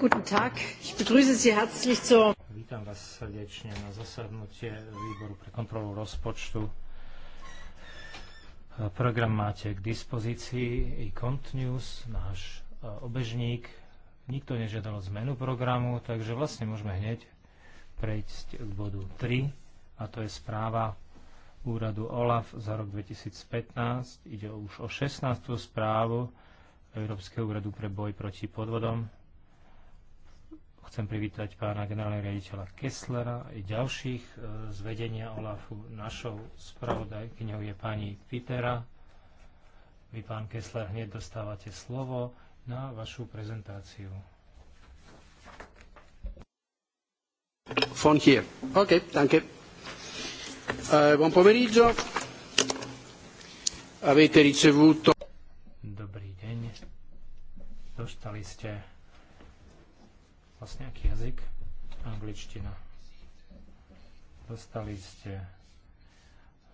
Guten Tag. Ich begrüße Sie herzlich Vítam vás srdečne na zasadnutie výboru pre kontrolu rozpočtu. Program máte k dispozícii i Cont News, náš e, obežník. Nikto nežiadal zmenu programu, takže vlastne môžeme hneď prejsť k bodu 3, a to je správa úradu OLAF za rok 2015. Ide už o 16. správu Európskeho úradu pre boj proti podvodom Chcem privítať pána generálneho riaditeľa Kesslera i ďalších e, z vedenia OLAFu. Našou spravodajkňou je pani Pitera. Vy, pán Kessler, hneď dostávate slovo na vašu prezentáciu. Von hier. OK, danke. Uh, buon pomeriggio. Avete ricevuto... Dobrý deň. Dostali ste vlastne aký jazyk? Angličtina. Dostali ste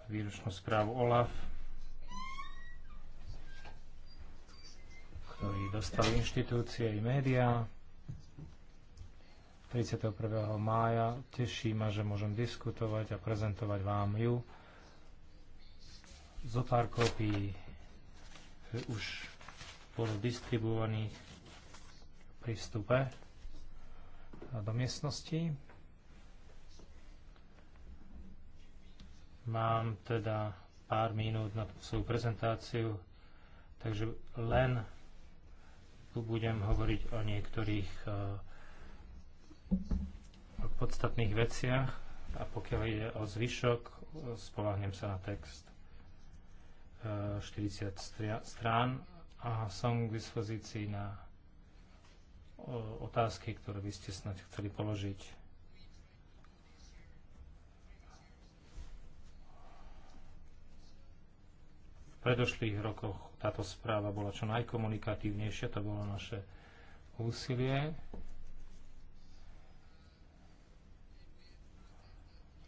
výročnú správu OLAF, ktorý dostali inštitúcie i médiá. 31. mája teší ma, že môžem diskutovať a prezentovať vám ju. Zo pár kopií už bolo distribuovaných pri vstupe do miestnosti. Mám teda pár minút na svoju prezentáciu, takže len tu budem hovoriť o niektorých e, o podstatných veciach a pokiaľ ide o zvyšok, spolahnem sa na text 40 e, strán a som k dispozícii na otázky, ktoré by ste snáď chceli položiť. V predošlých rokoch táto správa bola čo najkomunikatívnejšia, to bolo naše úsilie.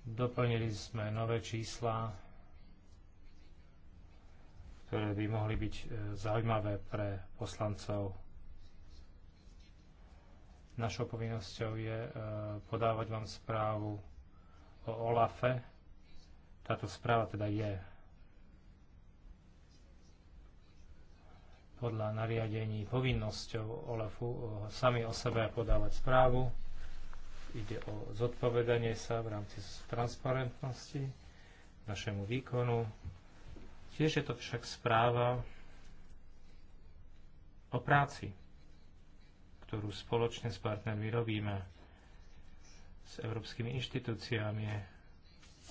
Doplnili sme nové čísla, ktoré by mohli byť e, zaujímavé pre poslancov Našou povinnosťou je e, podávať vám správu o OLAFe. Táto správa teda je podľa nariadení povinnosťou OLAFu e, sami o sebe podávať správu. Ide o zodpovedanie sa v rámci transparentnosti našemu výkonu. Tiež je to však správa o práci ktorú spoločne s partnermi robíme, s európskymi inštitúciami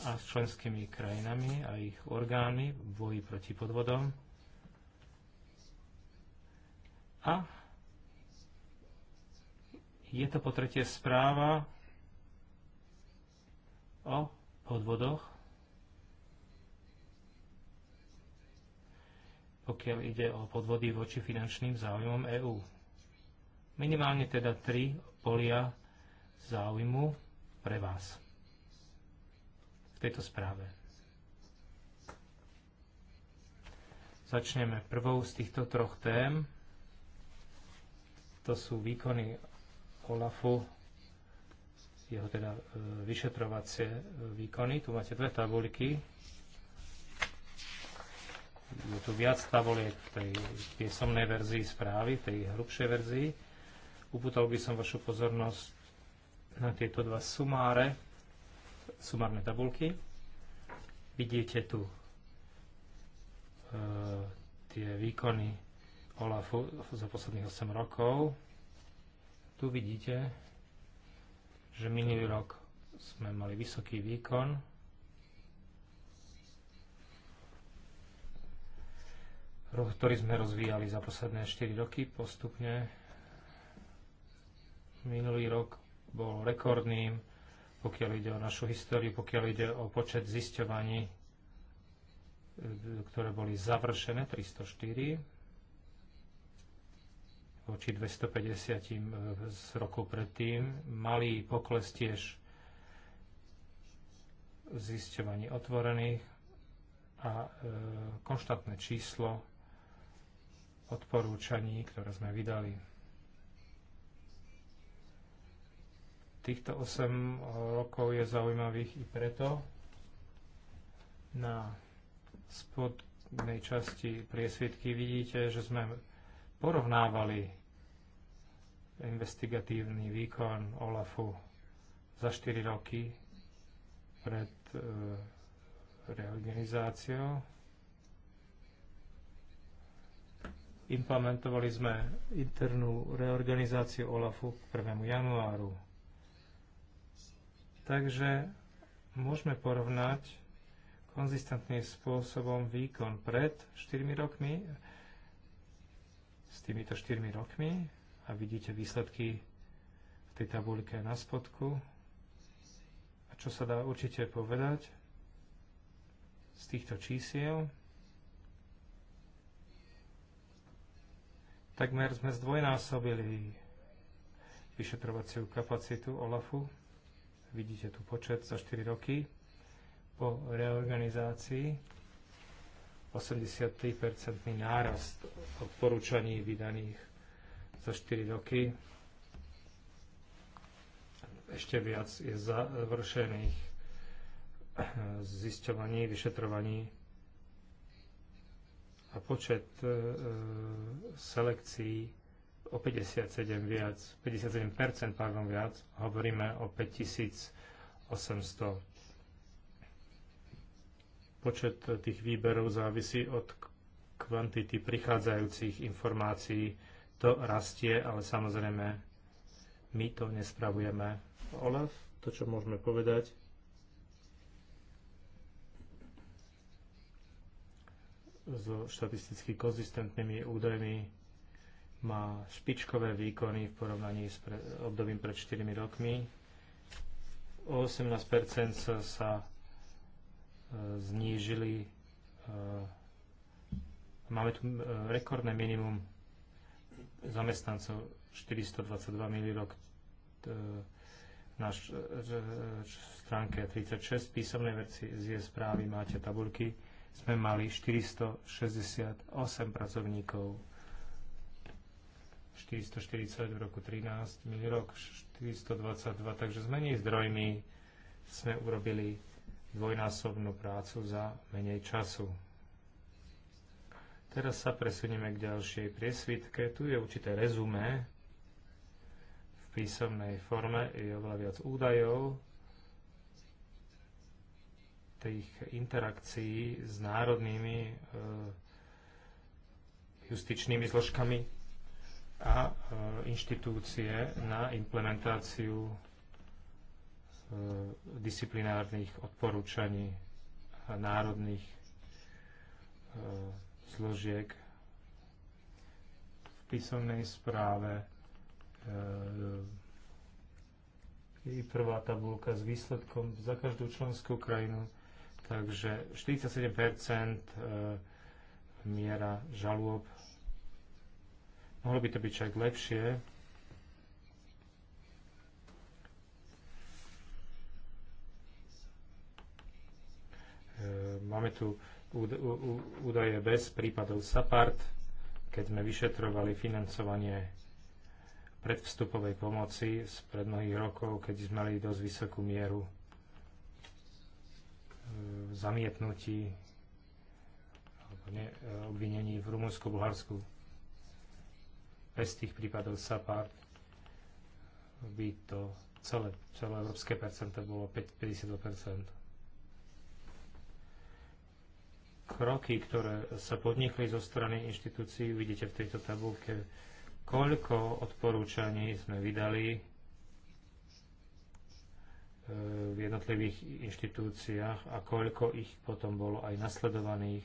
a s členskými krajinami a ich orgánmi v boji proti podvodom. A je to po tretie správa o podvodoch, pokiaľ ide o podvody voči finančným záujmom EÚ. Minimálne teda tri polia záujmu pre vás v tejto správe. Začneme prvou z týchto troch tém. To sú výkony OLAFu, jeho teda e, vyšetrovacie e, výkony. Tu máte dve tabuľky. Je tu viac tabuliek v tej písomnej verzii správy, tej hrubšej verzii upútal by som vašu pozornosť na tieto dva sumáre, sumárne tabulky. Vidíte tu e, tie výkony OLAFu za posledných 8 rokov. Tu vidíte, že minulý rok sme mali vysoký výkon. ktorý sme rozvíjali za posledné 4 roky postupne Minulý rok bol rekordným, pokiaľ ide o našu históriu, pokiaľ ide o počet zisťovaní, e, ktoré boli završené, 304, voči 250 e, z roku predtým. Malý pokles tiež zisťovaní otvorených a e, konštantné číslo odporúčaní, ktoré sme vydali Týchto 8 eh, rokov je zaujímavých i preto na spodnej časti priesvitky vidíte, že sme porovnávali investigatívny výkon OLAFu za 4 roky pred e, reorganizáciou. Implementovali sme internú reorganizáciu OLAFu k 1. januáru Takže môžeme porovnať konzistentným spôsobom výkon pred 4 rokmi s týmito 4 rokmi a vidíte výsledky v tej tabulke na spodku. A čo sa dá určite povedať z týchto čísiel? Takmer sme zdvojnásobili vyšetrovaciu kapacitu OLAFu Vidíte tu počet za 4 roky. Po reorganizácii 83-percentný nárast odporúčaní vydaných za 4 roky. Ešte viac je završených zisťovaní, vyšetrovaní a počet e, e, selekcií o 57 viac, 57% pardon, viac, hovoríme o 5800. Počet tých výberov závisí od kvantity prichádzajúcich informácií. To rastie, ale samozrejme my to nespravujeme. Olaf, to čo môžeme povedať, so štatisticky konzistentnými údajmi má špičkové výkony v porovnaní s pre, obdobím pred 4 rokmi. O 18 sa, sa e, znížili. E, máme tu e, rekordné minimum zamestnancov 422 milirok e, na š, e, stránke 36 písomnej z správy máte tabulky sme mali 468 pracovníkov 440 v roku 13, minulý rok 422, takže s menej zdrojmi sme urobili dvojnásobnú prácu za menej času. Teraz sa presunieme k ďalšej priesvitke. Tu je určité rezumé v písomnej forme, je oveľa viac údajov tých interakcií s národnými e, justičnými zložkami a e, inštitúcie na implementáciu e, disciplinárnych odporúčaní národných e, zložiek v písomnej správe je prvá tabulka s výsledkom za každú členskú krajinu. Takže 47% miera žalôb Mohlo by to byť však lepšie. E, máme tu údaje bez prípadov SAPART, keď sme vyšetrovali financovanie predvstupovej pomoci z pred mnohých rokov, keď sme mali dosť vysokú mieru e, zamietnutí alebo e, obvinení v Rumunsku, Bulharsku, bez tých prípadov SAPART by to celé, celé európske percento bolo 5, 52%. Kroky, ktoré sa podnikli zo strany inštitúcií, vidíte v tejto tabulke, koľko odporúčaní sme vydali e, v jednotlivých inštitúciách a koľko ich potom bolo aj nasledovaných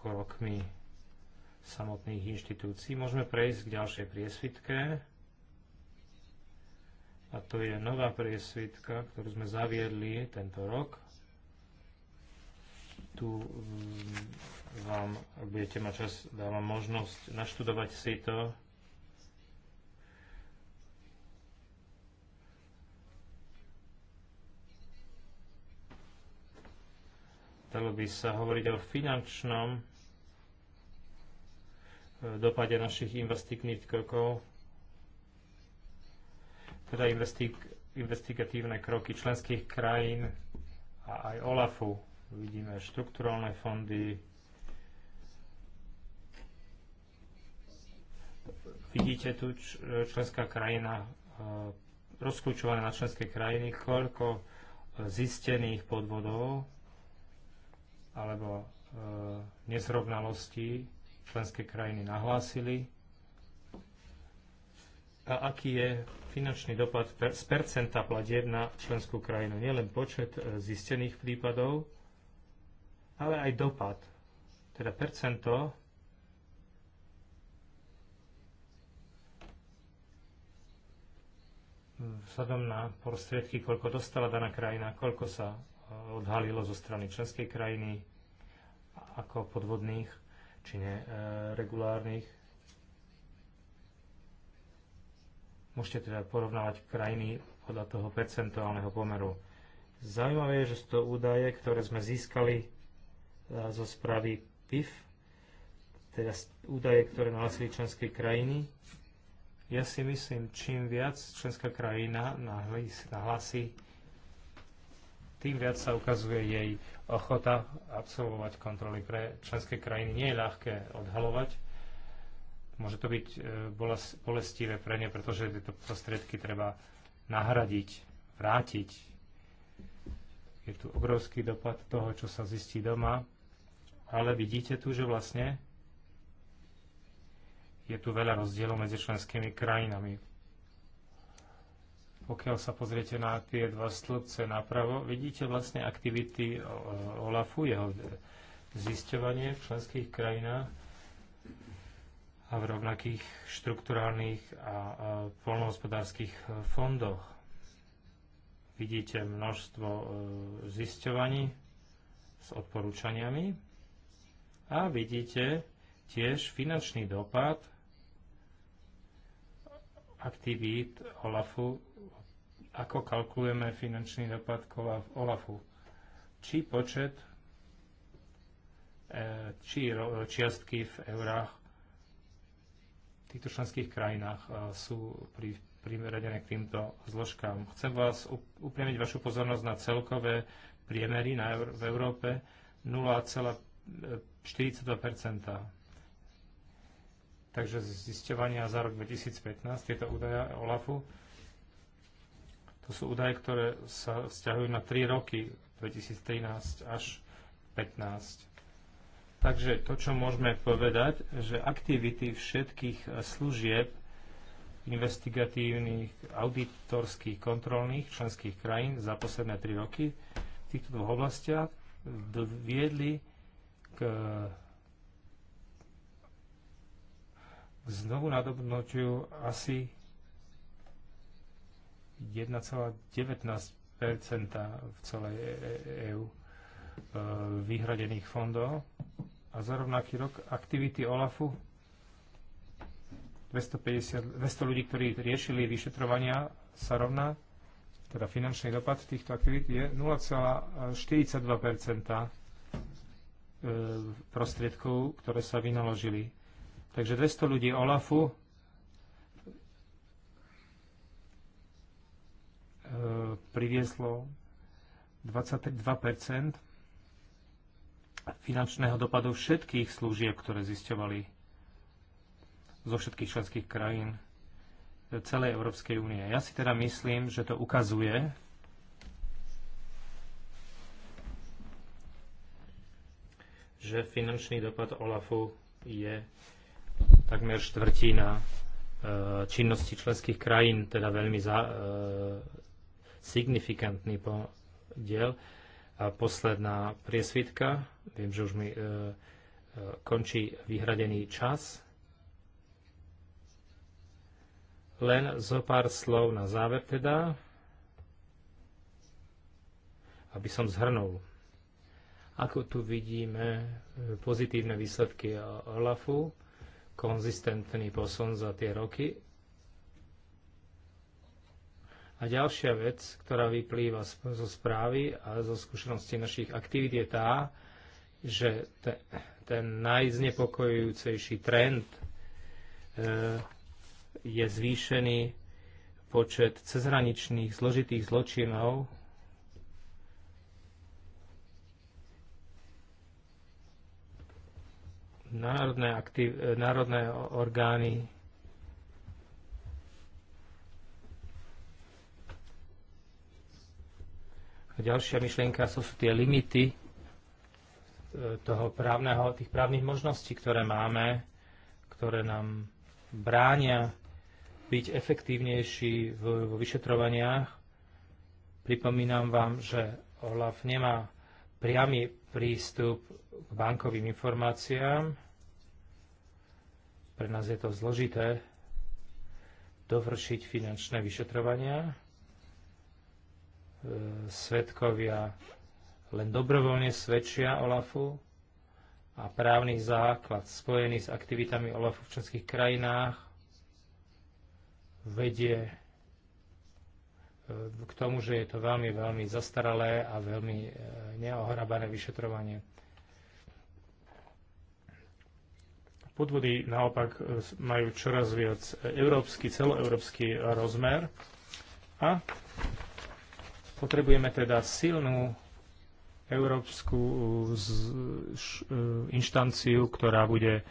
krokmi samotných inštitúcií. Môžeme prejsť k ďalšej priesvitke. A to je nová priesvitka, ktorú sme zaviedli tento rok. Tu mm, vám, ak budete mať čas, dávam možnosť naštudovať si to. Dalo by sa hovoriť o finančnom dopade našich investičných krokov, teda investigatívne kroky členských krajín a aj OLAFu. Vidíme štrukturálne fondy, vidíte tu členská krajina e, rozklúčované na členské krajiny, koľko e, zistených podvodov alebo e, nezrovnalostí členské krajiny nahlásili a aký je finančný dopad per, z percenta platieb na členskú krajinu. Nielen počet e, zistených prípadov, ale aj dopad. Teda percento vzhľadom na prostriedky, koľko dostala daná krajina, koľko sa odhalilo zo strany členskej krajiny ako podvodných či neregulárnych. E, Môžete teda porovnávať krajiny podľa toho percentuálneho pomeru. Zaujímavé je, že sú to údaje, ktoré sme získali e, zo správy PIF, teda údaje, ktoré nalazili členské krajiny. Ja si myslím, čím viac členská krajina nahlási, nahlási tým viac sa ukazuje jej ochota absolvovať kontroly pre členské krajiny. Nie je ľahké odhalovať. Môže to byť e, bolestivé pre ne, pretože tieto prostriedky treba nahradiť, vrátiť. Je tu obrovský dopad toho, čo sa zistí doma, ale vidíte tu, že vlastne je tu veľa rozdielov medzi členskými krajinami. Pokiaľ sa pozriete na tie dva stĺpce napravo, vidíte vlastne aktivity OLAFu, jeho zisťovanie v členských krajinách a v rovnakých štrukturálnych a polnohospodárských e, fondoch. Vidíte množstvo e, zisťovaní s odporúčaniami a vidíte tiež finančný dopad aktivít OLAFu ako kalkulujeme finančný dopad OLAFu. Či počet, e, či čiastky v eurách v týchto členských krajinách e, sú pri, primeradené k týmto zložkám. Chcem vás upriamiť vašu pozornosť na celkové priemery na Eur- v Európe 0,42 e, Takže zisťovania za rok 2015, tieto údaje OLAFu, to sú údaje, ktoré sa vzťahujú na 3 roky, 2013 až 2015. Takže to, čo môžeme povedať, že aktivity všetkých služieb investigatívnych, auditorských, kontrolných členských krajín za posledné 3 roky v týchto dvoch oblastiach viedli k, znovu nadobnutiu asi 1,19 v celej EÚ e- e- e vyhradených fondov a za rovnaký rok aktivity OLAFu 250, 200 ľudí, ktorí riešili vyšetrovania, sa rovná, teda finančný dopad týchto aktivít je 0,42 prostriedkov, ktoré sa vynaložili. Takže 200 ľudí OLAFu E, privieslo 22 finančného dopadu všetkých služieb, ktoré zisťovali zo všetkých členských krajín celej Európskej únie. Ja si teda myslím, že to ukazuje, že finančný dopad OLAFu je takmer štvrtina e, činnosti členských krajín, teda veľmi za, e, signifikantný podiel. A posledná priesvitka, viem, že už mi e, e, končí vyhradený čas. Len zo pár slov na záver teda, aby som zhrnul. Ako tu vidíme e, pozitívne výsledky OLAFu, konzistentný posun za tie roky, a ďalšia vec, ktorá vyplýva zo správy a zo skúseností našich aktivít je tá, že te, ten najznepokojujúcejší trend e, je zvýšený počet cezhraničných zložitých zločinov. Národné, aktiv, e, národné orgány A ďalšia myšlienka sú, sú tie limity e, toho právneho, tých právnych možností, ktoré máme, ktoré nám bránia byť efektívnejší vo vyšetrovaniach. Pripomínam vám, že OLAF nemá priamy prístup k bankovým informáciám. Pre nás je to zložité dovršiť finančné vyšetrovania svetkovia len dobrovoľne svedčia OLAFu a právny základ spojený s aktivitami OLAFu v českých krajinách vedie e, k tomu, že je to veľmi, veľmi zastaralé a veľmi e, neohrabané vyšetrovanie. Podvody naopak e, majú čoraz viac európsky, celoeurópsky rozmer a Potrebujeme teda silnú európsku uh, uh, inštanciu, ktorá bude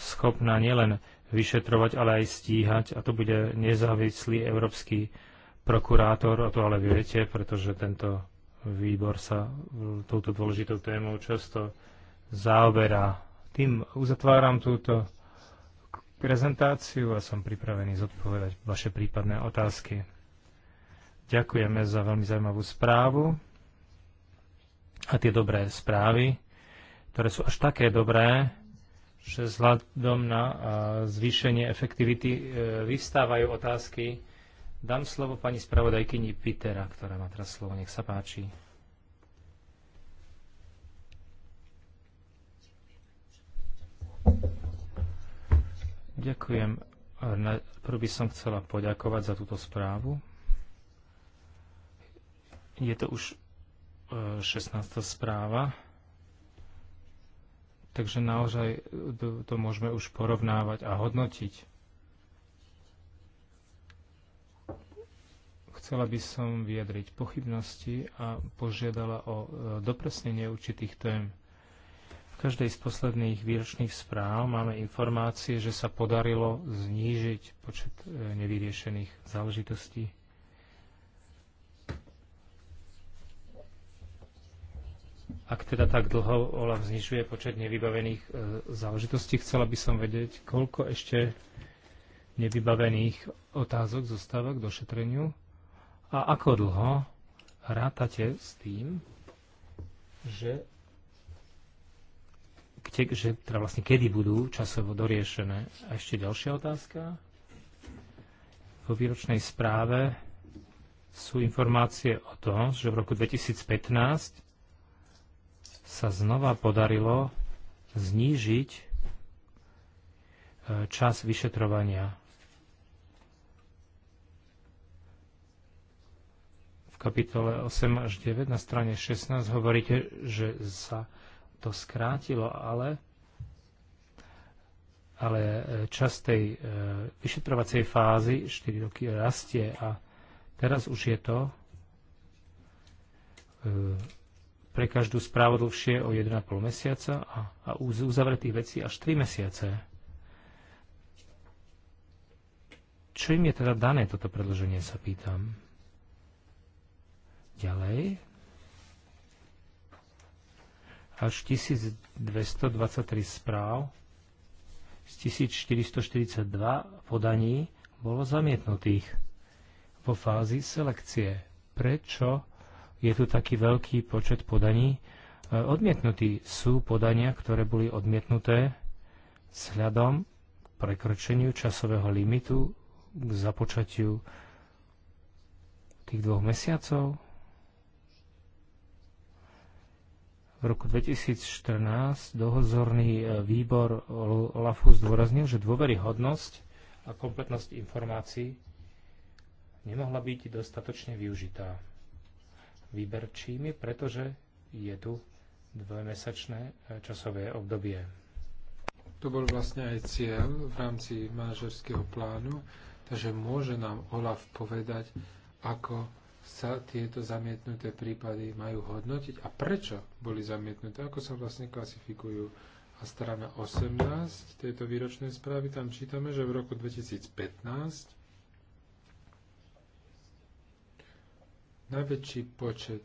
schopná nielen vyšetrovať, ale aj stíhať. A to bude nezávislý európsky prokurátor. o to ale viete, pretože tento výbor sa touto dôležitou témou často zaoberá. Tým uzatváram túto prezentáciu a som pripravený zodpovedať vaše prípadné otázky. Ďakujeme za veľmi zaujímavú správu a tie dobré správy, ktoré sú až také dobré, že vzhľadom na zvýšenie efektivity e, vystávajú otázky. Dám slovo pani spravodajkyni Pitera, ktorá má teraz slovo. Nech sa páči. Ďakujem. Prvý by som chcela poďakovať za túto správu. Je to už 16. E, správa. Takže naozaj to, to môžeme už porovnávať a hodnotiť. Chcela by som vyjadriť pochybnosti a požiadala o e, dopresnenie určitých tém. V každej z posledných výročných správ máme informácie, že sa podarilo znížiť počet e, nevyriešených záležitostí. Ak teda tak dlho OLAF znižuje počet nevybavených e, záležitostí, chcela by som vedieť, koľko ešte nevybavených otázok zostáva k došetreniu a ako dlho rátate s tým, že, kde, že teda vlastne kedy budú časovo doriešené. A ešte ďalšia otázka. Vo výročnej správe sú informácie o tom, že v roku 2015 sa znova podarilo znížiť e, čas vyšetrovania. V kapitole 8 až 9 na strane 16 hovoríte, že sa to skrátilo, ale, ale e, čas tej e, vyšetrovacej fázy 4 roky rastie a teraz už je to pre každú správu dlhšie o 1,5 mesiaca a, a u uzavretých vecí až 3 mesiace. Čo im je teda dané toto predloženie, sa pýtam. Ďalej. Až 1223 správ z 1442 podaní bolo zamietnutých vo fázi selekcie. Prečo je tu taký veľký počet podaní. E, odmietnutí sú podania, ktoré boli odmietnuté vzhľadom k prekročeniu časového limitu k započatiu tých dvoch mesiacov. V roku 2014 dohozorný e, výbor LAFU zdôraznil, že dôveryhodnosť a kompletnosť informácií nemohla byť dostatočne využitá výberčími, pretože je tu dvojmesačné e, časové obdobie. To bol vlastne aj cieľ v rámci manažerského plánu, takže môže nám OLAF povedať, ako sa tieto zamietnuté prípady majú hodnotiť a prečo boli zamietnuté, ako sa vlastne klasifikujú. A strana 18 tejto výročnej správy tam čítame, že v roku 2015 Najväčší počet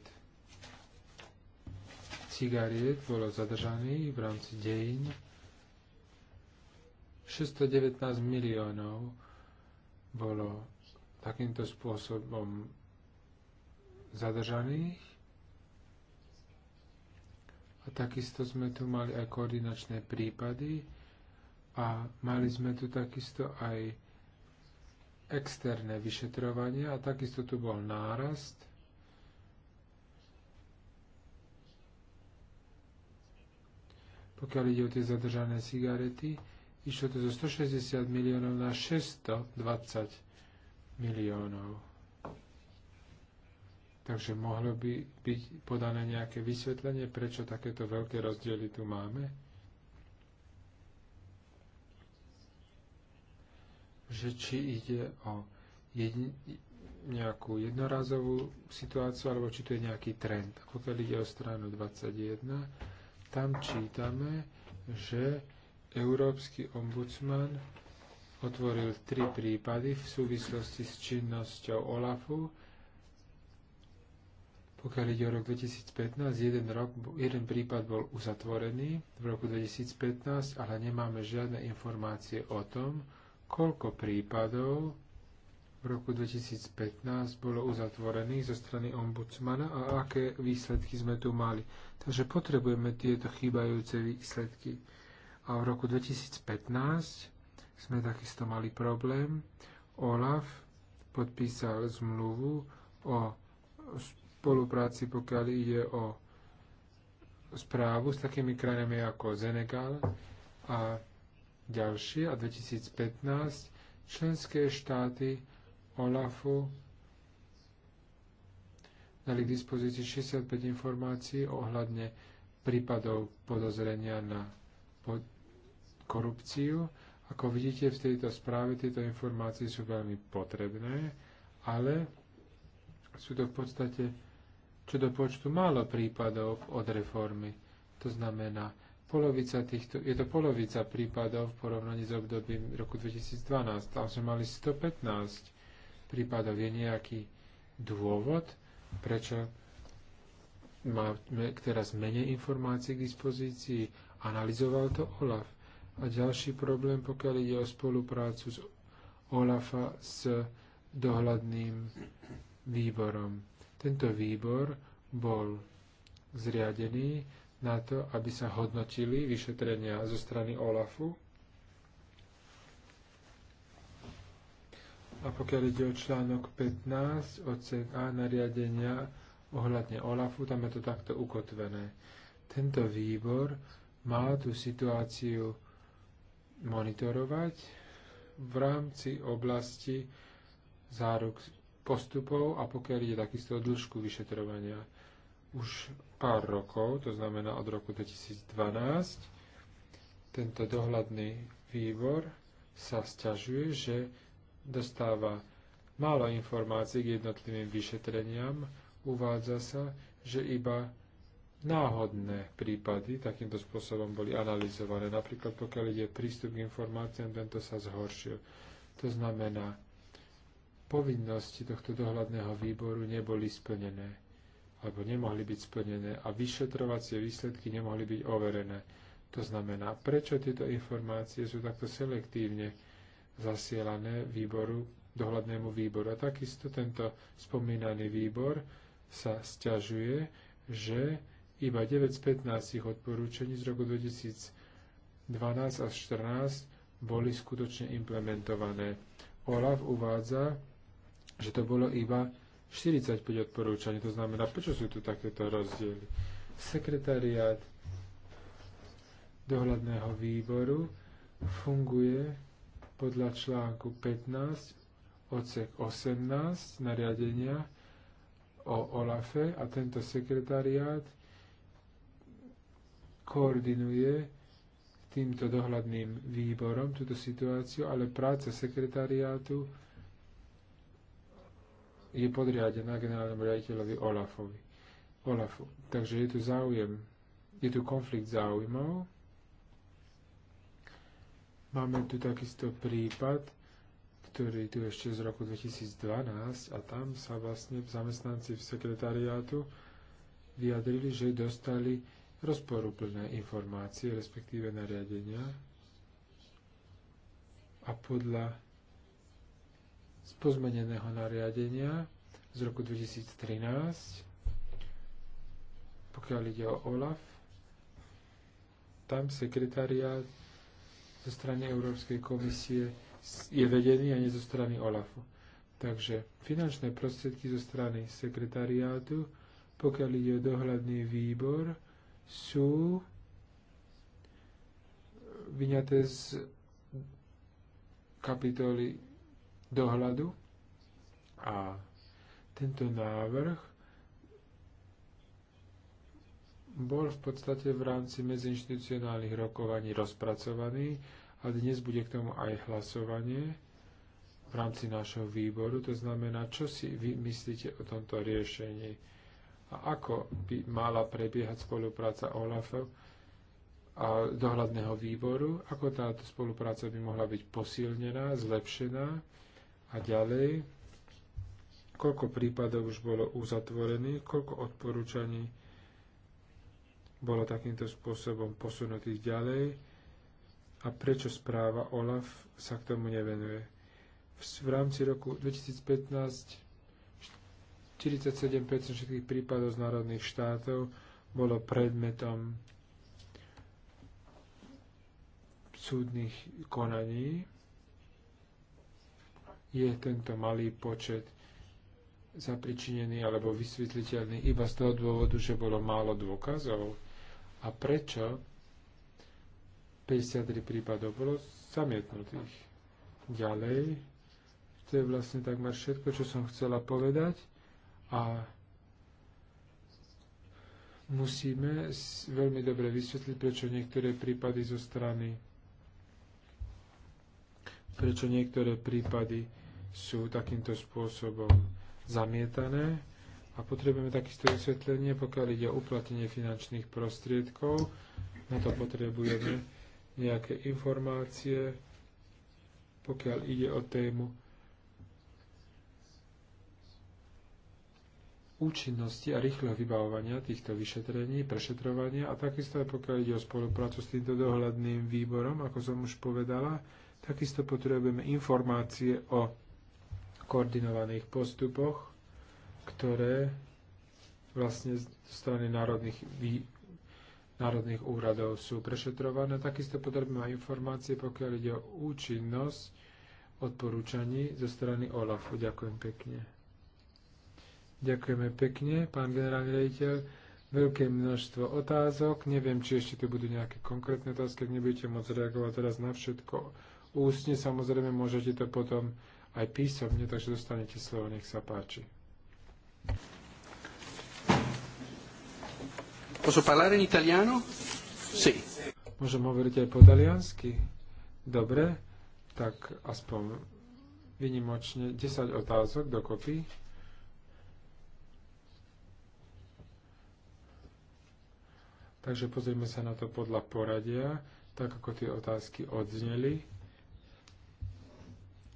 cigariet bolo zadržaný v rámci dejín. 619 miliónov bolo takýmto spôsobom zadržaných. A takisto sme tu mali aj koordinačné prípady a mali sme tu takisto aj externé vyšetrovania a takisto tu bol nárast pokiaľ ide o tie zadržané cigarety. Išlo to zo 160 miliónov na 620 miliónov. Takže mohlo by byť podané nejaké vysvetlenie, prečo takéto veľké rozdiely tu máme? Že či ide o jedin, nejakú jednorazovú situáciu, alebo či to je nejaký trend. pokiaľ ide o stranu 21, tam čítame, že Európsky ombudsman otvoril tri prípady v súvislosti s činnosťou OLAFu. Pokiaľ ide o rok 2015, jeden, rok, jeden prípad bol uzatvorený v roku 2015, ale nemáme žiadne informácie o tom, koľko prípadov v roku 2015 bolo uzatvorených zo strany ombudsmana a aké výsledky sme tu mali. Takže potrebujeme tieto chýbajúce výsledky. A v roku 2015 sme takisto mali problém. Olaf podpísal zmluvu o spolupráci, pokiaľ ide o správu s takými krajinami ako Senegal a ďalšie a 2015 členské štáty OLAFu dali k dispozícii 65 informácií ohľadne prípadov podozrenia na pod- korupciu. Ako vidíte v tejto správe, tieto informácie sú veľmi potrebné, ale sú to v podstate čo do počtu málo prípadov od reformy. To znamená, polovica týchto, je to polovica prípadov v porovnaní s obdobím roku 2012. Tam sme mali 115 prípadov je nejaký dôvod, prečo máme teraz menej informácií k dispozícii. Analizoval to OLAF. A ďalší problém, pokiaľ ide o spoluprácu s OLAFa s dohľadným výborom. Tento výbor bol zriadený na to, aby sa hodnotili vyšetrenia zo strany OLAFu A pokiaľ ide o článok 15 odsek A nariadenia ohľadne OLAFu, tam je to takto ukotvené. Tento výbor má tú situáciu monitorovať v rámci oblasti záruk postupov a pokiaľ ide takisto o dĺžku vyšetrovania už pár rokov, to znamená od roku 2012, tento dohľadný výbor sa sťažuje, že dostáva málo informácií k jednotlivým vyšetreniam. Uvádza sa, že iba náhodné prípady takýmto spôsobom boli analyzované. Napríklad pokiaľ ide prístup k informáciám, tento sa zhoršil. To znamená, povinnosti tohto dohľadného výboru neboli splnené alebo nemohli byť splnené a vyšetrovacie výsledky nemohli byť overené. To znamená, prečo tieto informácie sú takto selektívne zasielané výboru, dohľadnému výboru. A takisto tento spomínaný výbor sa stiažuje, že iba 9 z 15 odporúčení z roku 2012 až 2014 boli skutočne implementované. OLAF uvádza, že to bolo iba 45 odporúčaní. To znamená, prečo sú tu takéto rozdiely? Sekretariát dohľadného výboru funguje podľa článku 15 odsek 18 nariadenia o OLAFE a tento sekretariát koordinuje týmto dohľadným výborom túto situáciu, ale práca sekretariátu je podriadená generálnemu riaditeľovi Olafovi. Olafu. Takže je tu záujem, je tu konflikt záujmov Máme tu takisto prípad, ktorý tu ešte z roku 2012 a tam sa vlastne zamestnanci v sekretariátu vyjadrili, že dostali rozporúplné informácie, respektíve nariadenia a podľa spozmeneného nariadenia z roku 2013, pokiaľ ide o OLAF, tam sekretariát zo strany Európskej komisie je vedený a nie zo strany OLAFu. Takže finančné prostriedky zo strany sekretariátu, pokiaľ ide o dohľadný výbor, sú vyňaté z kapitoly dohľadu a tento návrh bol v podstate v rámci medziinstitucionálnych rokovaní rozpracovaný a dnes bude k tomu aj hlasovanie v rámci nášho výboru. To znamená, čo si vy myslíte o tomto riešení a ako by mala prebiehať spolupráca OLAFu a dohľadného výboru, ako táto spolupráca by mohla byť posilnená, zlepšená a ďalej, koľko prípadov už bolo uzatvorených, koľko odporúčaní bolo takýmto spôsobom posunutých ďalej a prečo správa OLAF sa k tomu nevenuje. V rámci roku 2015 47% všetkých prípadov z národných štátov bolo predmetom súdnych konaní. Je tento malý počet zapričinený alebo vysvetliteľný iba z toho dôvodu, že bolo málo dôkazov a prečo 53 prípadov bolo zamietnutých. Ďalej, to je vlastne takmer všetko, čo som chcela povedať a musíme veľmi dobre vysvetliť, prečo niektoré prípady zo strany prečo niektoré prípady sú takýmto spôsobom zamietané. A potrebujeme takisto vysvetlenie, pokiaľ ide o uplatenie finančných prostriedkov. Na to potrebujeme nejaké informácie, pokiaľ ide o tému účinnosti a rýchleho vybavovania týchto vyšetrení, prešetrovania a takisto aj pokiaľ ide o spoluprácu s týmto dohľadným výborom, ako som už povedala, takisto potrebujeme informácie o koordinovaných postupoch ktoré vlastne z strany národných, vý, národných úradov sú prešetrované. Takisto potrebujeme aj informácie, pokiaľ ide o účinnosť odporúčaní zo strany OLAFu. Ďakujem pekne. Ďakujeme pekne, pán generálny rejiteľ. Veľké množstvo otázok. Neviem, či ešte tu budú nejaké konkrétne otázky, ak nebudete môcť reagovať teraz na všetko. Ústne samozrejme môžete to potom aj písomne, takže dostanete slovo, nech sa páči. Posso parlare in italiano? Sì. Posso hovoriť aj po taliansky? Dobre, tak aspoň vynimočne 10 otázok dokopy. Takže pozrieme sa na to podľa poradia, tak ako tie otázky odzneli.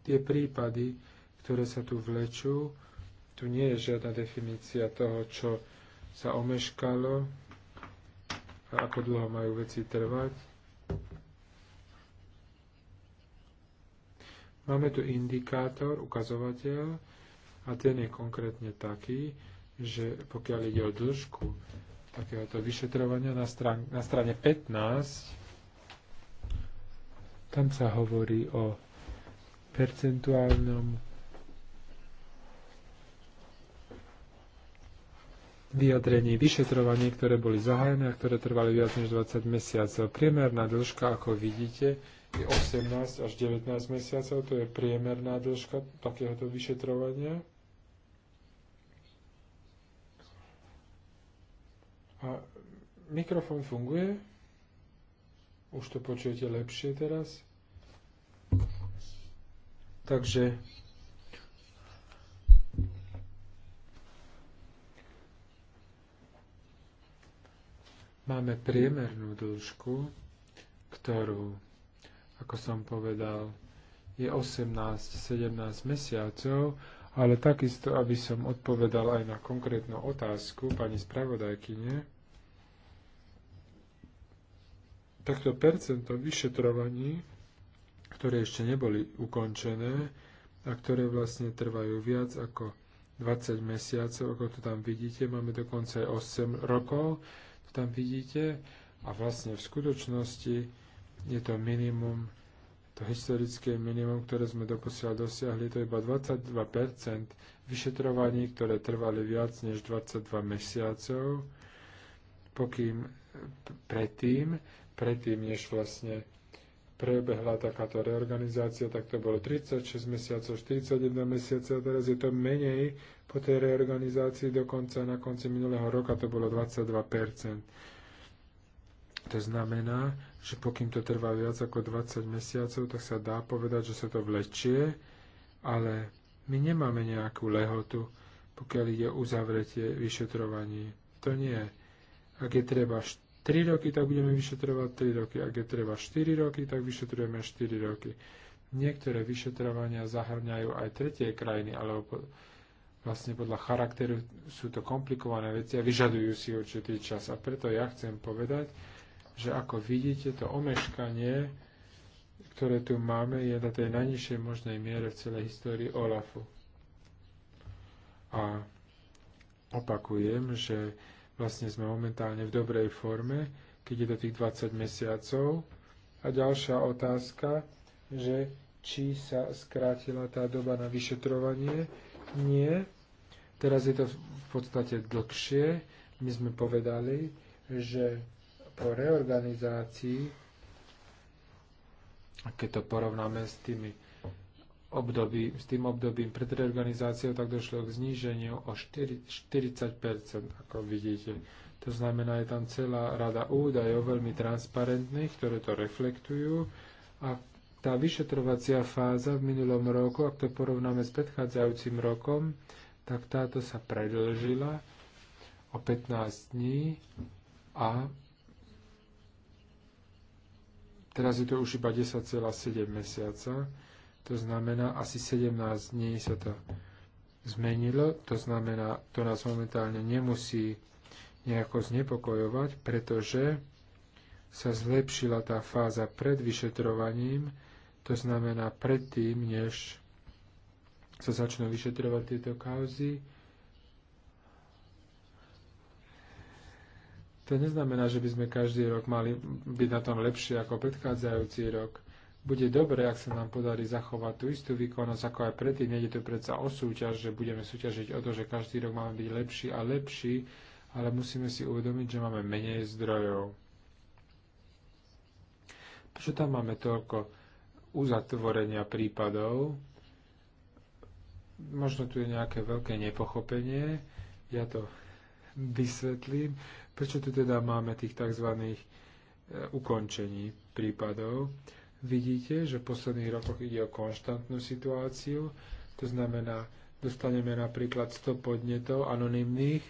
Tie prípady, ktoré sa tu vlečú, tu nie je žiadna definícia toho, čo sa omeškalo a ako dlho majú veci trvať. Máme tu indikátor, ukazovateľ a ten je konkrétne taký, že pokiaľ ide o dĺžku takéhoto vyšetrovania na, stran- na strane 15, tam sa hovorí o percentuálnom vyjadrení, vyšetrovaní, ktoré boli zahájené a ktoré trvali viac než 20 mesiacov. Priemerná dĺžka, ako vidíte, je 18 až 19 mesiacov, to je priemerná dĺžka takéhoto vyšetrovania. A mikrofón funguje? Už to počujete lepšie teraz? Takže Máme priemernú dĺžku, ktorú, ako som povedal, je 18-17 mesiacov, ale takisto, aby som odpovedal aj na konkrétnu otázku pani spravodajkyne, takto percento vyšetrovaní, ktoré ešte neboli ukončené a ktoré vlastne trvajú viac ako 20 mesiacov, ako to tam vidíte, máme dokonca aj 8 rokov, tam vidíte. A vlastne v skutočnosti je to minimum, to historické minimum, ktoré sme doposiaľ dosiahli, to iba 22% vyšetrovaní, ktoré trvali viac než 22 mesiacov, pokým predtým, predtým, než vlastne prebehla takáto reorganizácia, tak to bolo 36 mesiacov, 41 mesiacov a teraz je to menej po tej reorganizácii dokonca na konci minulého roka to bolo 22 To znamená, že pokým to trvá viac ako 20 mesiacov, tak sa dá povedať, že sa to vlečie, ale my nemáme nejakú lehotu, pokiaľ ide uzavretie vyšetrovanie. To nie. Ak je treba 3 roky, tak budeme vyšetrovať 3 roky. Ak je treba 4 roky, tak vyšetrujeme 4 roky. Niektoré vyšetrovania zahrňajú aj tretie krajiny, ale vlastne podľa charakteru sú to komplikované veci a vyžadujú si určitý čas. A preto ja chcem povedať, že ako vidíte, to omeškanie, ktoré tu máme, je na tej najnižšej možnej miere v celej histórii OLAFu. A opakujem, že Vlastne sme momentálne v dobrej forme, keď je to tých 20 mesiacov. A ďalšia otázka, že či sa skrátila tá doba na vyšetrovanie. Nie. Teraz je to v podstate dlhšie. My sme povedali, že po reorganizácii, keď to porovnáme s tými období, s tým obdobím pred reorganizáciou, tak došlo k zníženiu o 40%, ako vidíte. To znamená, je tam celá rada údajov veľmi transparentných, ktoré to reflektujú a tá vyšetrovacia fáza v minulom roku, ak to porovnáme s predchádzajúcim rokom, tak táto sa predlžila o 15 dní a teraz je to už iba 10,7 mesiaca to znamená, asi 17 dní sa to zmenilo. To znamená, to nás momentálne nemusí nejako znepokojovať, pretože sa zlepšila tá fáza pred vyšetrovaním, to znamená predtým, než sa začnú vyšetrovať tieto kauzy. To neznamená, že by sme každý rok mali byť na tom lepšie ako predchádzajúci rok bude dobre, ak sa nám podarí zachovať tú istú výkonnosť ako aj predtým. nejde to predsa o súťaž, že budeme súťažiť o to, že každý rok máme byť lepší a lepší, ale musíme si uvedomiť, že máme menej zdrojov. Prečo tam máme toľko uzatvorenia prípadov? Možno tu je nejaké veľké nepochopenie, ja to vysvetlím, prečo tu teda máme tých tzv. ukončení prípadov vidíte, že v posledných rokoch ide o konštantnú situáciu, to znamená, dostaneme napríklad 100 podnetov anonymných,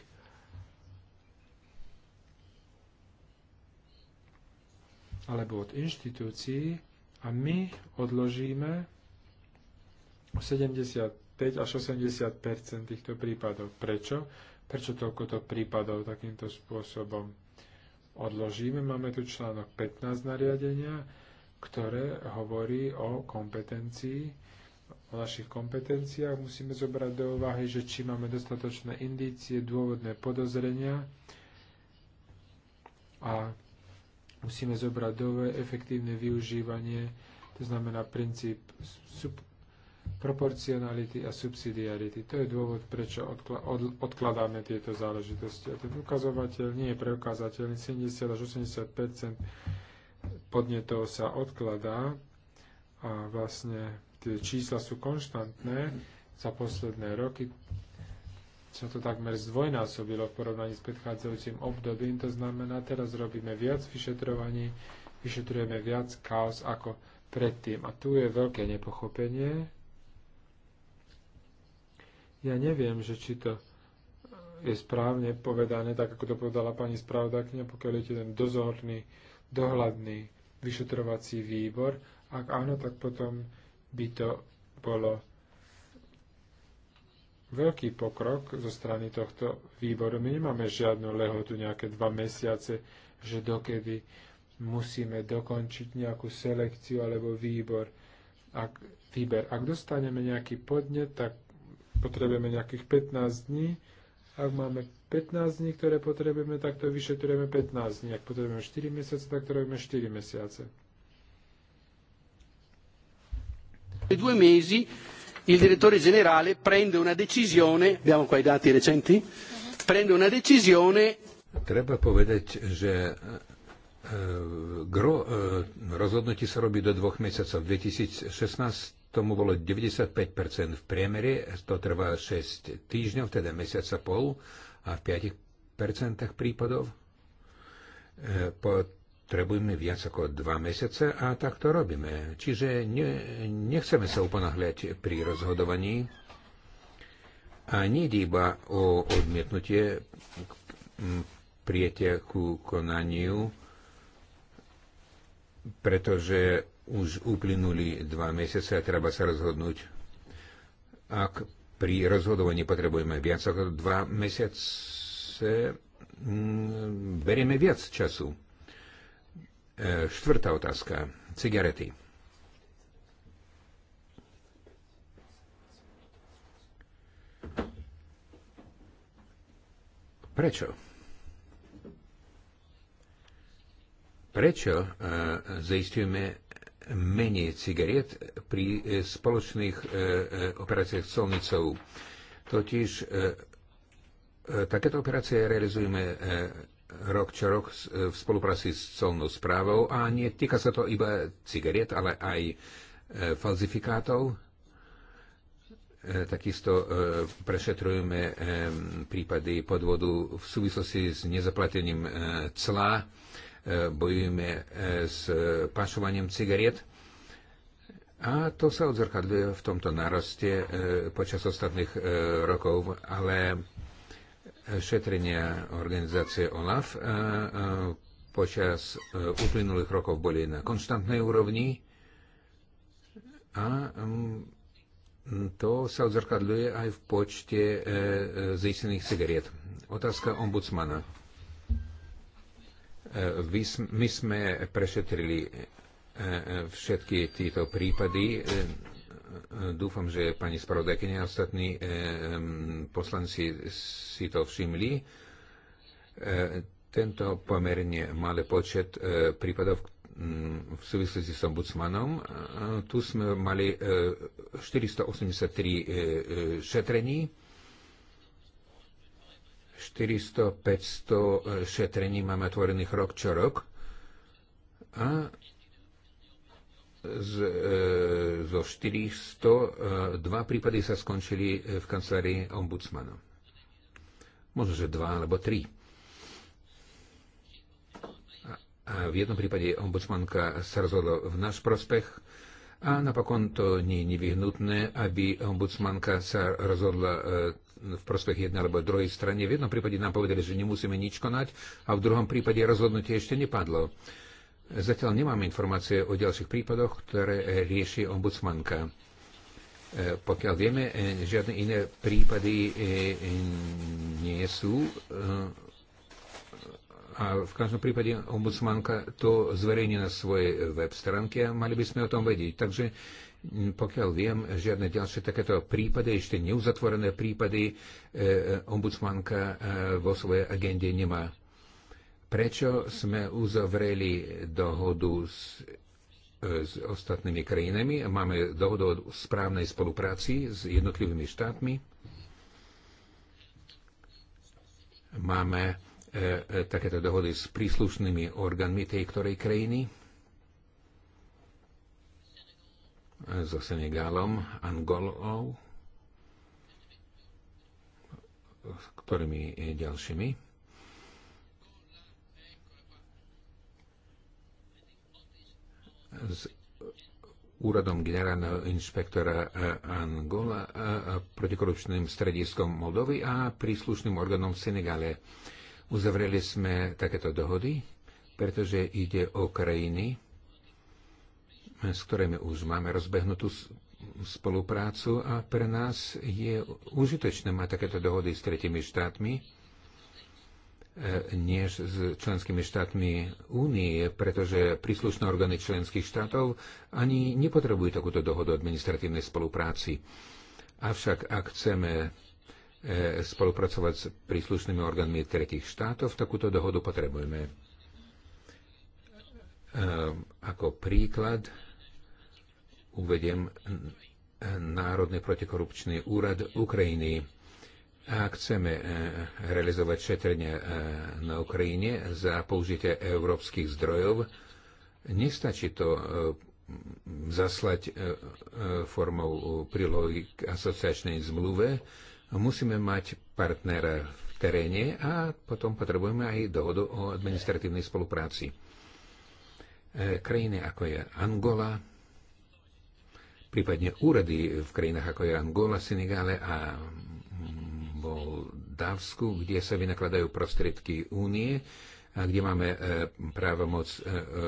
alebo od inštitúcií a my odložíme 75 až 80 týchto prípadov. Prečo? Prečo toľkoto prípadov takýmto spôsobom odložíme? Máme tu článok 15 nariadenia, ktoré hovorí o kompetencii, o našich kompetenciách. Musíme zobrať do úvahy, že či máme dostatočné indície, dôvodné podozrenia a musíme zobrať do úvahy efektívne využívanie, to znamená princíp proporcionality a subsidiarity. To je dôvod, prečo odkl- od- odkladáme tieto záležitosti. A ten ukazovateľ nie je preukázateľný. 70 až 80 podnetov sa odkladá a vlastne tie čísla sú konštantné za posledné roky sa to takmer zdvojnásobilo v porovnaní s predchádzajúcim obdobím. To znamená, teraz robíme viac vyšetrovaní, vyšetrujeme viac kaos ako predtým. A tu je veľké nepochopenie. Ja neviem, že či to je správne povedané, tak ako to povedala pani spravodákňa, pokiaľ je ten dozorný dohľadný vyšetrovací výbor? Ak áno, tak potom by to bolo veľký pokrok zo strany tohto výboru. My nemáme žiadnu lehotu, nejaké dva mesiace, že dokedy musíme dokončiť nejakú selekciu alebo výbor. Ak, výber. Ak dostaneme nejaký podnet, tak potrebujeme nejakých 15 dní. Ak máme 15 dní, ktoré potrebujeme, tak to vyšetrujeme 15 dní. Ak potrebujeme 4 mesiace, tak to robíme 4 mesiace. Due mesi il direttore generale prende una decisione, abbiamo qua i dati recenti, prende una decisione. Treba povedať, že eh, eh, gro, eh, rozhodnutie sa robí do dvoch mesiacov. V 2016 tomu bolo 95% v priemere, to trvá 6 týždňov, teda mesiac a pol a v 5% prípadov e, potrebujeme viac ako 2 mesiace a tak to robíme. Čiže ne, nechceme sa uponahľať pri rozhodovaní a nie iba o odmietnutie prijatia ku konaniu, pretože už uplynuli dva mesiace a treba sa rozhodnúť. Ak pri rozhodovaní potrebujeme viac ako dva mesiace, mm, berieme viac času. E, štvrtá otázka. Cigarety. Prečo? Prečo e, zaistujeme menej cigariet pri e, spoločných e, e, operáciách s colnicou. Totiž takéto operácie realizujeme rok čo rok v spolupráci s colnou správou a nie týka sa to iba cigariet, ale aj falzifikátov. Takisto prešetrujeme prípady podvodu v súvislosti s nezaplatením clá bojujeme e, s pašovaním cigariet. A to sa odzrkadľuje v tomto naroste e, počas ostatných e, rokov, ale šetrenia organizácie OLAF počas uplynulých rokov boli na konštantnej úrovni a to sa odzrkadľuje aj v počte zistených cigariet. Otázka ombudsmana my sme prešetrili e, e, všetky tieto prípady. E, dúfam, že pani spravodajkynia a ostatní poslanci si to všimli. Tento pomerne malý počet prípadov v súvislosti s ombudsmanom. Tu sme mali 483 šetrení 400-500 e, šetrení máme otvorených rok čo rok a z, e, zo 400 e, dva prípady sa skončili e, v kancelárii ombudsmana. Možno, že dva alebo tri. A, a v jednom prípade ombudsmanka sa rozhodla v náš prospech, a napokon to nie je nevyhnutné, aby ombudsmanka sa rozhodla e, v prospech jednej alebo druhej strany. V jednom prípade nám povedali, že nemusíme nič konať a v druhom prípade rozhodnutie ešte nepadlo. Zatiaľ nemáme informácie o ďalších prípadoch, ktoré e, rieši ombudsmanka. E, pokiaľ vieme, e, žiadne iné prípady nie sú a v každom prípade ombudsmanka to zverejní na svojej web stránke a mali by sme o tom vedieť. Takže Hm, pokiaľ viem, žiadne ďalšie takéto prípady, ešte neuzatvorené prípady, e, ombudsmanka e, vo svojej agende nemá. Prečo sme uzavreli dohodu s, e, s ostatnými krajinami? Máme dohodu o správnej spolupráci s jednotlivými štátmi. Máme takéto dohody s príslušnými orgánmi tej ktorej krajiny so Senegálom, Angolou, s ktorými ďalšími. s úradom generálneho inšpektora eh, Angola, eh, protikorupčným strediskom Moldovy a príslušným orgánom v Uzavreli sme takéto dohody, pretože ide o krajiny, s ktorými už máme rozbehnutú spoluprácu a pre nás je užitočné mať takéto dohody s tretimi štátmi, e, než s členskými štátmi únie, pretože príslušné orgány členských štátov ani nepotrebujú takúto dohodu administratívnej spolupráci. Avšak ak chceme e, spolupracovať s príslušnými orgánmi tretich štátov, takúto dohodu potrebujeme. E, ako príklad, uvediem Národný protikorupčný úrad Ukrajiny. Ak chceme e, realizovať šetrenia e, na Ukrajine za použitie európskych zdrojov, nestačí to e, zaslať formou prílohy k asociačnej zmluve. Musíme mať partnera v teréne a potom potrebujeme aj dohodu o administratívnej spolupráci. Krajiny ako je Angola, prípadne úrady v krajinách ako je Angola, Senegále a Moldavsku, kde sa vynakladajú prostriedky únie a kde máme e, právomoc e,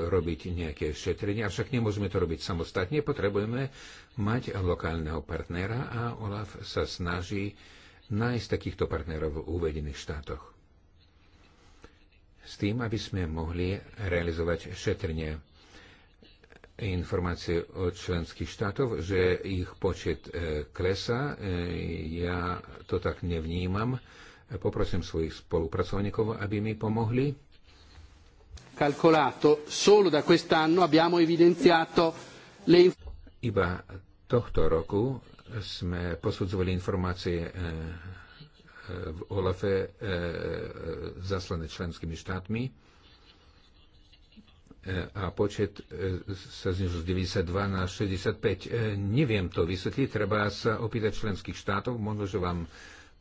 robiť nejaké šetrenie. Avšak nemôžeme to robiť samostatne, potrebujeme mať lokálneho partnera a OLAF sa snaží nájsť takýchto partnerov v uvedených štátoch. S tým, aby sme mohli realizovať šetrenie informácie od členských štátov, že ich počet e, klesa. E, ja to tak nevnímam. E, poprosím svojich spolupracovníkov, aby mi pomohli. Calcolato, solo da quest'anno abbiamo evidenziato le... Iba tohto roku sme posudzovali informácie v OLAFe zaslané členskými štátmi a počet e, sa znižil z 92 na 65. E, neviem to vysvetliť, treba sa opýtať členských štátov, možno, že vám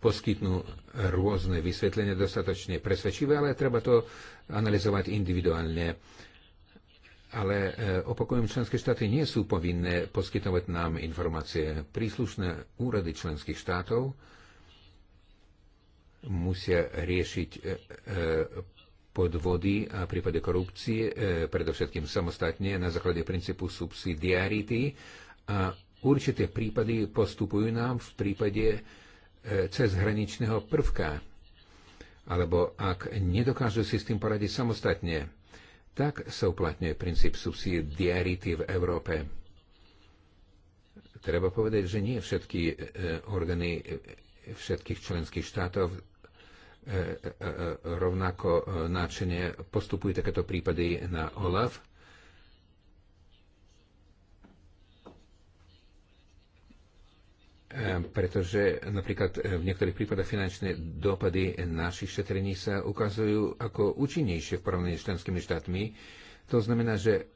poskytnú rôzne vysvetlenia dostatočne presvedčivé, ale treba to analyzovať individuálne. Ale e, opakujem, členské štáty nie sú povinné poskytovať nám informácie. Príslušné úrady členských štátov musia riešiť podvody a prípade korupcie, e, predovšetkým samostatne na základe princípu subsidiarity a určité prípady postupujú nám v prípade e, cezhraničného prvka, alebo ak nedokážu si s tým poradiť samostatne, tak sa uplatňuje princíp subsidiarity v Európe. Treba povedať, že nie všetky e, orgány všetkých členských štátov E, e, e, rovnako náčenie postupujú takéto prípady na OLAF. pretože napríklad v niektorých prípadoch finančné dopady našich šetrení sa ukazujú ako účinnejšie v porovnaní s členskými štátmi. To znamená, že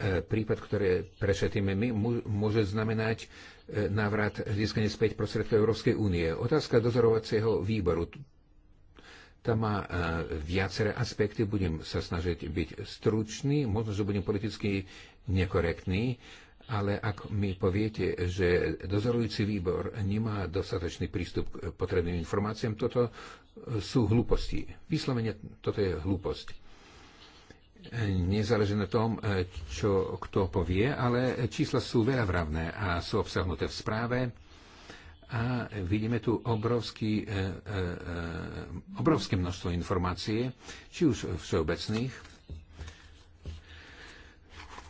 prípad, ktoré prešetíme my, môže znamenať návrat získanie späť prostriedkov Európskej únie. Otázka dozorovacieho výboru. Tam má e, viaceré aspekty, budem sa snažiť byť stručný, možno, že budem politicky nekorektný, ale ak mi poviete, že dozorujúci výbor nemá dostatočný prístup k potrebným informáciám, toto sú hlúposti. Vyslovene toto je hlúposť. Nezáleží na tom, e, čo kto povie, ale čísla sú veľavravné a sú obsahnuté v správe a vidíme tu obrovský, e, e, e, obrovské množstvo informácie, či už všeobecných.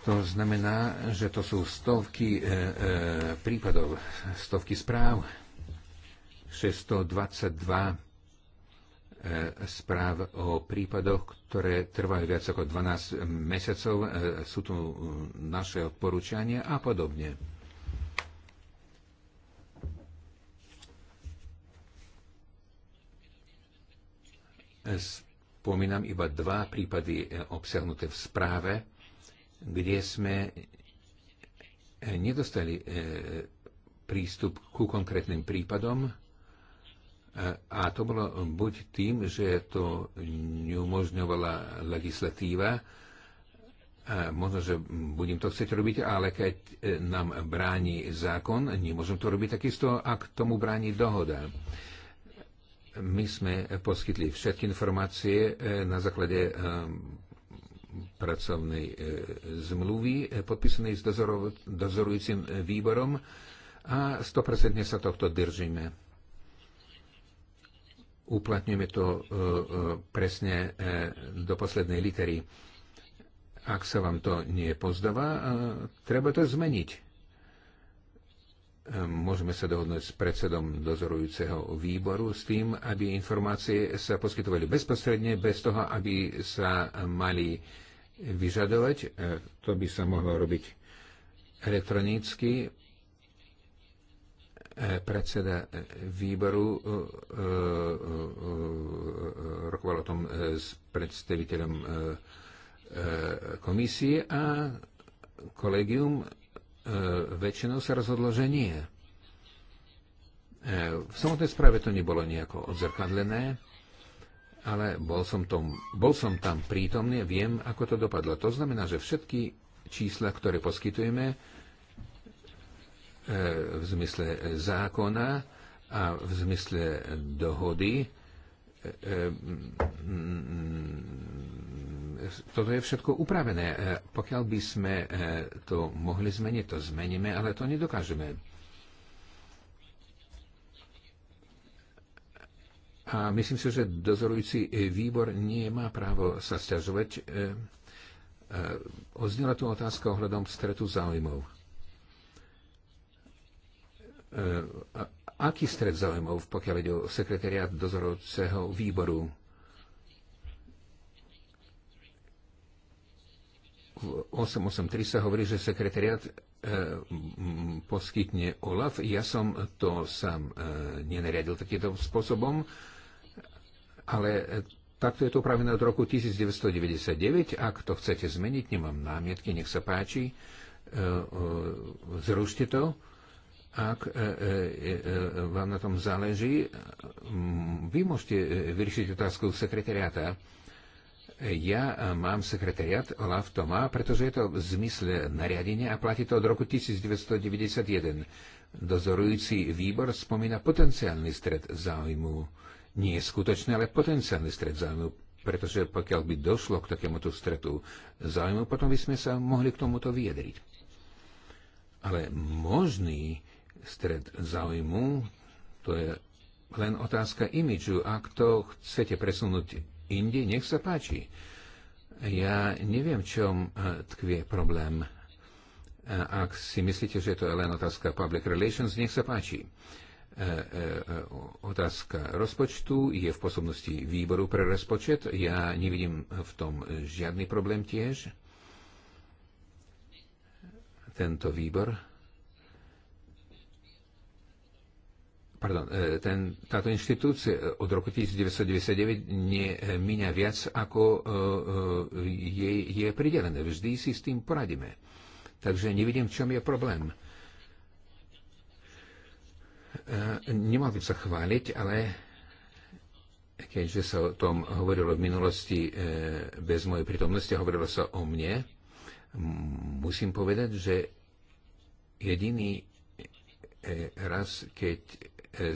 To znamená, že to sú stovky prípadov, stovky správ, 622 správ o prípadoch, ktoré trvajú viac ako 12 mesiacov, sú tu naše odporúčania a podobne. Spomínam iba dva prípady e, obsiahnuté v správe, kde sme e, nedostali e, prístup ku konkrétnym prípadom a to bolo buď tým, že to neumožňovala legislatíva, a možno, že budem to chcieť robiť, ale keď nám bráni zákon, nemôžem to robiť takisto, ak tomu bráni dohoda. My sme poskytli všetky informácie e, na základe e, pracovnej e, zmluvy podpísanej s dozorujúcim výborom a 100% sa tohto držíme. Uplatňujeme to presne do poslednej litery. Ak sa vám to nepozdáva, treba to zmeniť môžeme sa dohodnúť s predsedom dozorujúceho výboru s tým, aby informácie sa poskytovali bezprostredne, bez toho, aby sa mali vyžadovať. E, to by sa mohlo robiť elektronicky. E, predseda výboru e, rokoval o tom s predstaviteľom komisie a kolegium E, väčšinou sa rozhodlo, že nie. E, v samotnej správe to nebolo nejako odzrkadlené, ale bol som, tom, bol som tam prítomný, viem, ako to dopadlo. To znamená, že všetky čísla, ktoré poskytujeme e, v zmysle zákona a v zmysle dohody, toto je všetko upravené. E, pokiaľ by sme e, to mohli zmeniť, to zmeníme, ale to nedokážeme. A myslím si, že dozorujúci výbor nemá právo sa stiažovať. E, Oznila tu otázka ohľadom stretu záujmov. Aký stret záujmov, pokiaľ ide o sekretariát dozorujúceho výboru? 883 sa hovorí, že sekretariat e, poskytne OLAF. Ja som to sám e, nenariadil takýmto spôsobom, ale e, takto je to upravené od roku 1999. Ak to chcete zmeniť, nemám námietky, nech sa páči, zrušte to. Ak vám na tom záleží, vy môžete vyriešiť otázku sekretariáta ja e, mám sekretariat Olaf to má, pretože je to v zmysle nariadenia a platí to od roku 1991. Dozorujúci výbor spomína potenciálny stred záujmu. Nie skutočný, ale potenciálny stred záujmu, pretože pokiaľ by došlo k takémuto stretu záujmu, potom by sme sa mohli k tomuto vyjadriť. Ale možný stred záujmu, to je len otázka imidžu. Ak to chcete presunúť inde, nech sa páči. Ja neviem, čom e, tkvie problém. E, ak si myslíte, že to je len otázka public relations, nech sa páči. E, otázka rozpočtu je v posobnosti výboru pre rozpočet. Ja nevidím v tom žiadny problém tiež. Tento výbor pardon, e, ten, táto inštitúcia e, od roku 1999 minia viac, ako e, jej je pridelené. Vždy si s tým poradíme. Takže nevidím, v čom je problém. Nemal by sa chváliť, ale keďže sa o tom hovorilo v minulosti bez mojej prítomnosti, hovorilo sa o mne, musím povedať, že jediný raz, keď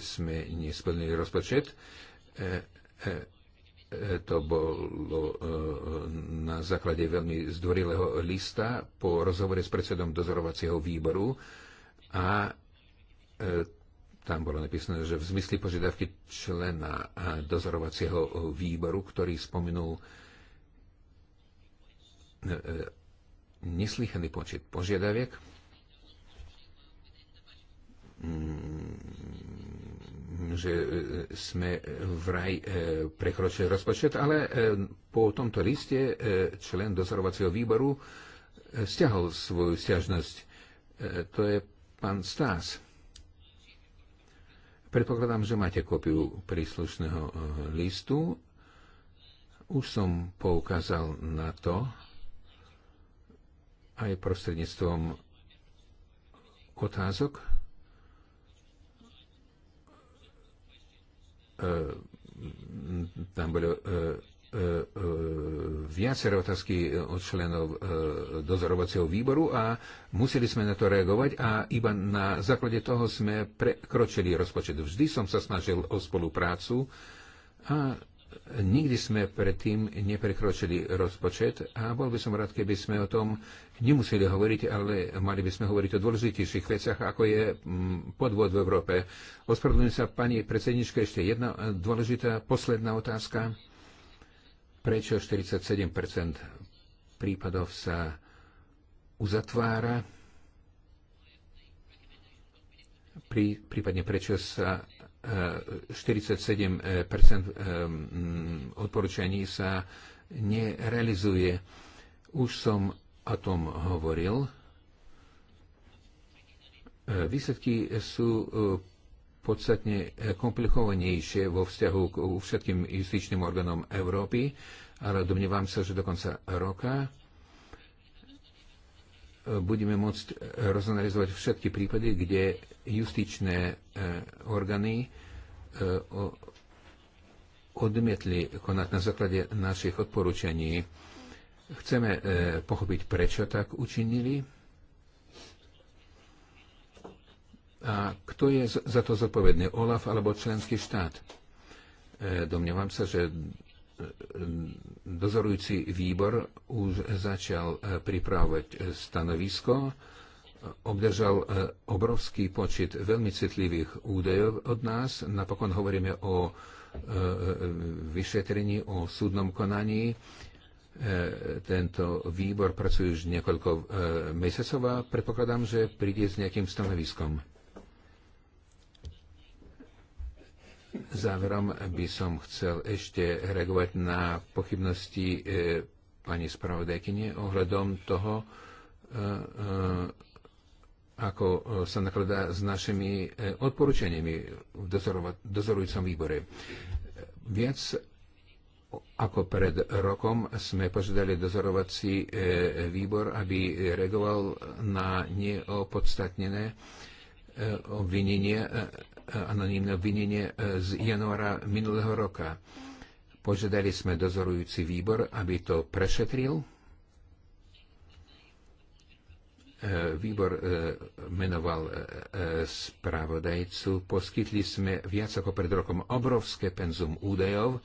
sme nesplnili rozpočet. E, e, e, to bolo na základe veľmi zdvorilého lista po rozhovore s predsedom dozorovacieho výboru a tam bolo napísané, že v zmysli požiadavky člena dozorovacieho výboru, ktorý spomenul neslychaný počet požiadaviek, že e, sme vraj e, prekročili rozpočet, ale e, po tomto liste člen dozorovacieho výboru stiahol svoju stiažnosť. To je pán Stás. Predpokladám, že máte kopiu príslušného listu. Už som poukázal na to aj prostredníctvom otázok Ehm, tam bolo e, e, e, viacero otázky od členov dozorovacieho výboru a museli sme na to reagovať a iba na základe toho sme prekročili rozpočet. Vždy som sa snažil o spoluprácu a nikdy sme predtým neprekročili rozpočet a bol by som rád, keby sme o tom nemuseli hovoriť, ale mali by sme hovoriť o dôležitejších veciach, ako je mm, podvod v Európe. Ospravedlňujem sa, pani predsednička, ešte jedna dôležitá posledná otázka. Prečo 47% prípadov sa uzatvára? prípadne prečo sa 47 eh, mm, odporúčaní sa nerealizuje. Už som o tom hovoril. Eh, výsledky sú eh, podstatne komplikovanejšie vo vzťahu k všetkým justičným orgánom Európy, ale domnievam sa, že do konca roka budeme môcť eh, rozanalizovať všetky prípady, kde justičné eh, orgány eh, odmietli konať na základe našich odporúčaní. Chceme pochopiť, prečo tak učinili a kto je za to zodpovedný, OLAF alebo členský štát. Domnievam sa, že dozorujúci výbor už začal e, pripravovať e, stanovisko, e, obdržal obrovský počet veľmi citlivých údajov od nás. Napokon hovoríme o vyšetrení, o súdnom konaní. Tento výbor pracuje už niekoľko mesiacov a predpokladám, že príde s nejakým stanoviskom. Záverom by som chcel ešte reagovať na pochybnosti e, pani spravodajkyne ohľadom toho, e, e, ako sa nakladá s našimi odporúčaniami v dozorujúcom výbore. Viac ako pred rokom sme požiadali dozorovací výbor, aby reagoval na neopodstatnené obvinenie anonimné obvinenie e, z januára minulého roka. Požiadali sme dozorujúci výbor, aby to prešetril. E, výbor e, menoval spravodajcu. Poskytli sme viac ako pred rokom obrovské penzum údajov.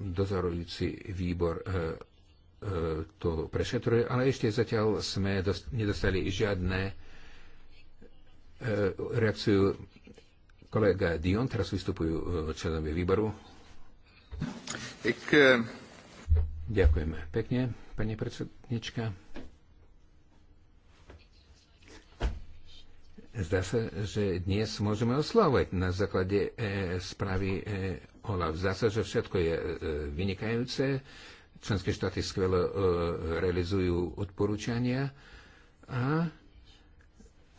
Dozorujúci výbor to prešetruje, ale ešte zatiaľ sme nedostali žiadne E, reakciu kolega Dion, teraz vystupujú e, členovia výboru. Ik, uh... E, Ďakujem pekne, pani predsednička. Zdá sa, že dnes môžeme oslavovať na základe e, správy e, OLAF. Zdá sa, že všetko je e, vynikajúce. Členské štáty skvelo e, realizujú odporúčania a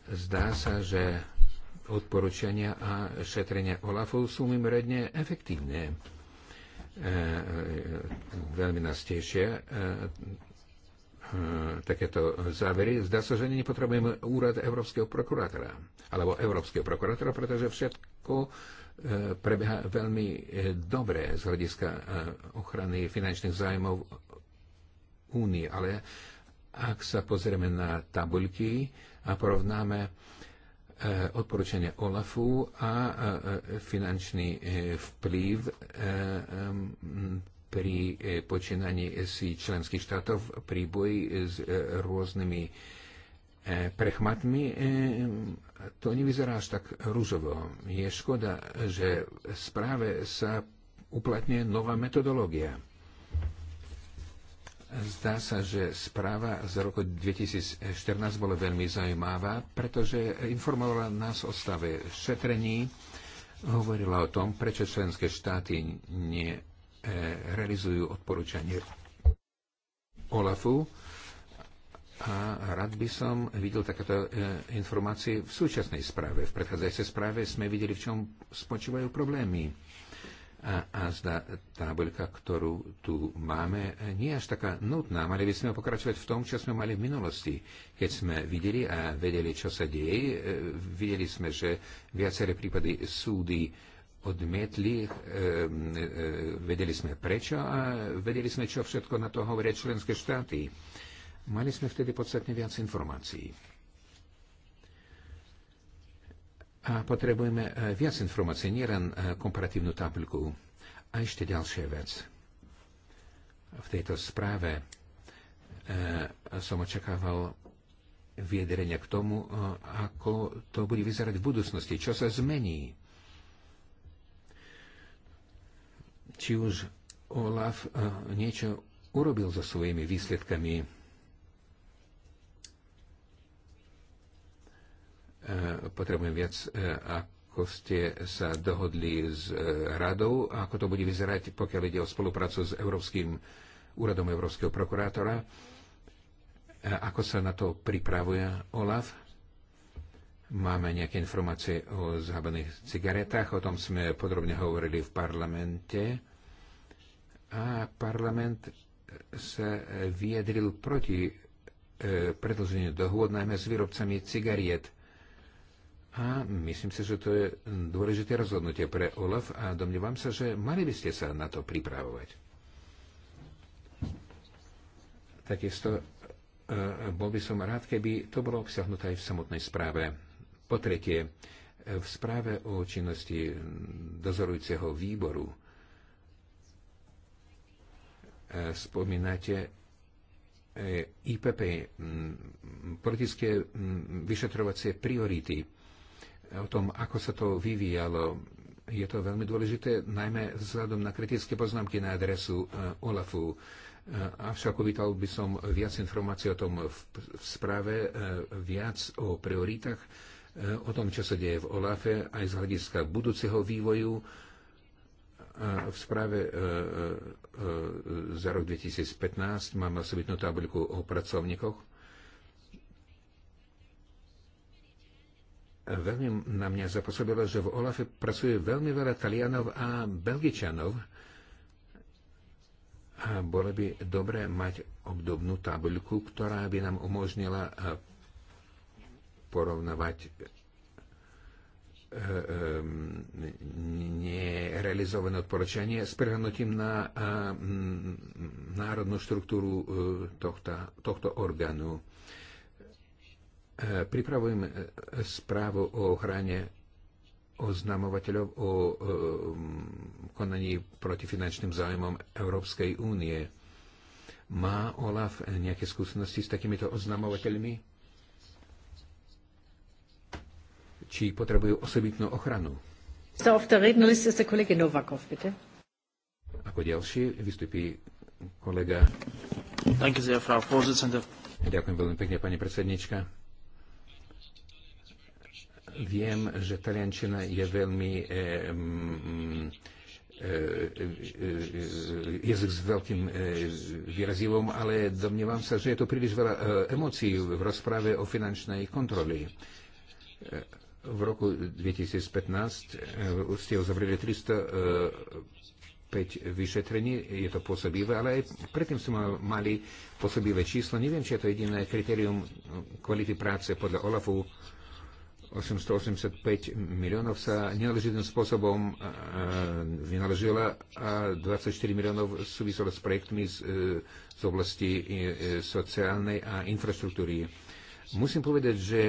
Zdá sa, že odporúčania a šetrenia OLAFu sú mimoriadne efektívne. E, e, veľmi nás tešia e, takéto závery. Zdá sa, že nepotrebujeme úrad Európskeho prokurátora alebo Európskeho prokurátora, pretože všetko prebieha veľmi dobre z hľadiska ochrany finančných zájmov únie. Ale ak sa pozrieme na tabuľky, a porovnáme e, odporúčanie OLAFu a e, e, finančný vplyv pri počínaní si členských štátov pri boji s rôznymi prechmatmi, to nevyzerá až tak rúžovo. Je škoda, že správe sa uplatňuje nová metodológia. Zdá sa, že správa z roku 2014 bola veľmi zaujímavá, pretože informovala nás o stave šetrení, hovorila o tom, prečo členské štáty nerealizujú odporúčanie OLAFu a rád by som videl takéto e, informácie v súčasnej správe. V predchádzajúcej správe sme videli, v čom spočívajú problémy a, a zda tabuľka, ktorú tu máme, nie je až taká nutná. Mali by sme pokračovať v tom, čo sme mali v minulosti. Keď sme videli a vedeli, čo sa deje, e, videli sme, že viaceré prípady súdy odmietli, e, e, vedeli sme prečo a vedeli sme, čo všetko na to hovoria členské štáty. Mali sme vtedy podstatne viac informácií. A potrebujeme e, viac informácií, nielen e, komparatívnu tabuľku. A ešte ďalšia vec. V tejto správe e, som očakával viedrenia k tomu, ako to bude vyzerať v budúcnosti, čo sa zmení. Či už Olaf niečo urobil so svojimi výsledkami E, potrebujem viac, e, ako ste sa dohodli s e, radou, ako to bude vyzerať, pokiaľ ide o spoluprácu s Európskym úradom Európskeho prokurátora, ako sa na to pripravuje OLAF. Máme nejaké informácie o zhabených cigaretách, o tom sme podrobne hovorili v parlamente. A parlament sa vyjadril proti predlženiu dohôd najmä s výrobcami cigariet. A myslím si, že to je dôležité rozhodnutie pre OLAF a domnievam sa, že mali by ste sa na to pripravovať. Takisto e, bol by som rád, keby to bolo obsiahnuté aj v samotnej správe. Po tretie, e, v správe o činnosti dozorujúceho výboru e, spomínate IPP, politické vyšetrovacie priority o tom, ako sa to vyvíjalo. Je to veľmi dôležité, najmä vzhľadom na kritické poznámky na adresu e, OLAFu. E, avšak uvítal by som viac informácií o tom v, v správe, e, viac o prioritách, o tom, čo sa deje v OLAFe, aj z hľadiska budúceho vývoju. V správe za rok 2015 máme osobitnú tabuľku o pracovníkoch Veľmi na mňa zapôsobilo, že v OLAFe pracuje veľmi veľa Talianov a Belgičanov a bolo by dobré mať obdobnú tabuľku, ktorá by nám umožnila e, porovnávať e, e, nerealizované odporúčanie s prehľadnutím na národnú štruktúru tohto, tohto orgánu pripravujem e, správu o ochrane oznamovateľov o e, konaní proti finančným zájmom Európskej únie. Má OLAF nejaké skúsenosti s takýmito oznamovateľmi? Či potrebujú osobitnú ochranu? Ako ďalší vystupí kolega. Ďakujem veľmi pekne, pani predsednička. Viem, že Taliančina je veľmi e, jazyk s veľkým výrazivom, ale domnievam sa, že je to príliš veľa emócií v rozprave o finančnej kontroli. V roku 2015 ste uzavreli 305 vyšetrení, je to pôsobivé, ale aj predtým sme mali pôsobivé číslo. Neviem, či je to jediné kritérium kvality práce podľa OLAFu 885 miliónov sa nenáležitým spôsobom e, e, vynaložila a 24 miliónov súviselo s projektmi z, e, z oblasti sociálnej a infraštruktúry. Musím povedať, že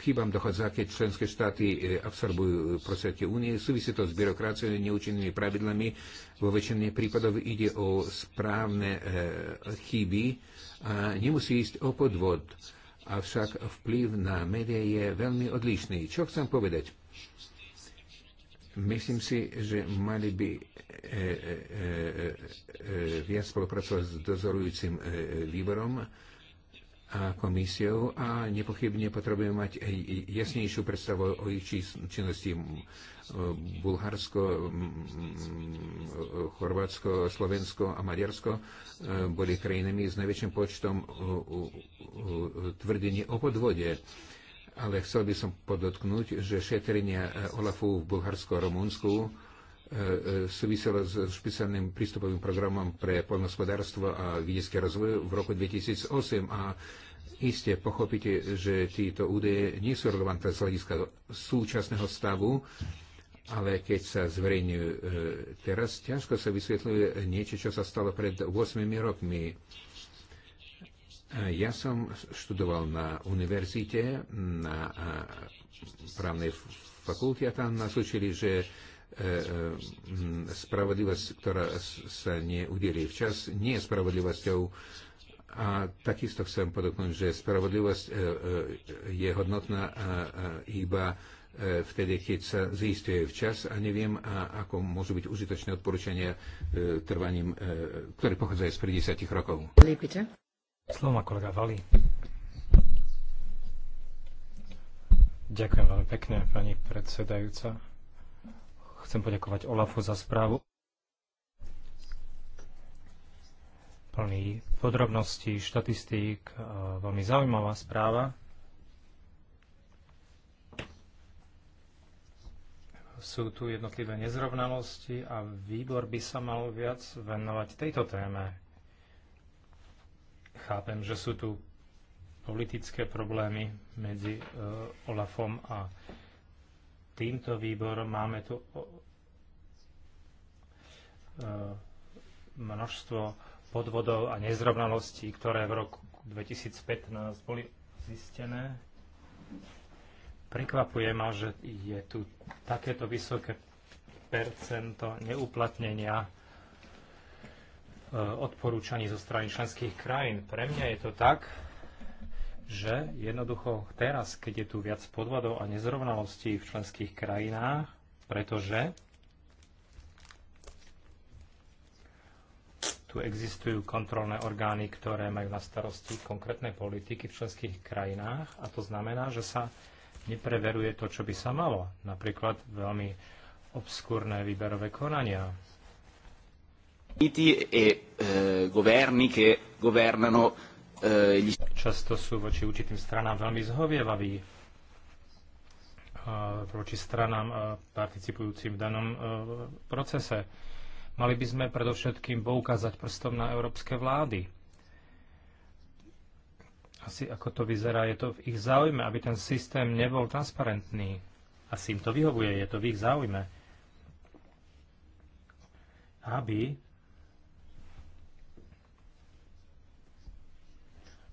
chýbam dochádza, keď členské štáty absorbujú prostriedky únie. Súvisí to s byrokraciou, neúčinnými pravidlami. Vo väčšine prípadov ide o správne chyby a nemusí ísť o podvod avšak vplyv na médiá je veľmi odlišný. Čo chcem povedať? Myslím si, že mali by e, e, e, e viac spolupracovať s dozorujúcim e, výborom a komisiou a nepochybne potrebujeme mať jasnejšiu predstavu o ich činnosti. Bulharsko, Chorvátsko, Slovensko a Maďarsko e, boli krajinami s najväčším počtom e, tvrdení o podvode. Ale chcel by som podotknúť, že šetrenia e, OLAFu v Bulharsko a Rumunsku súviselo s špeciálnym prístupovým programom pre poľnohospodárstvo a vidiecký rozvoj v roku 2008 a iste pochopíte, že títo údaje nie sú relevantné z hľadiska súčasného stavu, ale keď sa zverejňujú e, teraz, ťažko sa vysvetľuje niečo, čo sa stalo pred 8 rokmi. E, ja som študoval na univerzite, na právnej fakulte a tam nás učili, že e, spravodlivosť, ktorá sa neudelí včas, nie je spravodlivosťou. A takisto chcem podoknúť, že spravodlivosť je hodnotná iba E, vtedy, keď sa zistuje včas a neviem, a ako môžu byť užitočné odporúčania e, trvaním, e, ktoré pochádzajú z 50 rokov. Lípite. Slovo má kolega Vali. Ďakujem veľmi pekne, pani predsedajúca. Chcem poďakovať Olafu za správu. Plný podrobností, štatistík, veľmi zaujímavá správa. sú tu jednotlivé nezrovnalosti a výbor by sa mal viac venovať tejto téme. Chápem, že sú tu politické problémy medzi e, Olafom a týmto výborom. Máme tu e, množstvo podvodov a nezrovnalostí, ktoré v roku 2015 boli zistené. Prekvapuje ma, že je tu takéto vysoké percento neuplatnenia e, odporúčaní zo strany členských krajín. Pre mňa je to tak, že jednoducho teraz, keď je tu viac podvodov a nezrovnalostí v členských krajinách, pretože tu existujú kontrolné orgány, ktoré majú na starosti konkrétne politiky v členských krajinách a to znamená, že sa nepreveruje to, čo by sa malo. Napríklad veľmi obskúrne výberové konania. E, e, e, Často sú voči určitým stranám veľmi zhovievaví voči stranám participujúcim v danom procese. Mali by sme predovšetkým poukázať prstom na európske vlády asi ako to vyzerá, je to v ich záujme, aby ten systém nebol transparentný. Asi im to vyhovuje, je to v ich záujme. Aby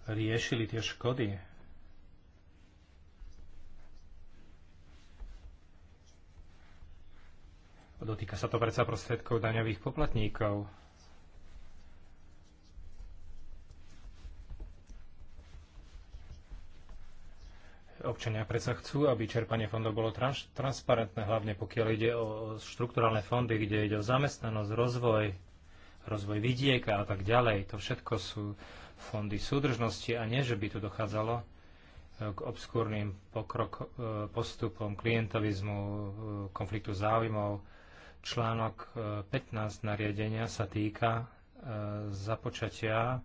riešili tie škody. Dotýka sa to predsa prostriedkov daňových poplatníkov. občania predsa chcú, aby čerpanie fondov bolo trans- transparentné, hlavne pokiaľ ide o štrukturálne fondy, kde ide o zamestnanosť, rozvoj, rozvoj vidieka a tak ďalej. To všetko sú fondy súdržnosti a nie, že by tu dochádzalo e, k obskúrnym pokrok, e, postupom klientovizmu, e, konfliktu záujmov. Článok 15 nariadenia sa týka započatia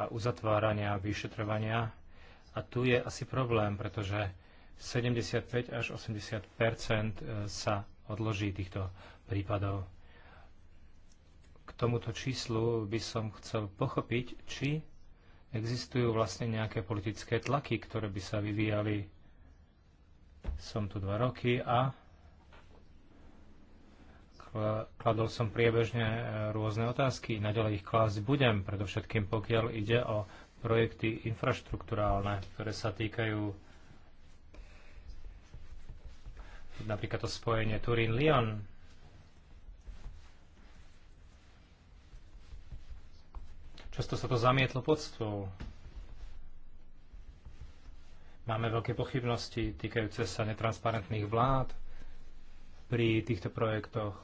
a uzatvárania vyšetrovania a tu je asi problém, pretože 75 až 80 e, sa odloží týchto prípadov. K tomuto číslu by som chcel pochopiť, či existujú vlastne nejaké politické tlaky, ktoré by sa vyvíjali. Som tu dva roky a kladol som priebežne e, rôzne otázky, naďalej ich klásť budem, predovšetkým pokiaľ ide o projekty infraštruktúrálne, ktoré sa týkajú napríklad to spojenie Turín-Lyon, Často sa to zamietlo pod stôl. Máme veľké pochybnosti týkajúce sa netransparentných vlád pri týchto projektoch.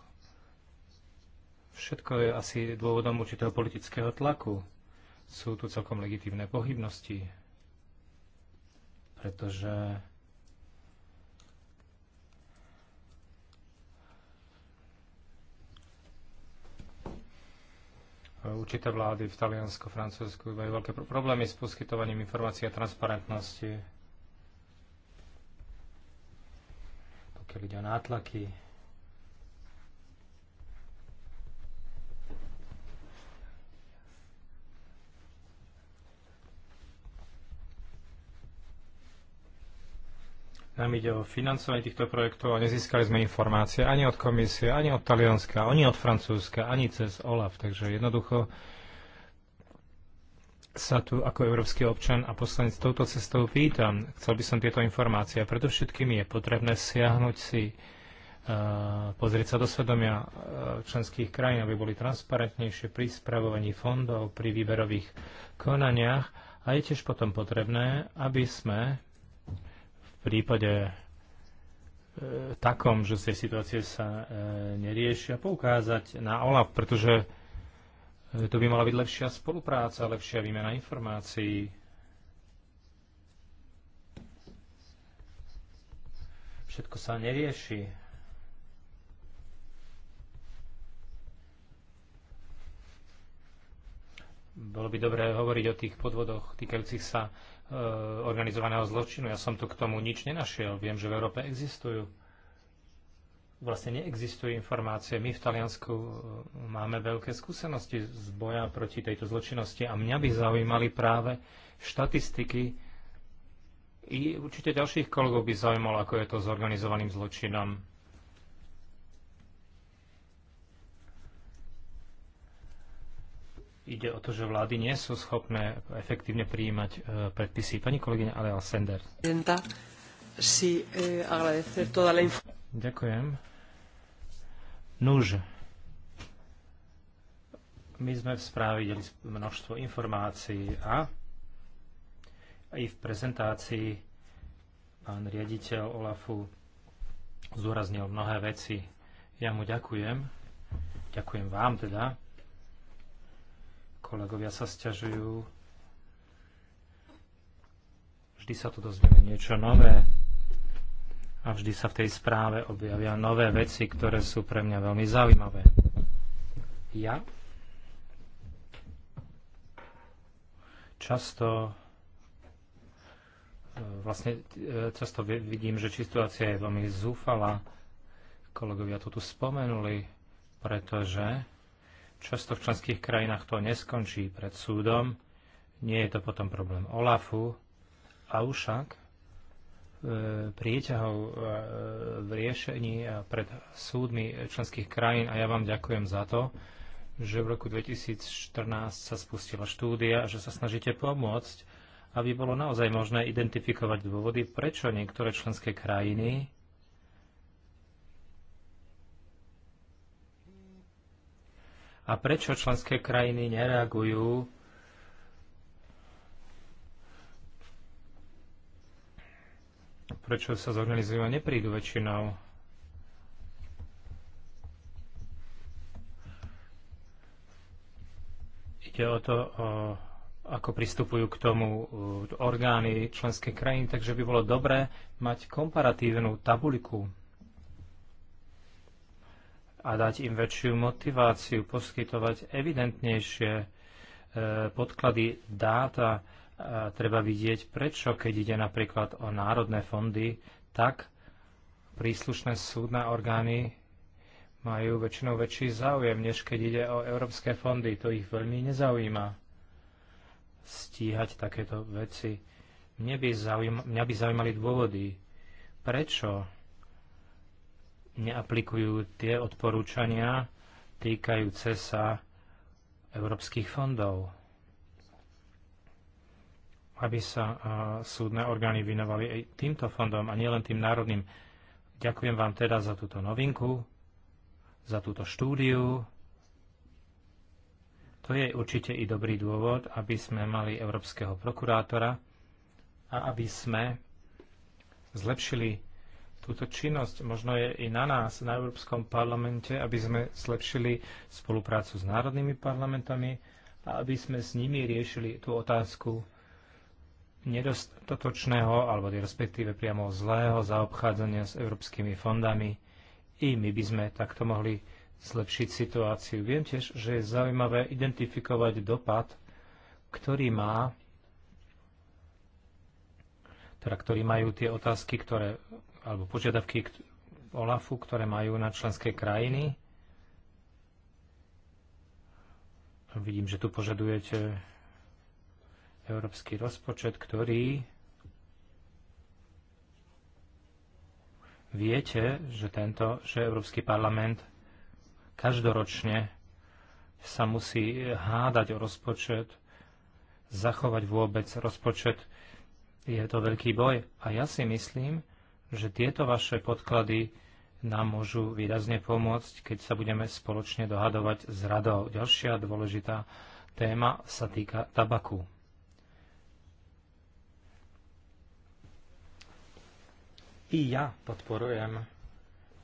Všetko je asi dôvodom určitého politického tlaku. Sú tu celkom legitívne pohybnosti, pretože určité vlády v Taliansku, Francúzsku majú veľké problémy s poskytovaním informácií a transparentnosti. Pokiaľ ide o nátlaky, Nám ide o financovanie týchto projektov a nezískali sme informácie ani od komisie, ani od Talianska, ani od Francúzska, ani cez OLAF. Takže jednoducho sa tu ako európsky občan a poslanec touto cestou pýtam. Chcel by som tieto informácie. A predovšetkým je potrebné siahnuť si, eh, pozrieť sa do svedomia eh, členských krajín, aby boli transparentnejšie pri spravovaní fondov, pri výberových konaniach. A je tiež potom potrebné, aby sme prípade e, takom, že tie situácie sa e, neriešia, poukázať na OLAF, pretože e, to by mala byť lepšia spolupráca, lepšia výmena informácií. Všetko sa nerieši. bolo by dobré hovoriť o tých podvodoch týkajúcich sa Eh, organizovaného zločinu. Ja som tu k tomu nič nenašiel. Viem, že v Európe existujú. Vlastne neexistujú informácie. My v Taliansku eh, máme veľké skúsenosti z boja proti tejto zločinnosti a mňa by zaujímali práve štatistiky i určite ďalších kolegov by zaujímalo, ako je to s organizovaným zločinom Ide o to, že vlády nie sú schopné efektívne prijímať e, predpisy. Pani kolegyňa Aleal Sender. E, ďakujem. Nuž. My sme v správe videli množstvo informácií a aj v prezentácii pán riaditeľ Olafu zdôraznil mnohé veci. Ja mu ďakujem. Ďakujem vám teda Kolegovia sa stiažujú. Vždy sa tu dozvieme niečo nové a vždy sa v tej správe objavia nové veci, ktoré sú pre mňa veľmi zaujímavé. Ja často e, vlastne e, často vidím, že situácia je veľmi zúfala. Kolegovia to tu spomenuli, pretože Často v členských krajinách to neskončí pred súdom, nie je to potom problém OLAFu, a však e, prieťahov e, v riešení pred súdmi členských krajín a ja vám ďakujem za to, že v roku 2014 sa spustila štúdia a že sa snažíte pomôcť, aby bolo naozaj možné identifikovať dôvody, prečo niektoré členské krajiny a prečo členské krajiny nereagujú prečo sa zorganizujú a neprídu väčšinou. Ide o to, o, ako pristupujú k tomu orgány členskej krajiny, takže by bolo dobré mať komparatívnu tabuliku a dať im väčšiu motiváciu, poskytovať evidentnejšie e, podklady dáta. Treba vidieť, prečo, keď ide napríklad o národné fondy, tak príslušné súdne orgány majú väčšinou väčší záujem, než keď ide o európske fondy. To ich veľmi nezaujíma stíhať takéto veci. by, zaujíma, mňa by zaujímali dôvody, prečo neaplikujú tie odporúčania týkajúce sa európskych fondov. Aby sa súdne orgány vinovali aj týmto fondom a nielen tým národným. Ďakujem vám teda za túto novinku, za túto štúdiu. To je určite i dobrý dôvod, aby sme mali európskeho prokurátora a aby sme zlepšili túto činnosť. Možno je i na nás, na Európskom parlamente, aby sme zlepšili spoluprácu s národnými parlamentami a aby sme s nimi riešili tú otázku nedostatočného alebo respektíve priamo zlého zaobchádzania s európskymi fondami. I my by sme takto mohli zlepšiť situáciu. Viem tiež, že je zaujímavé identifikovať dopad, ktorý má teda ktorý majú tie otázky, ktoré alebo požiadavky OLAFu, ktoré majú na členské krajiny. Vidím, že tu požadujete európsky rozpočet, ktorý viete, že, tento, že Európsky parlament každoročne sa musí hádať o rozpočet, zachovať vôbec rozpočet. Je to veľký boj. A ja si myslím, že tieto vaše podklady nám môžu výrazne pomôcť, keď sa budeme spoločne dohadovať s radou. Ďalšia dôležitá téma sa týka tabaku. I ja podporujem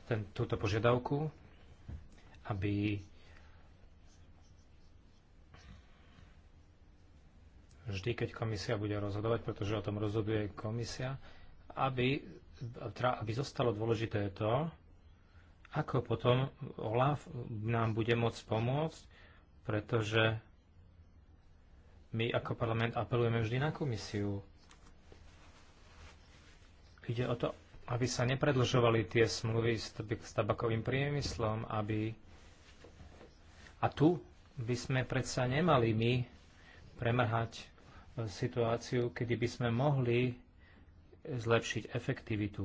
ten, túto požiadavku, aby vždy, keď komisia bude rozhodovať, pretože o tom rozhoduje komisia, aby teda, aby zostalo dôležité to, ako potom OLAF nám bude môcť pomôcť, pretože my ako parlament apelujeme vždy na komisiu. Ide o to, aby sa nepredlžovali tie smluvy s, tabakovým priemyslom, aby... A tu by sme predsa nemali my premrhať e, situáciu, kedy by sme mohli zlepšiť efektivitu.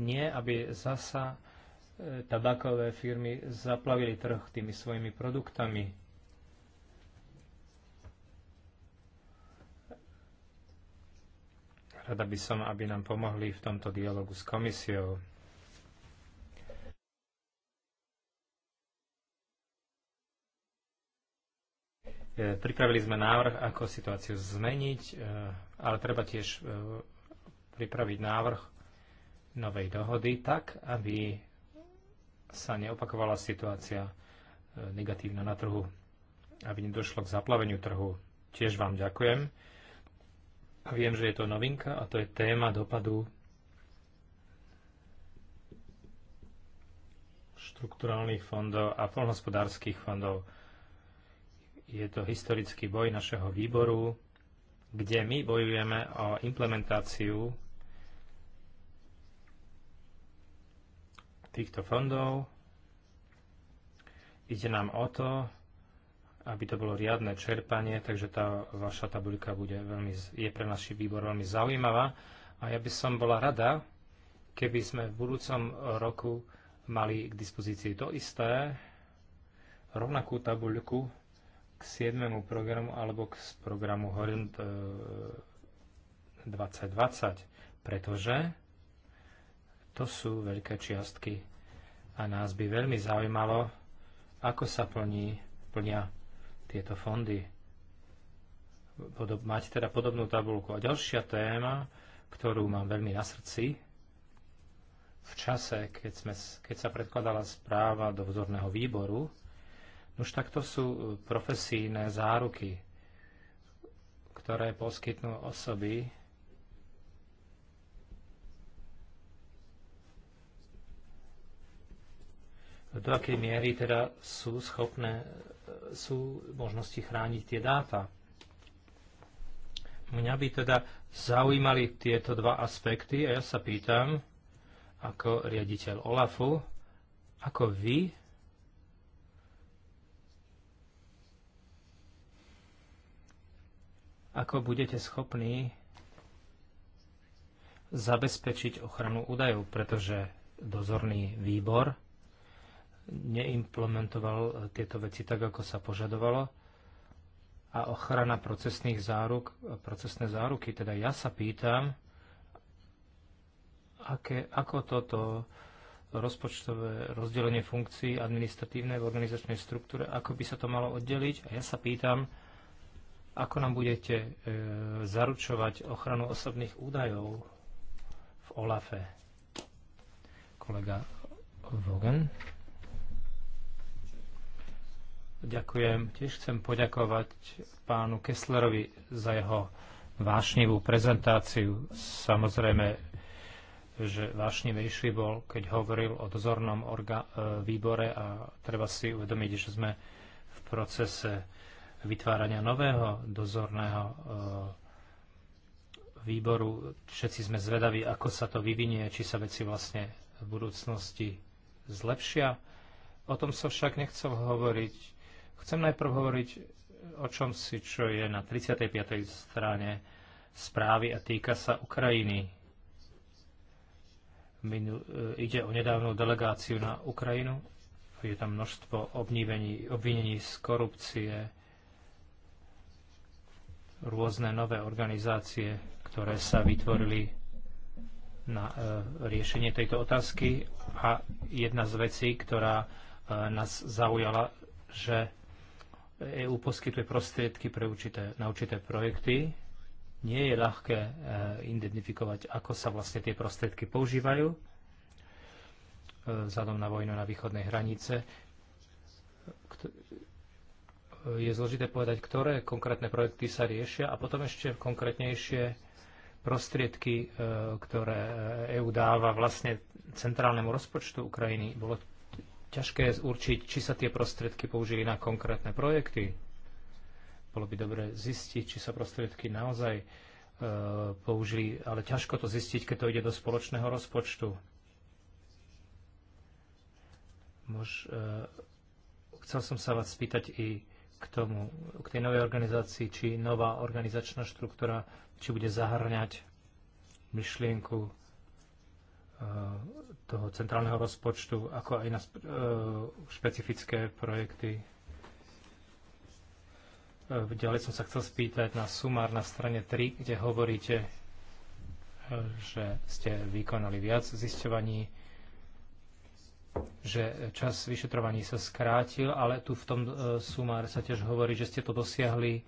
Nie, aby zasa e, tabakové firmy zaplavili trh tými svojimi produktami. Rada by som, aby nám pomohli v tomto dialogu s komisiou. E, pripravili sme návrh, ako situáciu zmeniť, e, ale treba tiež e, pripraviť návrh novej dohody tak, aby sa neopakovala situácia negatívna na trhu, aby nedošlo k zaplaveniu trhu. Tiež vám ďakujem. A viem, že je to novinka a to je téma dopadu štrukturálnych fondov a polnohospodárských fondov je to historický boj našeho výboru, kde my bojujeme o implementáciu týchto fondov. Ide nám o to, aby to bolo riadne čerpanie, takže tá vaša tabuľka bude veľmi, je pre naši výbor veľmi zaujímavá. A ja by som bola rada, keby sme v budúcom roku mali k dispozícii to isté, rovnakú tabuľku k 7. programu alebo k programu Horizon 2020, e, pretože to sú veľké čiastky a nás by veľmi zaujímalo, ako sa plní, plnia tieto fondy. Podob, teda podobnú tabulku. A ďalšia téma, ktorú mám veľmi na srdci, v čase, keď, sme, keď sa predkladala správa do vzorného výboru, No už takto sú e, profesijné záruky, ktoré poskytnú osoby, do akej miery teda sú schopné, e, sú možnosti chrániť tie dáta. Mňa by teda zaujímali tieto dva aspekty a ja sa pýtam, ako riaditeľ OLAFu, ako vy ako budete schopní zabezpečiť ochranu údajov, pretože dozorný výbor neimplementoval tieto veci tak, ako sa požadovalo a ochrana procesných záruk, procesné záruky. Teda ja sa pýtam, aké, ako toto rozpočtové rozdelenie funkcií administratívnej v organizačnej štruktúre, ako by sa to malo oddeliť. A ja sa pýtam, ako nám budete e, zaručovať ochranu osobných údajov v OLAFe? Kolega Vogen. Ďakujem. Tiež chcem poďakovať pánu Kesslerovi za jeho vášnivú prezentáciu. Samozrejme, že vášnivejší bol, keď hovoril o dozornom e, výbore a treba si uvedomiť, že sme v procese vytvárania nového dozorného e, výboru. Všetci sme zvedaví, ako sa to vyvinie, či sa veci vlastne v budúcnosti zlepšia. O tom som však nechcel hovoriť. Chcem najprv hovoriť o čom si, čo je na 35. strane správy a týka sa Ukrajiny. Minu, e, ide o nedávnu delegáciu na Ukrajinu. Je tam množstvo obnívení, obvinení z korupcie, rôzne nové organizácie, ktoré sa vytvorili na e, riešenie tejto otázky. A jedna z vecí, ktorá e, nás zaujala, že EU poskytuje prostriedky pre určité, na určité projekty. Nie je ľahké e, identifikovať, ako sa vlastne tie prostriedky používajú vzhľadom na vojnu na východnej hranice je zložité povedať, ktoré konkrétne projekty sa riešia a potom ešte konkrétnejšie prostriedky, ktoré EÚ dáva vlastne centrálnemu rozpočtu Ukrajiny. Bolo ťažké určiť, či sa tie prostriedky použili na konkrétne projekty. Bolo by dobre zistiť, či sa prostriedky naozaj použili, ale ťažko to zistiť, keď to ide do spoločného rozpočtu. chcel som sa vás spýtať i k tomu, k tej novej organizácii, či nová organizačná štruktúra, či bude zahrňať myšlienku e, toho centrálneho rozpočtu, ako aj na e, špecifické projekty. E, ďalej som sa chcel spýtať na sumár na strane 3, kde hovoríte, že ste vykonali viac zisťovaní že čas vyšetrovaní sa skrátil, ale tu v tom e, sumáre sa tiež hovorí, že ste to dosiahli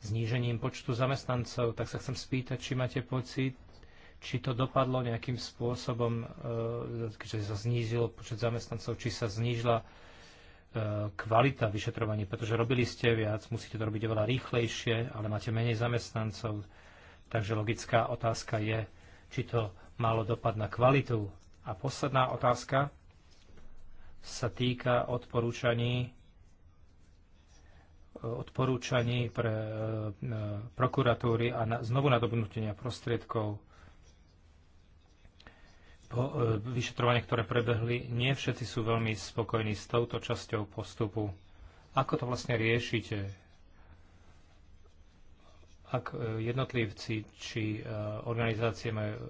znížením počtu zamestnancov. Tak sa chcem spýtať, či máte pocit, či to dopadlo nejakým spôsobom, keďže sa znížil počet zamestnancov, či sa znížila e, kvalita vyšetrovania, pretože robili ste viac, musíte to robiť oveľa rýchlejšie, ale máte menej zamestnancov. Takže logická otázka je, či to malo dopad na kvalitu. A posledná otázka sa týka odporúčaní odporúčaní pre e, e, prokuratúry a na, znovu nadobnutia prostriedkov po e, vyšetrovania, ktoré prebehli, nie všetci sú veľmi spokojní s touto časťou postupu. Ako to vlastne riešite? Ak jednotlivci či organizácie majú,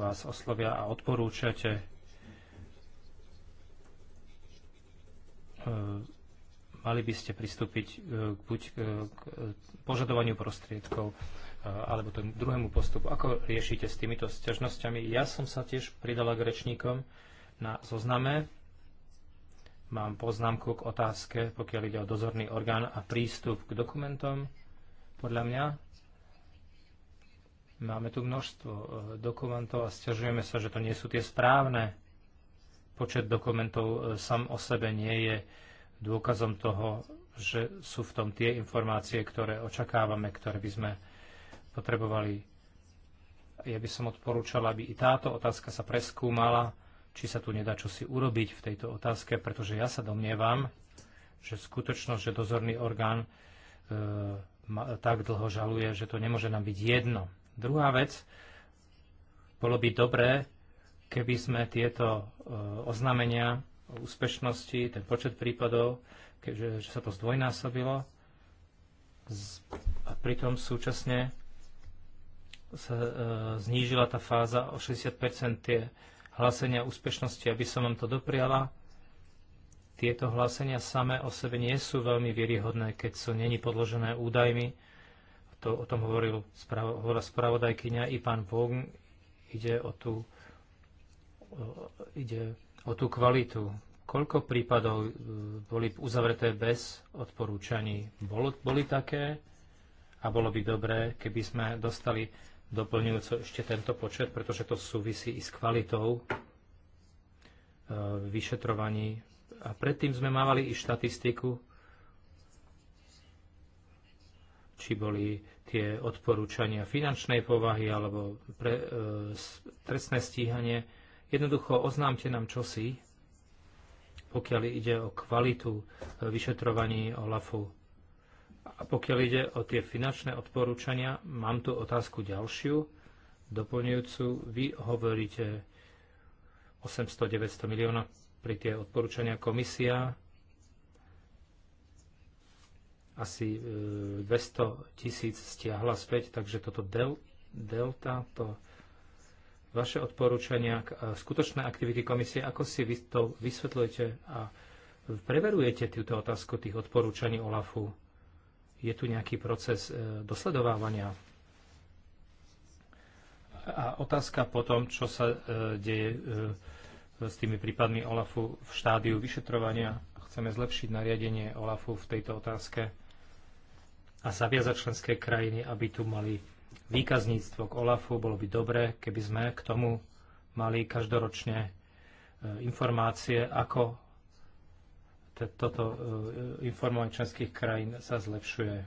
vás oslovia a odporúčate E, mali by ste pristúpiť e, buď e, k požadovaniu prostriedkov alebo tomu druhému postupu. Ako riešite s týmito sťažnosťami? Ja som sa tiež pridala k rečníkom na zozname. Mám poznámku k otázke, pokiaľ ide o dozorný orgán a prístup k dokumentom. Podľa mňa máme tu množstvo dokumentov a sťažujeme sa, že to nie sú tie správne Počet dokumentov e, sam o sebe nie je dôkazom toho, že sú v tom tie informácie, ktoré očakávame, ktoré by sme potrebovali. Ja by som odporúčala, aby i táto otázka sa preskúmala, či sa tu nedá čosi urobiť v tejto otázke, pretože ja sa domnievam, že skutočnosť, že dozorný orgán e, ma, tak dlho žaluje, že to nemôže nám byť jedno. Druhá vec, bolo by dobré, Keby sme tieto eh, oznámenia o úspešnosti, ten počet prípadov, keďže že sa to zdvojnásobilo, a pritom súčasne sa e, znížila tá fáza o 60 tie hlásenia úspešnosti, aby som vám to dopriala. Tieto hlásenia samé o sebe nie sú veľmi vieryhodné, keď sú není podložené údajmi. To, o tom hovoril, hovorila spravodajkyňa i pán Vogn. Ide o tú E, ide o tú kvalitu. Koľko prípadov e, boli uzavreté bez odporúčaní? Bolo, boli také a bolo by dobré, keby sme dostali doplňujúco ešte tento počet, pretože to súvisí i s kvalitou e, vyšetrovaní. A predtým sme mávali i štatistiku, či boli tie odporúčania finančnej povahy alebo pre, e, trestné stíhanie Jednoducho oznámte nám čosi, pokiaľ ide o kvalitu e, vyšetrovaní OLAFu. A pokiaľ ide o tie finančné odporúčania, mám tu otázku ďalšiu, doplňujúcu. Vy hovoríte 800-900 milióna pri tie odporúčania komisia, asi 200 e, tisíc stiahla späť, takže toto del, delta, to vaše odporúčania, e, skutočné aktivity komisie, ako si vy to vysvetľujete a preverujete túto otázku tých odporúčaní OLAFu? Je tu nejaký proces e, dosledovávania? A otázka po tom, čo sa e, deje s tými prípadmi OLAFu v štádiu vyšetrovania. Chceme zlepšiť nariadenie OLAFu v tejto otázke a zaviazať členské krajiny, aby tu mali výkazníctvo k OLAFu. Bolo by dobré, keby sme k tomu mali každoročne e, informácie, ako toto e, informovanie členských krajín sa zlepšuje.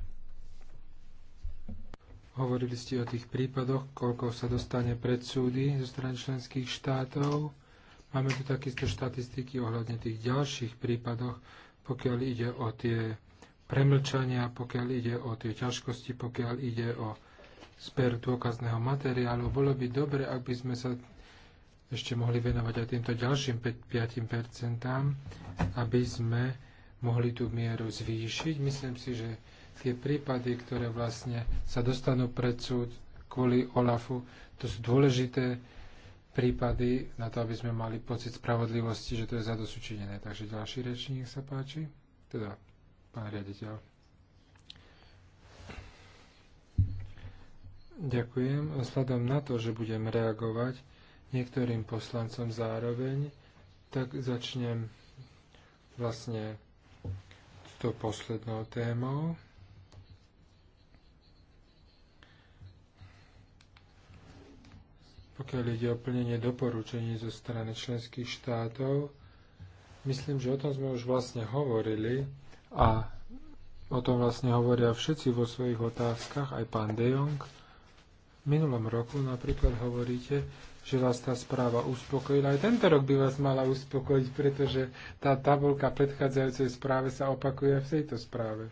Hovorili ste o tých prípadoch, koľko sa dostane pred súdy zo strany členských štátov. Máme tu takisto štatistiky ohľadne tých ďalších prípadoch, pokiaľ ide o tie premlčania, pokiaľ ide o tie ťažkosti, pokiaľ ide o zber dôkazného materiálu. Bolo by dobre, ak by sme sa ešte mohli venovať aj týmto ďalším 5%, aby sme mohli tú mieru zvýšiť. Myslím si, že tie prípady, ktoré vlastne sa dostanú pred súd kvôli OLAFu, to sú dôležité prípady na to, aby sme mali pocit spravodlivosti, že to je zadosučinené. Takže ďalší rečník sa páči, teda pán riaditeľ. Ďakujem. Vzhľadom na to, že budem reagovať niektorým poslancom zároveň, tak začnem vlastne to poslednou témou. Pokiaľ ide o plnenie doporučení zo strany členských štátov, myslím, že o tom sme už vlastne hovorili a o tom vlastne hovoria všetci vo svojich otázkach, aj pán De Jong minulom roku napríklad hovoríte, že vás tá správa uspokojila. Aj tento rok by vás mala uspokojiť, pretože tá tabulka predchádzajúcej správe sa opakuje aj v tejto správe.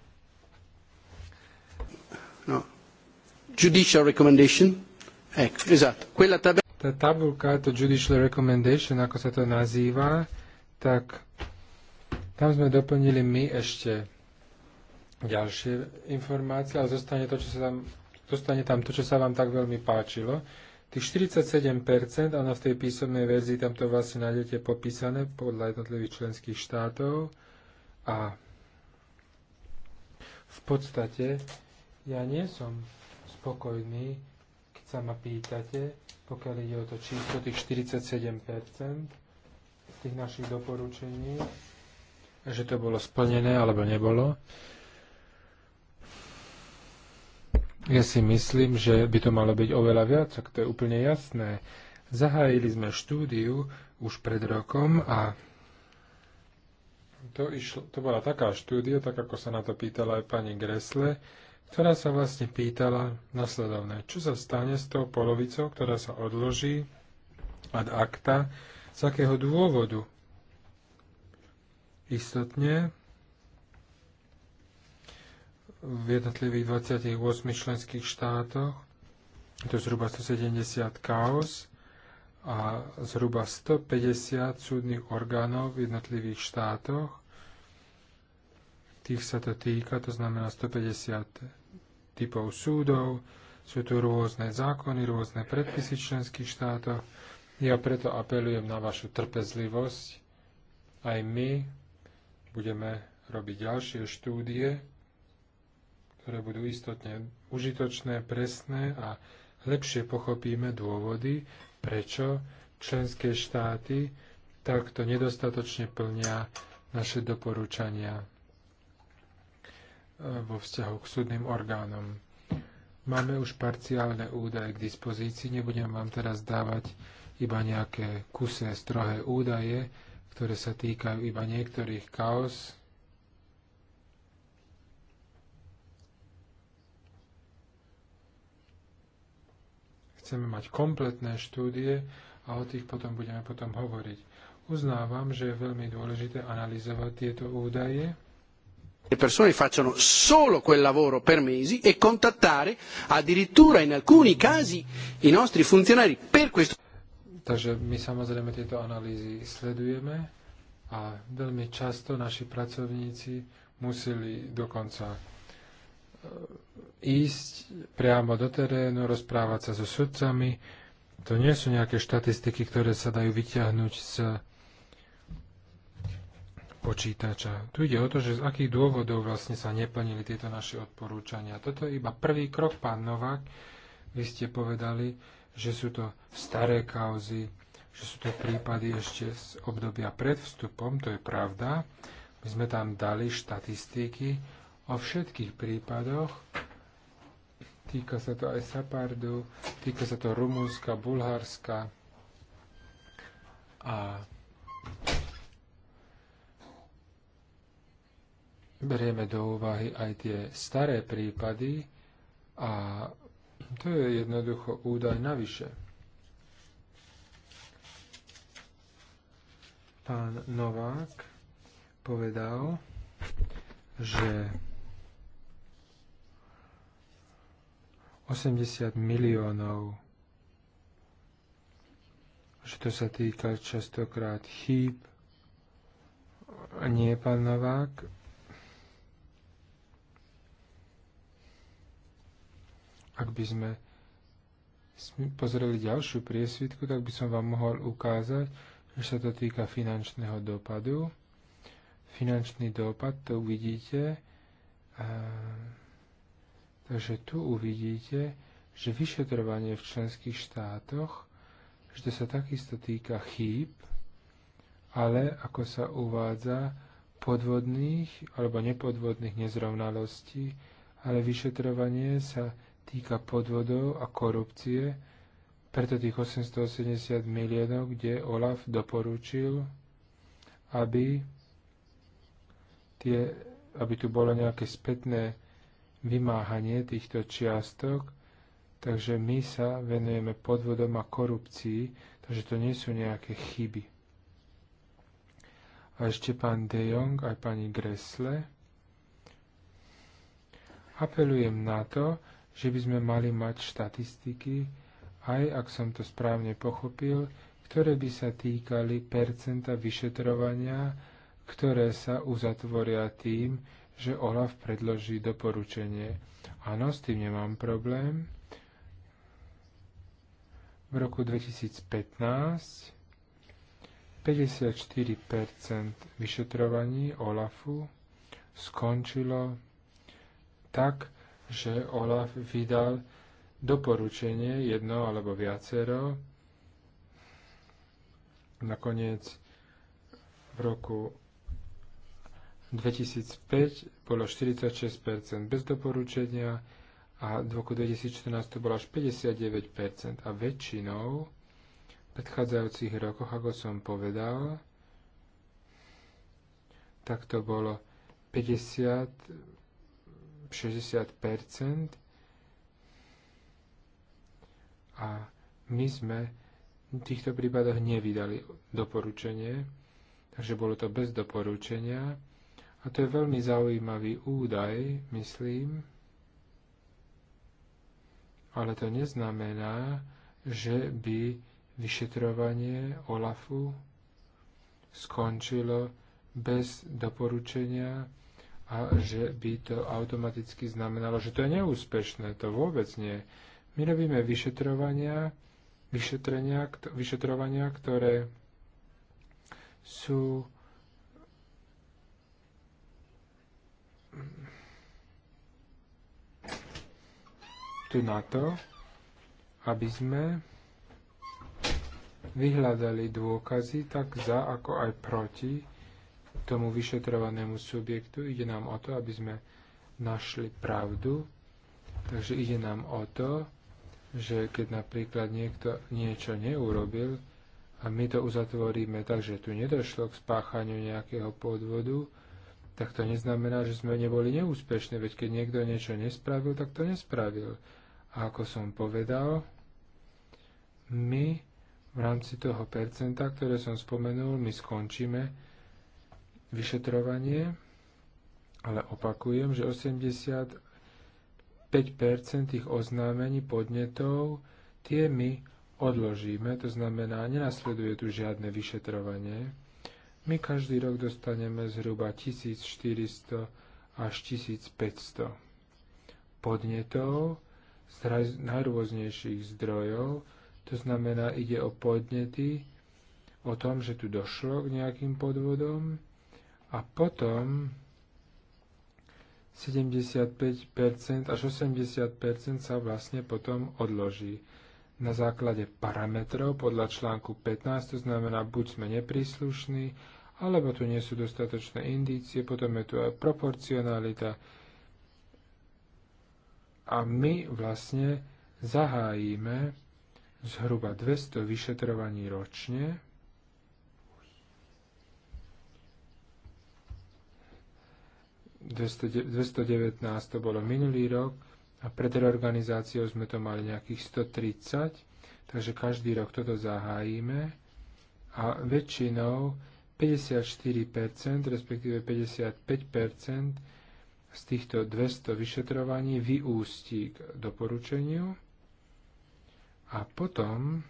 No. Judicial recommendation. Eh, tá tabulka, to judicial recommendation, ako sa to nazýva, tak tam sme doplnili my ešte ďalšie informácie, ale zostane to, čo sa tam zostane tam to, čo sa vám tak veľmi páčilo. Tých 47%, áno, v tej písomnej verzii tam to vlastne nájdete popísané podľa jednotlivých členských štátov a v podstate ja nie som spokojný, keď sa ma pýtate, pokiaľ ide o to číslo tých 47% z tých našich doporučení, že to bolo splnené alebo nebolo. Ja si myslím, že by to malo byť oveľa viac, tak to je úplne jasné. Zahájili sme štúdiu už pred rokom a to, išlo, to bola taká štúdia, tak ako sa na to pýtala aj pani Gresle, ktorá sa vlastne pýtala nasledovné. Čo sa stane s tou polovicou, ktorá sa odloží ad acta, z akého dôvodu? Istotne, v jednotlivých 28 členských štátoch. Je to zhruba 170 kaos a zhruba 150 súdnych orgánov v jednotlivých štátoch. Tých sa to týka, to znamená 150 typov súdov. Sú tu rôzne zákony, rôzne predpisy v členských štátoch. Ja preto apelujem na vašu trpezlivosť. Aj my budeme robiť ďalšie štúdie ktoré budú istotne užitočné, presné a lepšie pochopíme dôvody, prečo členské štáty takto nedostatočne plnia naše doporúčania e, vo vzťahu k súdnym orgánom. Máme už parciálne údaje k dispozícii, nebudem vám teraz dávať iba nejaké kuse strohé údaje, ktoré sa týkajú iba niektorých kaos, Chceme mať kompletné štúdie a o tých potom budeme potom hovoriť. Uznávam, že je veľmi dôležité analyzovať tieto údaje, le persone facciano solo quel lavoro per mesi e contattare addirittura in alcuni casi i nostri funzionari per questo. Takže my samozrejme tieto analýzy sledujeme a veľmi často naši pracovníci museli dokonca ísť priamo do terénu, rozprávať sa so sudcami. To nie sú nejaké štatistiky, ktoré sa dajú vyťahnuť z počítača. Tu ide o to, že z akých dôvodov vlastne sa neplnili tieto naše odporúčania. Toto je iba prvý krok, pán Novák. Vy ste povedali, že sú to staré kauzy, že sú to prípady ešte z obdobia pred vstupom, to je pravda. My sme tam dali štatistiky, o všetkých prípadoch, týka sa to aj Sapardu, týka sa to Rumúnska, Bulharska a berieme do úvahy aj tie staré prípady a to je jednoducho údaj navyše. Pán Novák povedal, že 80 miliónov. Že to sa týka častokrát chýb. Nie, pán Novák. Ak by sme pozreli ďalšiu priesvitku, tak by som vám mohol ukázať, že sa to týka finančného dopadu. Finančný dopad, to uvidíte. Ehm Takže tu uvidíte, že vyšetrovanie v členských štátoch že sa takisto týka chýb, ale ako sa uvádza, podvodných alebo nepodvodných nezrovnalostí, ale vyšetrovanie sa týka podvodov a korupcie, preto tých 880 miliónov, kde Olaf doporučil, aby, tie, aby tu bolo nejaké spätné vymáhanie týchto čiastok, takže my sa venujeme podvodom a korupcii, takže to nie sú nejaké chyby. A ešte pán De Jong aj pani Gressle. Apelujem na to, že by sme mali mať štatistiky, aj ak som to správne pochopil, ktoré by sa týkali percenta vyšetrovania, ktoré sa uzatvoria tým, že Olaf predloží doporučenie. Áno, s tým nemám problém. V roku 2015 54% vyšetrovaní Olafu skončilo tak, že Olaf vydal doporučenie jedno alebo viacero. Nakoniec v roku 2005 bolo 46 bez doporučenia a v roku 2014 to bolo až 59 a väčšinou v predchádzajúcich rokoch, ako som povedal, tak to bolo 50 60 a my sme v týchto prípadoch nevydali doporučenie, takže bolo to bez doporučenia a to je veľmi zaujímavý údaj, myslím, ale to neznamená, že by vyšetrovanie Olafu skončilo bez doporučenia a že by to automaticky znamenalo, že to je neúspešné. To vôbec nie. My robíme vyšetrovania, vyšetrenia, vyšetrovania ktoré sú tu na to, aby sme vyhľadali dôkazy tak za, ako aj proti tomu vyšetrovanému subjektu. Ide nám o to, aby sme našli pravdu. Takže ide nám o to, že keď napríklad niekto niečo neurobil a my to uzatvoríme tak, že tu nedošlo k spáchaniu nejakého podvodu, tak to neznamená, že sme neboli neúspešní, veď keď niekto niečo nespravil, tak to nespravil. A ako som povedal, my v rámci toho percenta, ktoré som spomenul, my skončíme vyšetrovanie, ale opakujem, že 85% tých oznámení podnetov tie my odložíme, to znamená, nenasleduje tu žiadne vyšetrovanie my každý rok dostaneme zhruba 1400 až 1500 podnetov z najrôznejších zdrojov. To znamená, ide o podnety, o tom, že tu došlo k nejakým podvodom a potom 75% až 80% sa vlastne potom odloží. Na základe parametrov podľa článku 15, to znamená, buď sme nepríslušní, alebo tu nie sú dostatočné indície, potom je tu aj proporcionalita. A my vlastne zahájime zhruba 200 vyšetrovaní ročne, ,219 to bolo minulý rok a pred reorganizáciou sme to mali nejakých 130, takže každý rok toto zahájime a väčšinou 54%, respektíve 55% z týchto 200 vyšetrovaní vyústí k doporučeniu a potom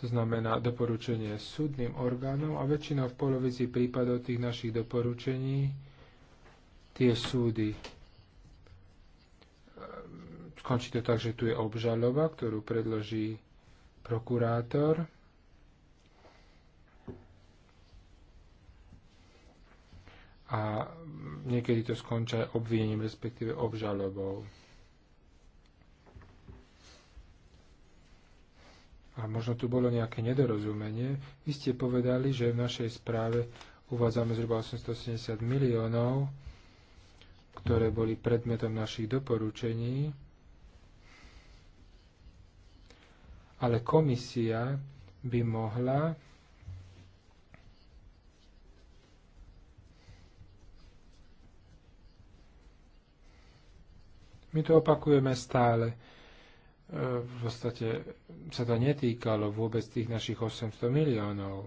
to znamená doporučenie súdnym orgánom a väčšinou v polovici prípadov tých našich doporučení tie súdy ehm, skončí to tak, že tu je obžaloba, ktorú predloží prokurátor a niekedy to skončia obvinením, respektíve obžalobou. A možno tu bolo nejaké nedorozumenie. Vy ste povedali, že v našej správe uvádzame zhruba 870 miliónov, ktoré boli predmetom našich doporučení. Ale komisia by mohla My to opakujeme stále. E, v podstate sa to netýkalo vôbec tých našich 800 miliónov.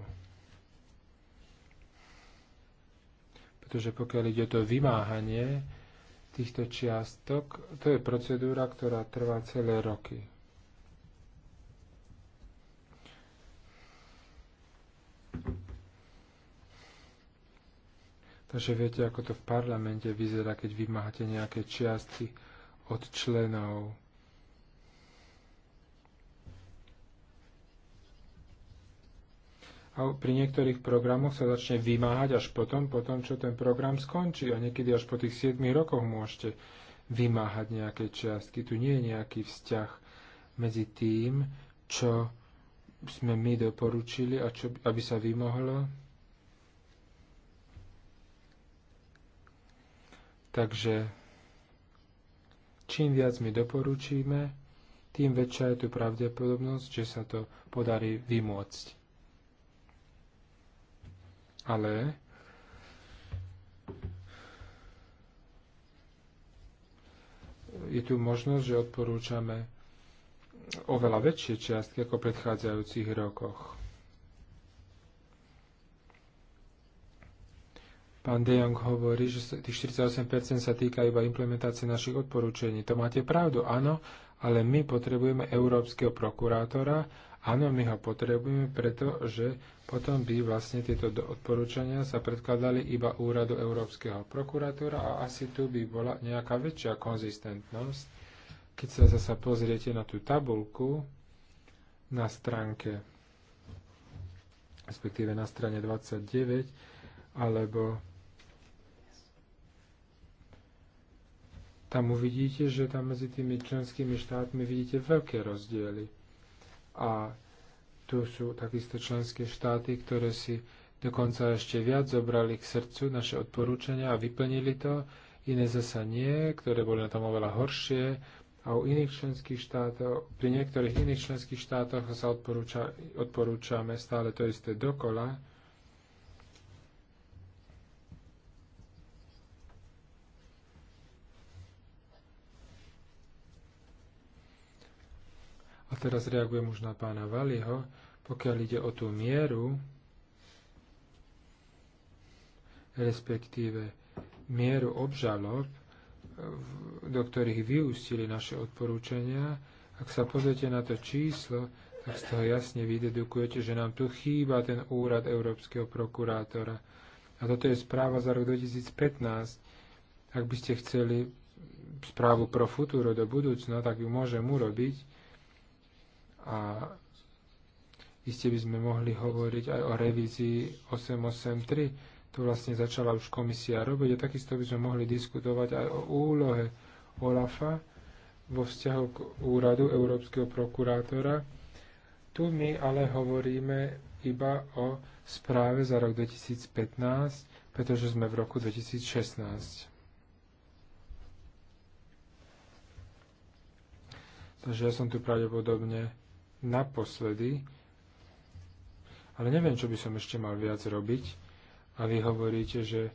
Pretože pokiaľ ide o to vymáhanie týchto čiastok, to je procedúra, ktorá trvá celé roky. Takže viete, ako to v parlamente vyzerá, keď vymáhate nejaké čiastky od členov. A pri niektorých programoch sa začne vymáhať až potom, potom, čo ten program skončí. A niekedy až po tých 7 rokoch môžete vymáhať nejaké čiastky. Tu nie je nejaký vzťah medzi tým, čo sme my doporučili a čo, aby sa vymohlo. Takže Čím viac my doporučíme, tým väčšia je tu pravdepodobnosť, že sa to podarí vymôcť. Ale je tu možnosť, že odporúčame oveľa väčšie čiastky ako v predchádzajúcich rokoch. Pán De Jong hovorí, že tých 48% sa týka iba implementácie našich odporúčení. To máte pravdu, áno, ale my potrebujeme európskeho prokurátora, áno, my ho potrebujeme, pretože potom by vlastne tieto odporúčania sa predkladali iba úradu Európskeho prokurátora a asi tu by bola nejaká väčšia konzistentnosť keď sa zase pozriete na tú tabulku na stránke, respektíve na strane 29, alebo tam uvidíte, že tam medzi tými členskými štátmi vidíte veľké rozdiely. A tu sú takisto členské štáty, ktoré si dokonca ešte viac zobrali k srdcu naše odporúčania a vyplnili to, iné zasa nie, ktoré boli na tom oveľa horšie a u iných členských štátov, pri niektorých iných členských štátoch sa odporúča, odporúčame stále to isté dokola, teraz reagujem už na pána Valiho, pokiaľ ide o tú mieru, respektíve mieru obžalob, do ktorých vyústili naše odporúčania, ak sa pozrite na to číslo, tak z toho jasne vydedukujete, že nám tu chýba ten úrad Európskeho prokurátora. A toto je správa za rok 2015. Ak by ste chceli správu pro futuro do budúcna, tak ju môžem urobiť a iste by sme mohli hovoriť aj o revízii 883. To vlastne začala už komisia robiť a takisto by sme mohli diskutovať aj o úlohe OLAFA vo vzťahu k úradu Európskeho prokurátora. Tu my ale hovoríme iba o správe za rok 2015, pretože sme v roku 2016. Takže ja som tu pravdepodobne naposledy, ale neviem, čo by som ešte mal viac robiť. A vy hovoríte, že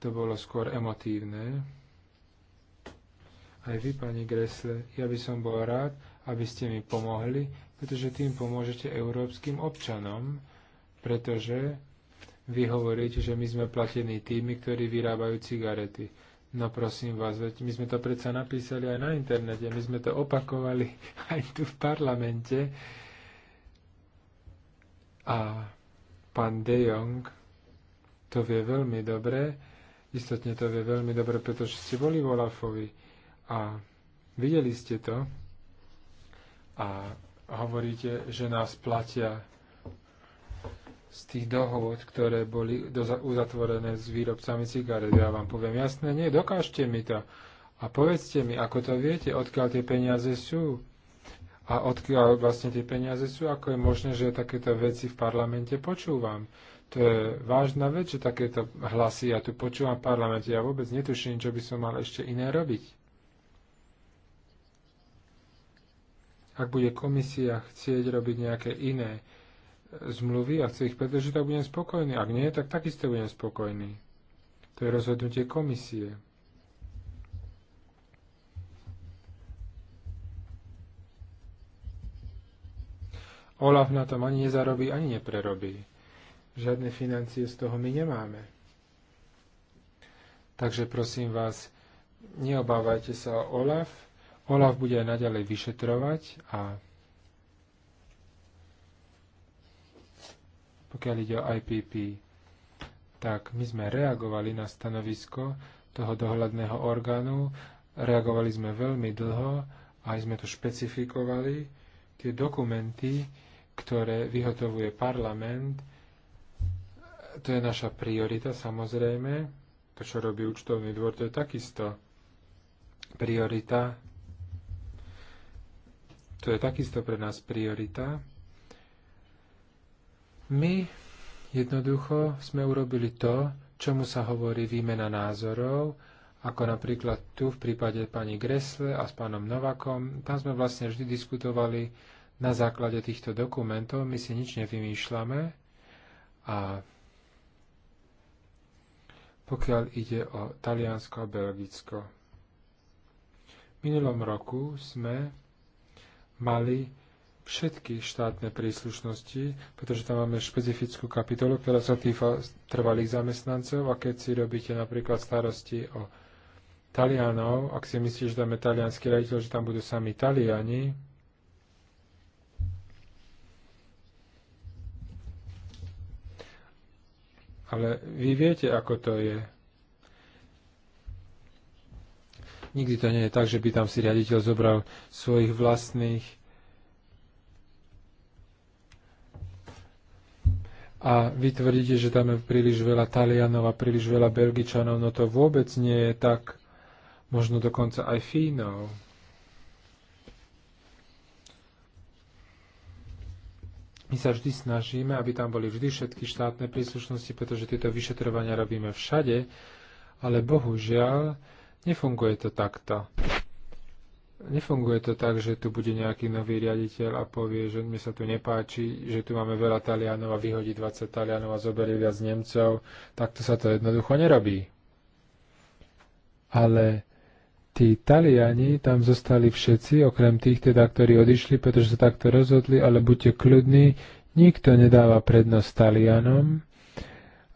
to bolo skôr emotívne. Aj vy, pani Gresle, ja by som bol rád, aby ste mi pomohli, pretože tým pomôžete európskym občanom, pretože vy hovoríte, že my sme platení tými, ktorí vyrábajú cigarety. No prosím vás, veď my sme to predsa napísali aj na internete, my sme to opakovali aj tu v parlamente. A pán De Jong to vie veľmi dobre, istotne to vie veľmi dobre, pretože ste boli v Olafovi a videli ste to a hovoríte, že nás platia z tých dohôd, ktoré boli uzatvorené s výrobcami cigaret. Ja vám poviem jasné, nie, dokážte mi to. A povedzte mi, ako to viete, odkiaľ tie peniaze sú. A odkiaľ vlastne tie peniaze sú, ako je možné, že takéto veci v parlamente počúvam. To je vážna vec, že takéto hlasy ja tu počúvam v parlamente. Ja vôbec netuším, čo by som mal ešte iné robiť. Ak bude komisia chcieť robiť nejaké iné zmluvy a chce ich predlžiť, tak budem spokojný. Ak nie, tak takisto budem spokojný. To je rozhodnutie komisie. Olaf na tom ani nezarobí, ani neprerobí. Žiadne financie z toho my nemáme. Takže prosím vás, neobávajte sa o Olaf. Olaf bude aj naďalej vyšetrovať a Pokiaľ ide o IPP, tak my sme reagovali na stanovisko toho dohľadného orgánu, reagovali sme veľmi dlho, aj sme to špecifikovali. Tie dokumenty, ktoré vyhotovuje parlament, to je naša priorita samozrejme, to, čo robí účtovný dvor, to je takisto priorita. To je takisto pre nás priorita. My jednoducho sme urobili to, čomu sa hovorí výmena názorov, ako napríklad tu v prípade pani Gresle a s pánom Novakom. Tam sme vlastne vždy diskutovali na základe týchto dokumentov, my si nič nevymýšľame a pokiaľ ide o Taliansko a Belgicko. V minulom roku sme mali všetky štátne príslušnosti, pretože tam máme špecifickú kapitolu, ktorá sa týka trvalých zamestnancov a keď si robíte napríklad starosti o Talianov, ak si myslíte, že je talianský raditeľ, že tam budú sami Taliani, ale vy viete, ako to je. Nikdy to nie je tak, že by tam si riaditeľ zobral svojich vlastných a vy tvrdíte, že tam je príliš veľa Talianov a príliš veľa Belgičanov, no to vôbec nie je tak, možno dokonca aj Fínov. My sa vždy snažíme, aby tam boli vždy všetky štátne príslušnosti, pretože tieto vyšetrovania robíme všade, ale bohužiaľ nefunguje to takto. Nefunguje to tak, že tu bude nejaký nový riaditeľ a povie, že mi sa tu nepáči, že tu máme veľa Talianov a vyhodí 20 Talianov a zoberie viac Nemcov. Takto sa to jednoducho nerobí. Ale tí Taliani tam zostali všetci, okrem tých teda, ktorí odišli, pretože sa takto rozhodli, ale buďte kľudní, nikto nedáva prednosť Talianom.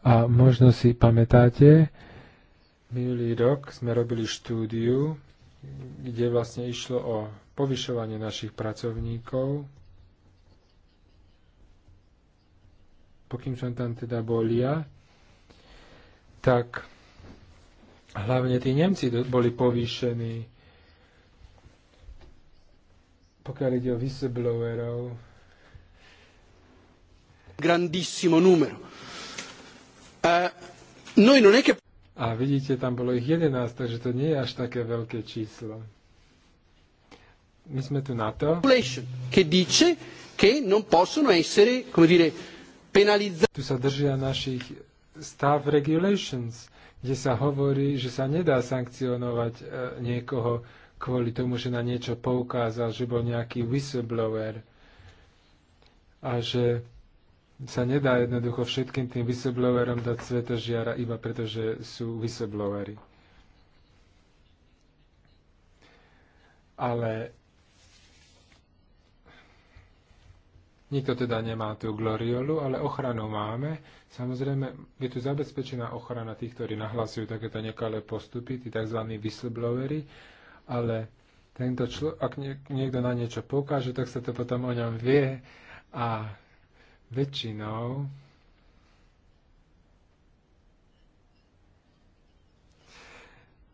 A možno si pamätáte, minulý rok sme robili štúdiu, kde vlastne išlo o povyšovanie našich pracovníkov. Pokým som tam teda bol ja, tak hlavne tí Nemci boli povýšení. Pokiaľ ide o whistleblowerov. Grandissimo numero. Uh, noi non è che... A vidíte, tam bolo ich 11, takže to nie je až také veľké číslo. My sme tu na to. Che dice che non possono essere, come dire, penalizzati. Tu sa držia našich staff regulations, kde sa hovorí, že sa nedá sankcionovať e, niekoho kvôli tomu, že na niečo poukázal, že bol nejaký whistleblower a že sa nedá jednoducho všetkým tým whistleblowerom dať svetožiara iba preto, že sú whistleblowery. Ale nikto teda nemá tú gloriolu, ale ochranu máme. Samozrejme, je tu zabezpečená ochrana tých, ktorí nahlasujú takéto nekalé postupy, tí tzv. whistleblowery, ale tento člo- ak niekto na niečo pokáže, tak sa to potom o ňom vie a väčšinou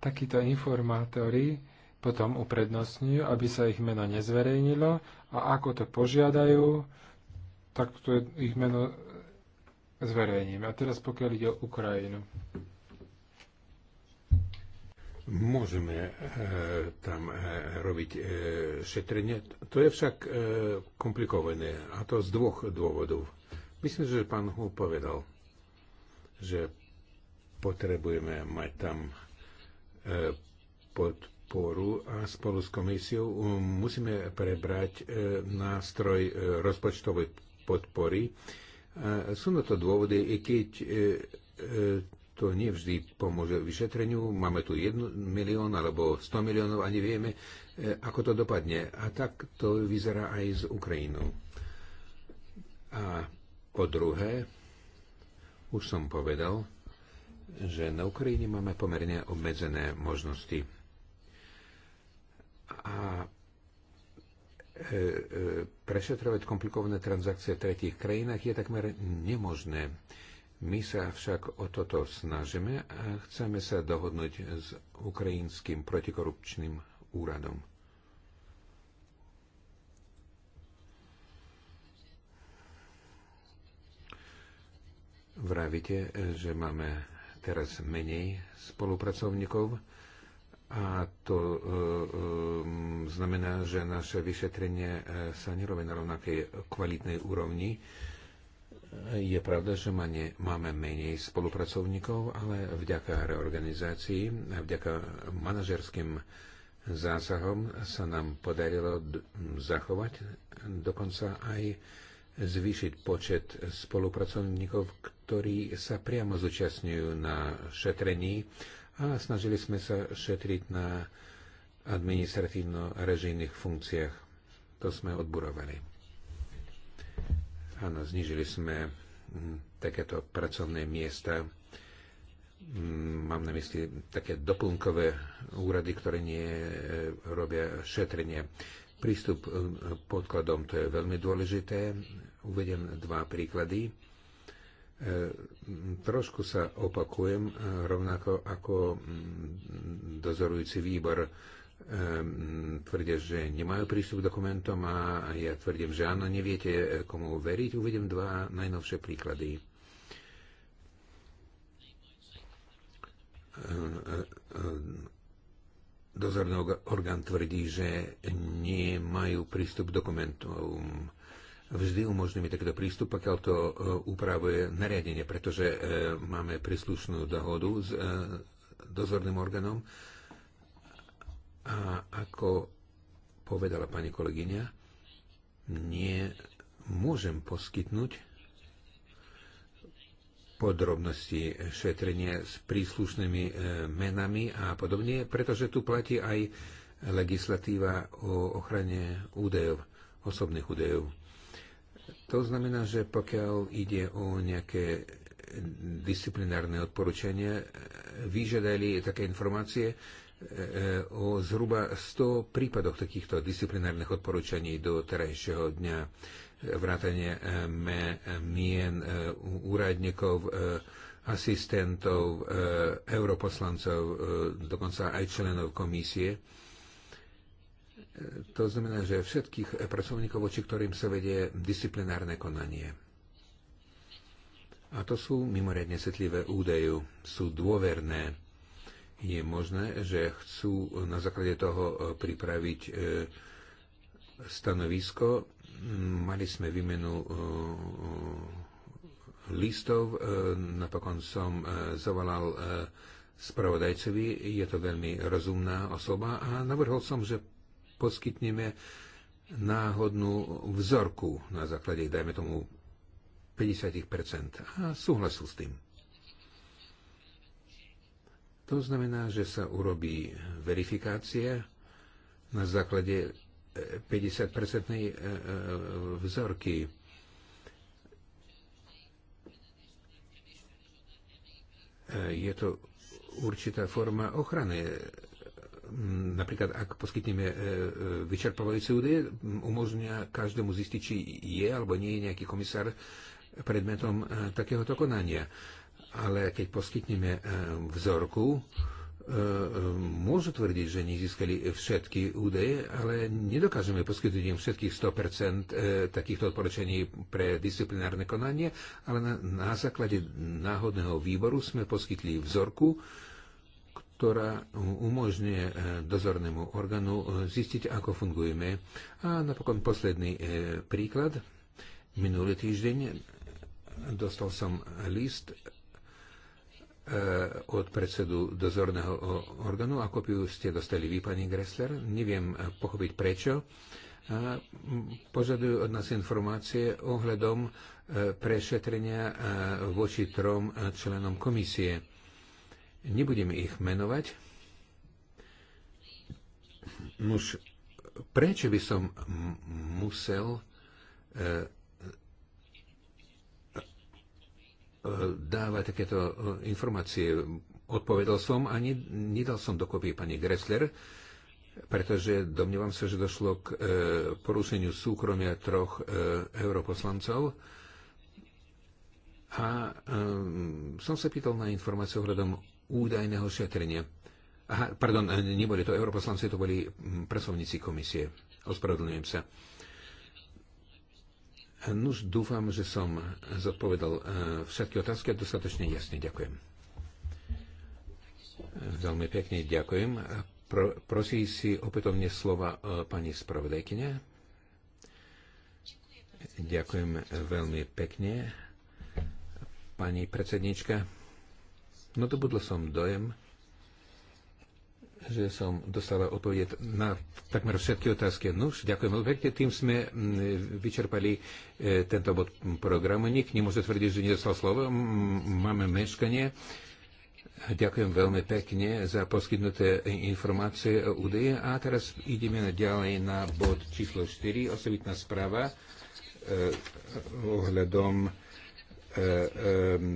takíto informátori potom uprednostňujú, aby sa ich meno nezverejnilo a ako to požiadajú, tak to ich meno zverejníme. A teraz pokiaľ ide o Ukrajinu. Môžeme e, tam e, robiť e, šetrenie. To je však komplikované, a to z dvoch dôvodov. Myslím, že pán Hu povedal, že potrebujeme mať tam podporu a spolu s komisiou musíme prebrať nástroj rozpočtovej podpory. Sú na to dôvody, i keď to nevždy pomôže vyšetreniu. Máme tu 1 milión alebo 100 miliónov a nevieme, e, ako to dopadne. A tak to vyzerá aj s Ukrajinou. A po druhé, už som povedal, že na Ukrajine máme pomerne obmedzené možnosti. A e, e, prešetrovať komplikované transakcie v tretich krajinách je takmer nemožné. My sa však o toto snažíme a chceme sa dohodnúť s ukrajinským protikorupčným úradom. Vravíte, že máme teraz menej spolupracovníkov a to e, e, znamená, že naše vyšetrenie e, sa nerobí na rovnakej kvalitnej úrovni. E, je pravda, že máme menej spolupracovníkov, ale vďaka reorganizácii a vďaka manažerským zásahom sa nám podarilo zachovať, dokonca aj zvýšiť počet spolupracovníkov, ktorí sa priamo zúčastňujú na šetrení a snažili sme sa šetriť na administratívno-režijných funkciách. To sme odburovali. Áno, znižili sme mm, takéto pracovné miesta. Mm, mám na mysli také doplnkové úrady, ktoré nie e, robia šetrenie. Prístup e, podkladom to je veľmi dôležité. Uvediem dva príklady. E, trošku sa opakujem, rovnako ako mm, dozorujúci výbor Ehm, tvrdia, že nemajú prístup k dokumentom a ja tvrdím, že áno, neviete e, komu veriť. Uvedem dva najnovšie príklady. Ehm, e, e, dozorný orgán tvrdí, že nemajú prístup k dokumentom. Vždy umožňujeme takýto prístup, pokiaľ to upravuje nariadenie, pretože máme príslušnú dohodu s dozorným orgánom a ako povedala pani kolegyňa, nie môžem poskytnúť podrobnosti šetrenia s príslušnými e, menami a podobne, pretože tu platí aj legislatíva o ochrane údajov, osobných údajov. To znamená, že pokiaľ ide o nejaké disciplinárne odporúčania, e, vyžadali také informácie, o zhruba 100 prípadoch takýchto disciplinárnych odporúčaní do terajšieho dňa vrátanie eh, mien eh, úradníkov, eh, asistentov, europoslancov, dokonca aj členov komisie. To znamená, že všetkých pracovníkov, voči ktorým sa vedie disciplinárne konanie. A to sú mimoriadne citlivé údaje, sú dôverné je možné, že chcú na základe toho e, pripraviť e, stanovisko. Mali sme výmenu e, listov, napokon som zavolal spravodajcovi, je to veľmi rozumná osoba a navrhol som, že poskytneme náhodnú vzorku na základe, dajme tomu, 50%. A súhlasil s tým. To znamená, že sa urobí verifikácia na základe 50-percentnej e, e, e, vzorky. Je to určitá forma ochrany. Mm, napríklad, ak poskytneme vyčerpávajúce údaje, umožňuje každému zistiť, či je alebo nie je nejaký komisár predmetom takéhoto konania ale keď poskytneme e, vzorku, e, e, môžu tvrdiť, že nezískali všetky údaje, ale nedokážeme poskytnúť im všetkých 100% takýchto odporúčaní pre disciplinárne konanie, ale na, na základe náhodného výboru sme poskytli vzorku, ktorá umožňuje dozornému orgánu zistiť, ako fungujeme. A napokon posledný príklad. Minulý týždeň dostal som list Eh, od predsedu dozorného orgánu a kopiu ste dostali vy, pani Gressler. Neviem eh, pochopiť prečo. Eh, požadujú od nás informácie ohľadom prešetrenia voči trom členom komisie. Nebudeme ich menovať. Nuž, prečo by som musel dáva takéto e, informácie. Odpovedal som a nedal som dokopy pani Gressler, pretože domnievam sa, že došlo k e, porušeniu súkromia troch e, europoslancov. A som sa pýtal na informáciu ohľadom údajného šetrenia. Aha, pardon, neboli to europoslanci, to boli pracovníci komisie. Ospravedlňujem sa. Nuž, dúfam, že som zodpovedal eh, všetky otázky a dostatočne jasne. Ďakujem. Veľmi pekne ďakujem. Pro, prosí si opätovne slova eh, pani spravodajkyňa. Ďakujem veľmi pekne, pani predsednička. No to budlo som dojem, že som dostala odpovede na takmer všetky otázky. už ďakujem veľmi pekne. Tým sme vyčerpali e, tento bod programu. Nik nemôže tvrdiť, že nedostal slovo. Máme meškanie. Ďakujem veľmi pekne za poskytnuté informácie o údaje. A teraz ideme ďalej na bod číslo 4, osobitná správa e, ohľadom e,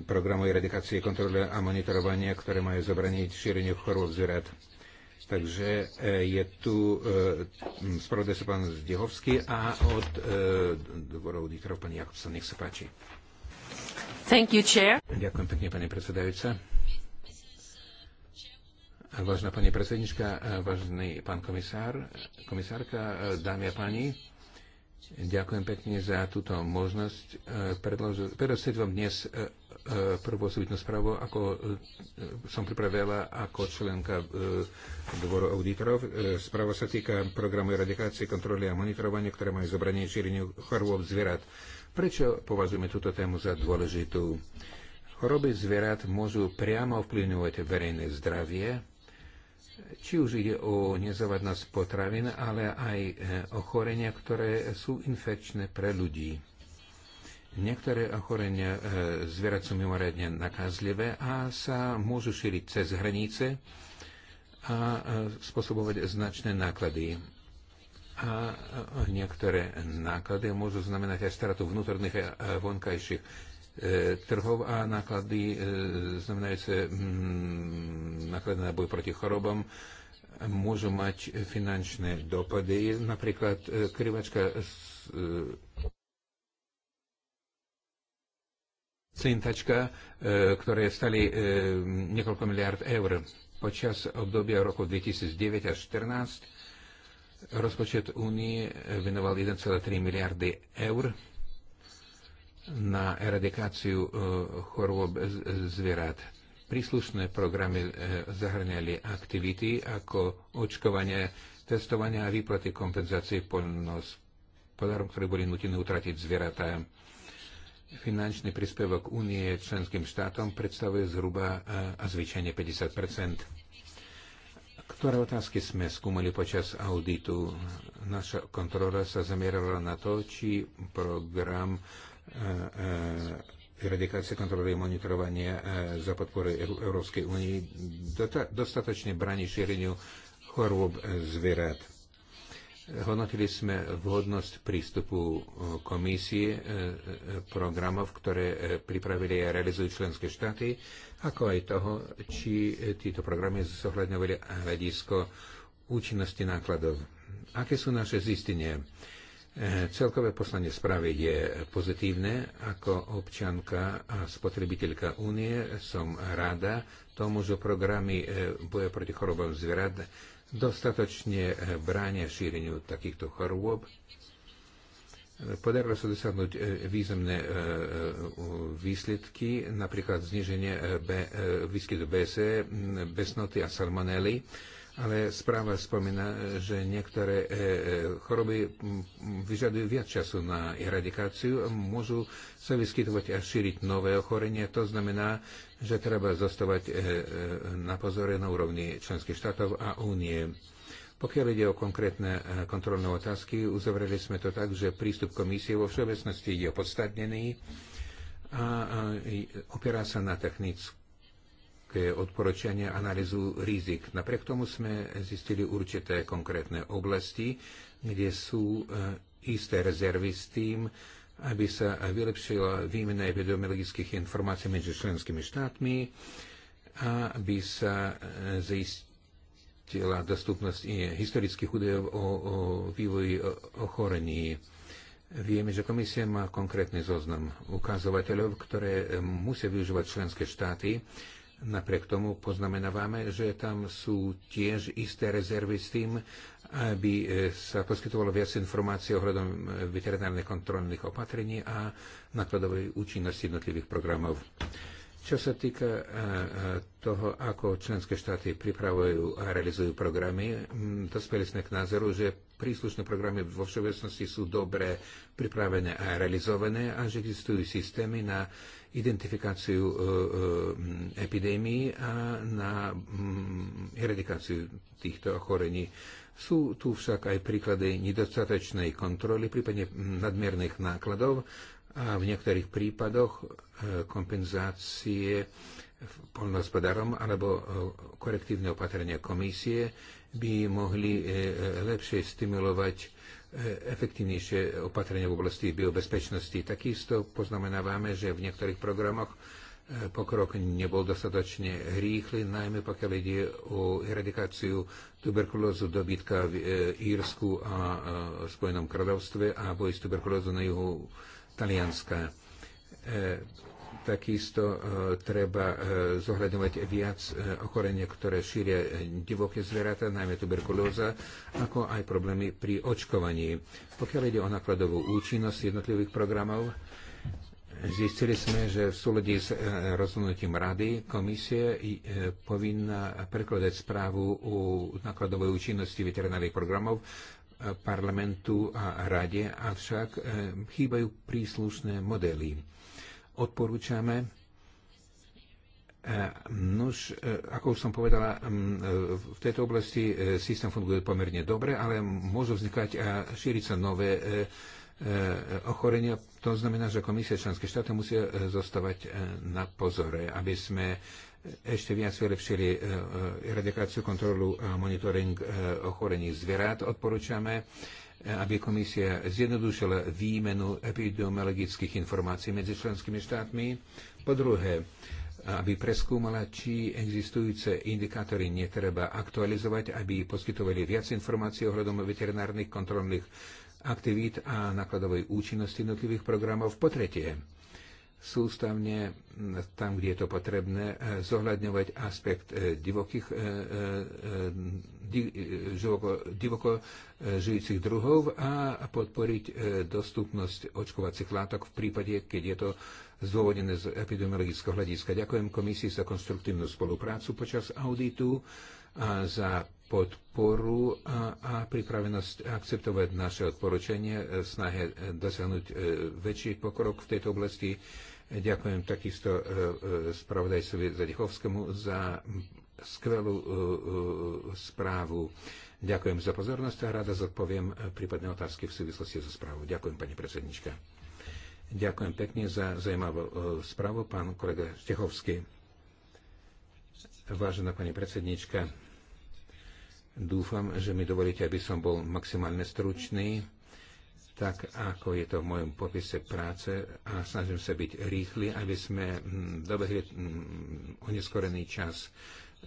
programu eradikácie, kontroly a monitorovania, ktoré majú zabraniť šíreniu chorôb zvierat. Takže e, je tu e, spravodaj sa pán Zdehovský a od e, dvorov auditorov pani Jakobsa. Nech sa páči. Thank you, chair. Ďakujem pekne, pani predsedajúca. Vážna pani predsednička, vážny pán komisár, komisárka, dámy a páni, ďakujem pekne za túto možnosť e, predložiť vám dnes e, prvosúdnu správu, ako e, som pripravila ako členka e, dvoru auditorov. E, správa sa týka programu eradikácie, kontroly a monitorovania, ktoré majú zobranie šíreniu chorôb zvierat. Prečo považujeme túto tému za dôležitú? Choroby zvierat môžu priamo vplyvňovať verejné zdravie, či už ide o nezavadnosť potravín, ale aj ochorenia, ktoré sú infekčné pre ľudí. Niektoré ochorenia e, zvierat sú mimoriadne nakazlivé a sa môžu šíriť cez hranice a e, spôsobovať značné náklady. A e, niektoré náklady môžu znamenať aj stratu vnútorných a e, vonkajších e, trhov a náklady e, znamenajúce mm, náklady na boj proti chorobom môžu mať finančné dopady. Napríklad e, krivačka E, Cintačka, e, ktoré stali e, niekoľko miliard eur. Počas obdobia roku 2009 až 2014 rozpočet únie venoval 1,3 miliardy eur na eradikáciu e, chorôb zvierat. Príslušné programy zahrňali aktivity ako očkovanie, testovanie a výplaty kompenzácie poľnohospodárom, ktorí boli nutení utratiť zvieratá. Finančný príspevok únie členským štátom predstavuje zhruba e, a zvyčajne 50 Ktoré otázky sme skúmali počas auditu? Naša kontrola sa zamierala na to, či program e, e, eradikácie kontroly monitorovania za podporu Európskej únie dostatočne brani šíreniu chorôb zvierat Hodnotili sme vhodnosť prístupu e, komisie e, e, programov, ktoré pripravili a realizujú členské štáty, ako aj toho, či títo programy zohľadňovali hľadisko účinnosti nákladov. Aké sú naše zistenia? Celkové poslanie správy je pozitívne. Ako občanka a spotrebiteľka únie som rada tomu, že programy boja proti chorobám zvierat dostatočne eh, bránia šíreniu takýchto chorôb. Podarilo sa dosiahnuť eh, významné eh, výsledky, napríklad zniženie výskytu BSE, besnoty a salmonely ale správa spomína, že niektoré e, e, choroby vyžadujú viac času na eradikáciu, môžu sa vyskytovať a šíriť nové ochorenie, To znamená, že treba zostávať e, na pozore na úrovni členských štátov a únie. Pokiaľ ide o konkrétne kontrolné otázky, uzavreli sme to tak, že prístup komisie vo všeobecnosti je opodstatnený a opiera sa na technickú odporúčania analýzu rizik. Napriek tomu sme zistili určité konkrétne oblasti, kde sú e, isté rezervy s tým, aby sa vylepšila výmena epidemiologických informácií medzi členskými štátmi, aby sa e, zistila dostupnosť e, historických údajov o, o vývoji ochorení. Vieme, že komisia má konkrétny zoznam ukazovateľov, ktoré musia využívať členské štáty Napriek tomu poznamenávame, že tam sú tiež isté rezervy s tým, aby e, sa poskytovalo viac informácií ohľadom e, veterinárnych kontrolných opatrení a nakladovej účinnosti jednotlivých programov. Čo sa týka e, toho, ako členské štáty pripravujú a realizujú programy, dospeli sme k názoru, že príslušné programy vo všeobecnosti sú dobre pripravené a realizované a že existujú systémy na identifikáciu e, e, epidémií a na mm, eradikáciu týchto ochorení. Sú tu však aj príklady nedostatočnej kontroly, prípadne mm, nadmiernych nákladov a v niektorých prípadoch e, kompenzácie polnohospodárom alebo korektívne opatrenia komisie by mohli e, e, lepšie stimulovať e, efektívnejšie opatrenia v oblasti biobezpečnosti. Takisto poznamenávame, že v niektorých programoch pokrok nebol dostatočne rýchly, najmä pokiaľ ide o eradikáciu tuberkulózu dobytka v Írsku a Spojenom kráľovstve a boj s tuberkulózou na juhu Talianska Takisto e, treba e, zohľadňovať viac e, ochorenia, ktoré šíria divoké zvieratá, najmä tuberkulóza, ako aj problémy pri očkovaní. Pokiaľ ide o nákladovú účinnosť jednotlivých programov, Zistili sme, že v súlade s rozhodnutím Rady komisie povinná prekladať správu o nákladovej účinnosti veterinárnych programov parlamentu a rade, avšak chýbajú príslušné modely odporúčame. E, Nož, e, ako už som povedala, e, v tejto oblasti systém funguje pomerne dobre, ale môžu vznikať a šíriť sa nové ochorenia. To znamená, že komisie členské štáty musia zostávať na pozore, aby sme ešte viac vylepšili eradikáciu, kontrolu a monitoring ochorení zvierat. Odporúčame aby komisia zjednodušila výmenu epidemiologických informácií medzi členskými štátmi. Po druhé, aby preskúmala, či existujúce indikátory netreba aktualizovať, aby poskytovali viac informácií ohľadom veterinárnych kontrolných aktivít a nákladovej účinnosti jednotlivých programov. Po tretie, sústavne tam, kde je to potrebné, e, zohľadňovať aspekt e, divokých, e, divoko, divoko žijúcich druhov a podporiť dostupnosť očkovacích látok v prípade, keď je to zôvodené z epidemiologického hľadiska. Ďakujem komisii za konstruktívnu spoluprácu počas auditu a za podporu a, a pripravenosť akceptovať naše odporúčanie, snahe dosiahnuť väčší pokrok v tejto oblasti Ďakujem takisto e, e, spravodajcovi Zadichovskému za skvelú e, správu. Ďakujem za pozornosť a rada zodpoviem prípadné otázky v súvislosti so správou. Ďakujem, pani predsednička. Ďakujem pekne za zaujímavú správu, pán kolega Štechovský. Vážená pani predsednička, dúfam, že mi dovolíte, aby som bol maximálne stručný tak ako je to v mojom popise práce a snažím sa byť rýchly, aby sme mm, dobehli mm, oneskorený čas.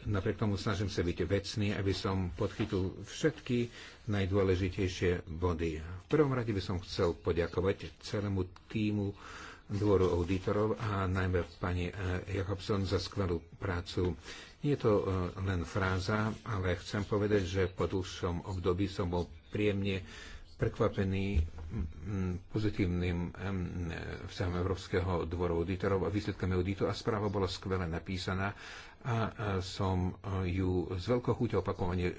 Napriek tomu snažím sa byť vecný, aby som podchytil všetky najdôležitejšie body. V prvom rade by som chcel poďakovať celému týmu dvoru auditorov a najmä pani eh, Jakobson za skvelú prácu. Nie je to eh, len fráza, ale chcem povedať, že po dlhšom období som bol príjemne prekvapený pozitívnym vzťahom Európskeho dvoru auditorov a výsledkami auditu a správa bola skvele napísaná a som e, ju z veľkou chuťou opakovane e,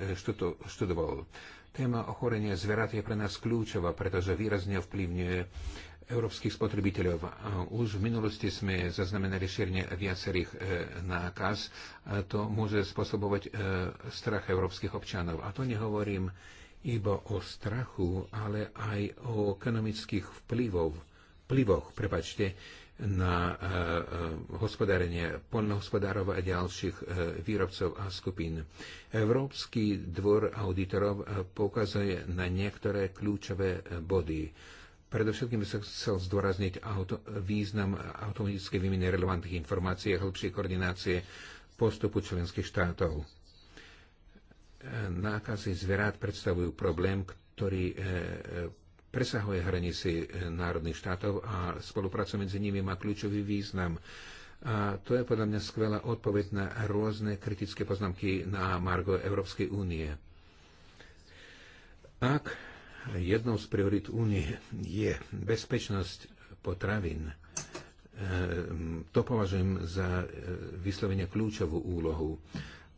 študoval. Téma ochorenia zverat je pre nás kľúčová, pretože výrazne vplyvňuje európskych spotrebiteľov. Už v minulosti sme zaznamenali šírne viacerých e, nákaz. To môže spôsobovať strach európskych občanov. A to nehovorím iba o strachu, ale aj o ekonomických vplyvov, vplyvoch, prepačte, na e, e, hospodárenie poľnohospodárov a ďalších e, výrobcov a skupín. Európsky dvor auditorov e, poukazuje na niektoré kľúčové e, body. Predovšetkým by som chcel zdôrazniť auto, význam automatickej výmeny relevantných informácií a hĺbšej koordinácie postupu členských štátov nákazy zvierat predstavujú problém, ktorý e, e, presahuje hranici e, národných štátov a spolupráca medzi nimi má kľúčový význam. A to je podľa mňa skvelá odpoveď na rôzne kritické poznámky na Margo Európskej únie. Ak jednou z priorit únie je bezpečnosť potravín, to považujem za vyslovene kľúčovú úlohu.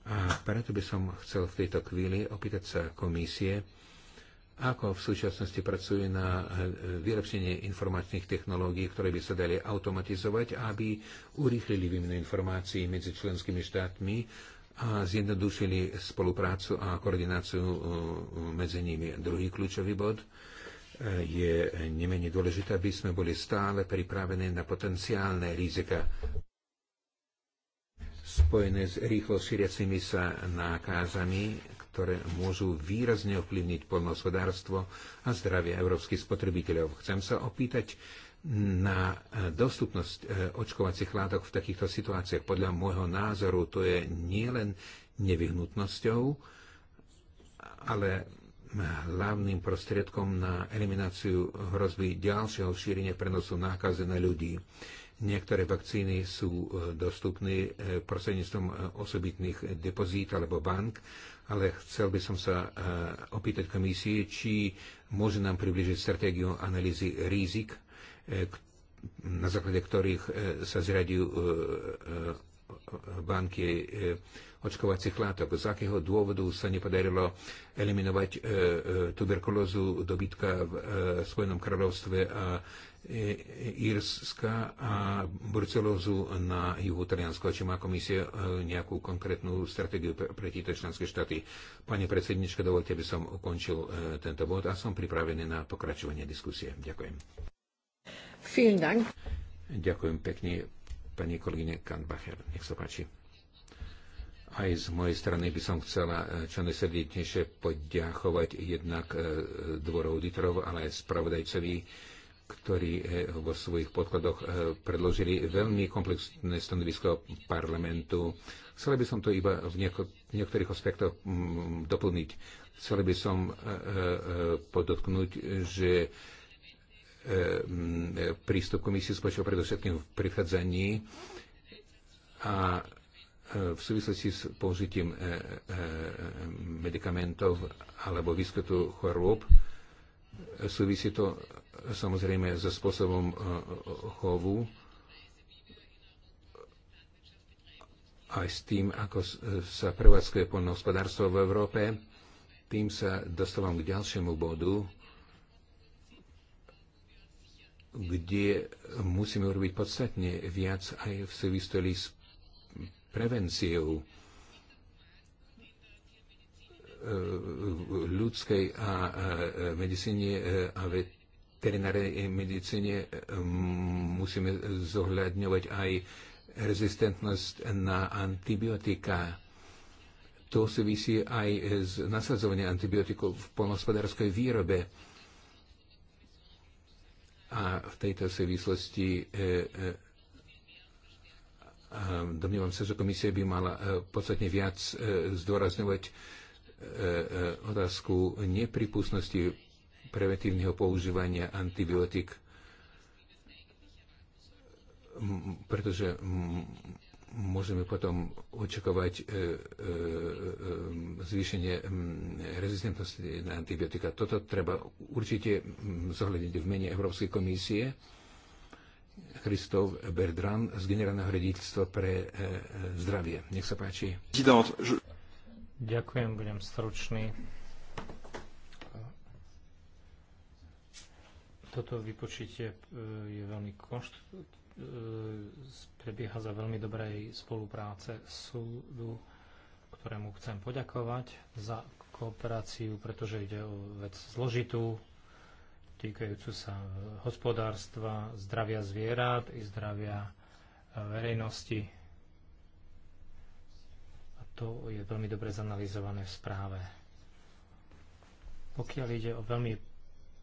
A preto by som chcel v tejto chvíli opýtať sa komisie, ako v súčasnosti pracuje na e, vylepšenie informačných technológií, ktoré by sa dali automatizovať, aby urýchlili výmenu informácií medzi členskými štátmi a zjednodušili spoluprácu a koordináciu e, medzi nimi. Druhý kľúčový bod e, je nemenej dôležité, aby sme boli stále pripravení na potenciálne rizika spojené s rýchlo šíriacimi sa nákazami, ktoré môžu výrazne ovplyvniť poľnohospodárstvo a zdravie európskych spotrebiteľov. Chcem sa opýtať na dostupnosť e, očkovacích látok v takýchto situáciách. Podľa môjho názoru to je nielen nevyhnutnosťou, ale hlavným prostriedkom na elimináciu hrozby ďalšieho šírenia prenosu nákazy na ľudí. Niektoré vakcíny sú e, dostupné e, prostredníctvom e, osobitných depozít alebo bank, ale chcel by som sa opýtať komisie, či môže nám približiť stratégiu analýzy rizik, na základe ktorých sa zriadujú banky očkovacích látok. Z akého dôvodu sa nepodarilo eliminovať tuberkulózu dobytka v Spojenom kráľovstve a E, e, Írska a brucelózu na juhu Taliansko. Či má komisia e, nejakú konkrétnu stratégiu pre tieto členské štáty? Pani predsednička, dovolte, aby som ukončil tento bod a som pripravený na pokračovanie diskusie. Ďakujem. Dank. Ďakujem pekne, pani kolegyne Kantbacher. Nech sa páči. Aj z mojej strany by som chcela čo najsrdečnejšie poďakovať jednak dvoru auditorov, ale aj spravodajcovi ktorí eh, vo svojich podkladoch eh, predložili veľmi komplexné stanovisko parlamentu. Chcel by som to iba v niektorých aspektoch mm, doplniť. Chcel by som eh, podotknúť, že mm, prístup komisie spočíval predovšetkým v prichádzaní a v súvislosti s použitím medikamentov alebo výskytu chorôb súvisí to samozrejme so spôsobom e, chovu, aj s tým, ako e, sa prevádzkuje poľnohospodárstvo v Európe. Tým sa dostávam k ďalšiemu bodu, kde musíme urobiť podstatne viac aj v súvislosti s prevenciou e, ľudskej a medicíne a vet veterinárnej medicíne e, musíme zohľadňovať aj rezistentnosť na antibiotika. To súvisí aj s nasadzovaním antibiotikov v polnospodárskej výrobe. A v tejto súvislosti e, e, domnievam sa, že komisia by mala podstatne viac zdôrazňovať otázku nepripustnosti preventívneho používania antibiotík, pretože môžeme potom očakovať e, e, e, zvýšenie rezistentnosti na antibiotika. Toto treba určite zohľadiť v mene Európskej komisie. Christophe Berdran z Generálneho rediteľstva pre zdravie. Nech sa páči. Ďakujem, budem stručný. Toto vypočutie e, je veľmi konštru... E, prebieha za veľmi dobrej spolupráce súdu, ktorému chcem poďakovať za kooperáciu, pretože ide o vec zložitú, týkajúcu sa hospodárstva, zdravia zvierat i zdravia e, verejnosti. A to je veľmi dobre zanalizované v správe. Pokiaľ ide o veľmi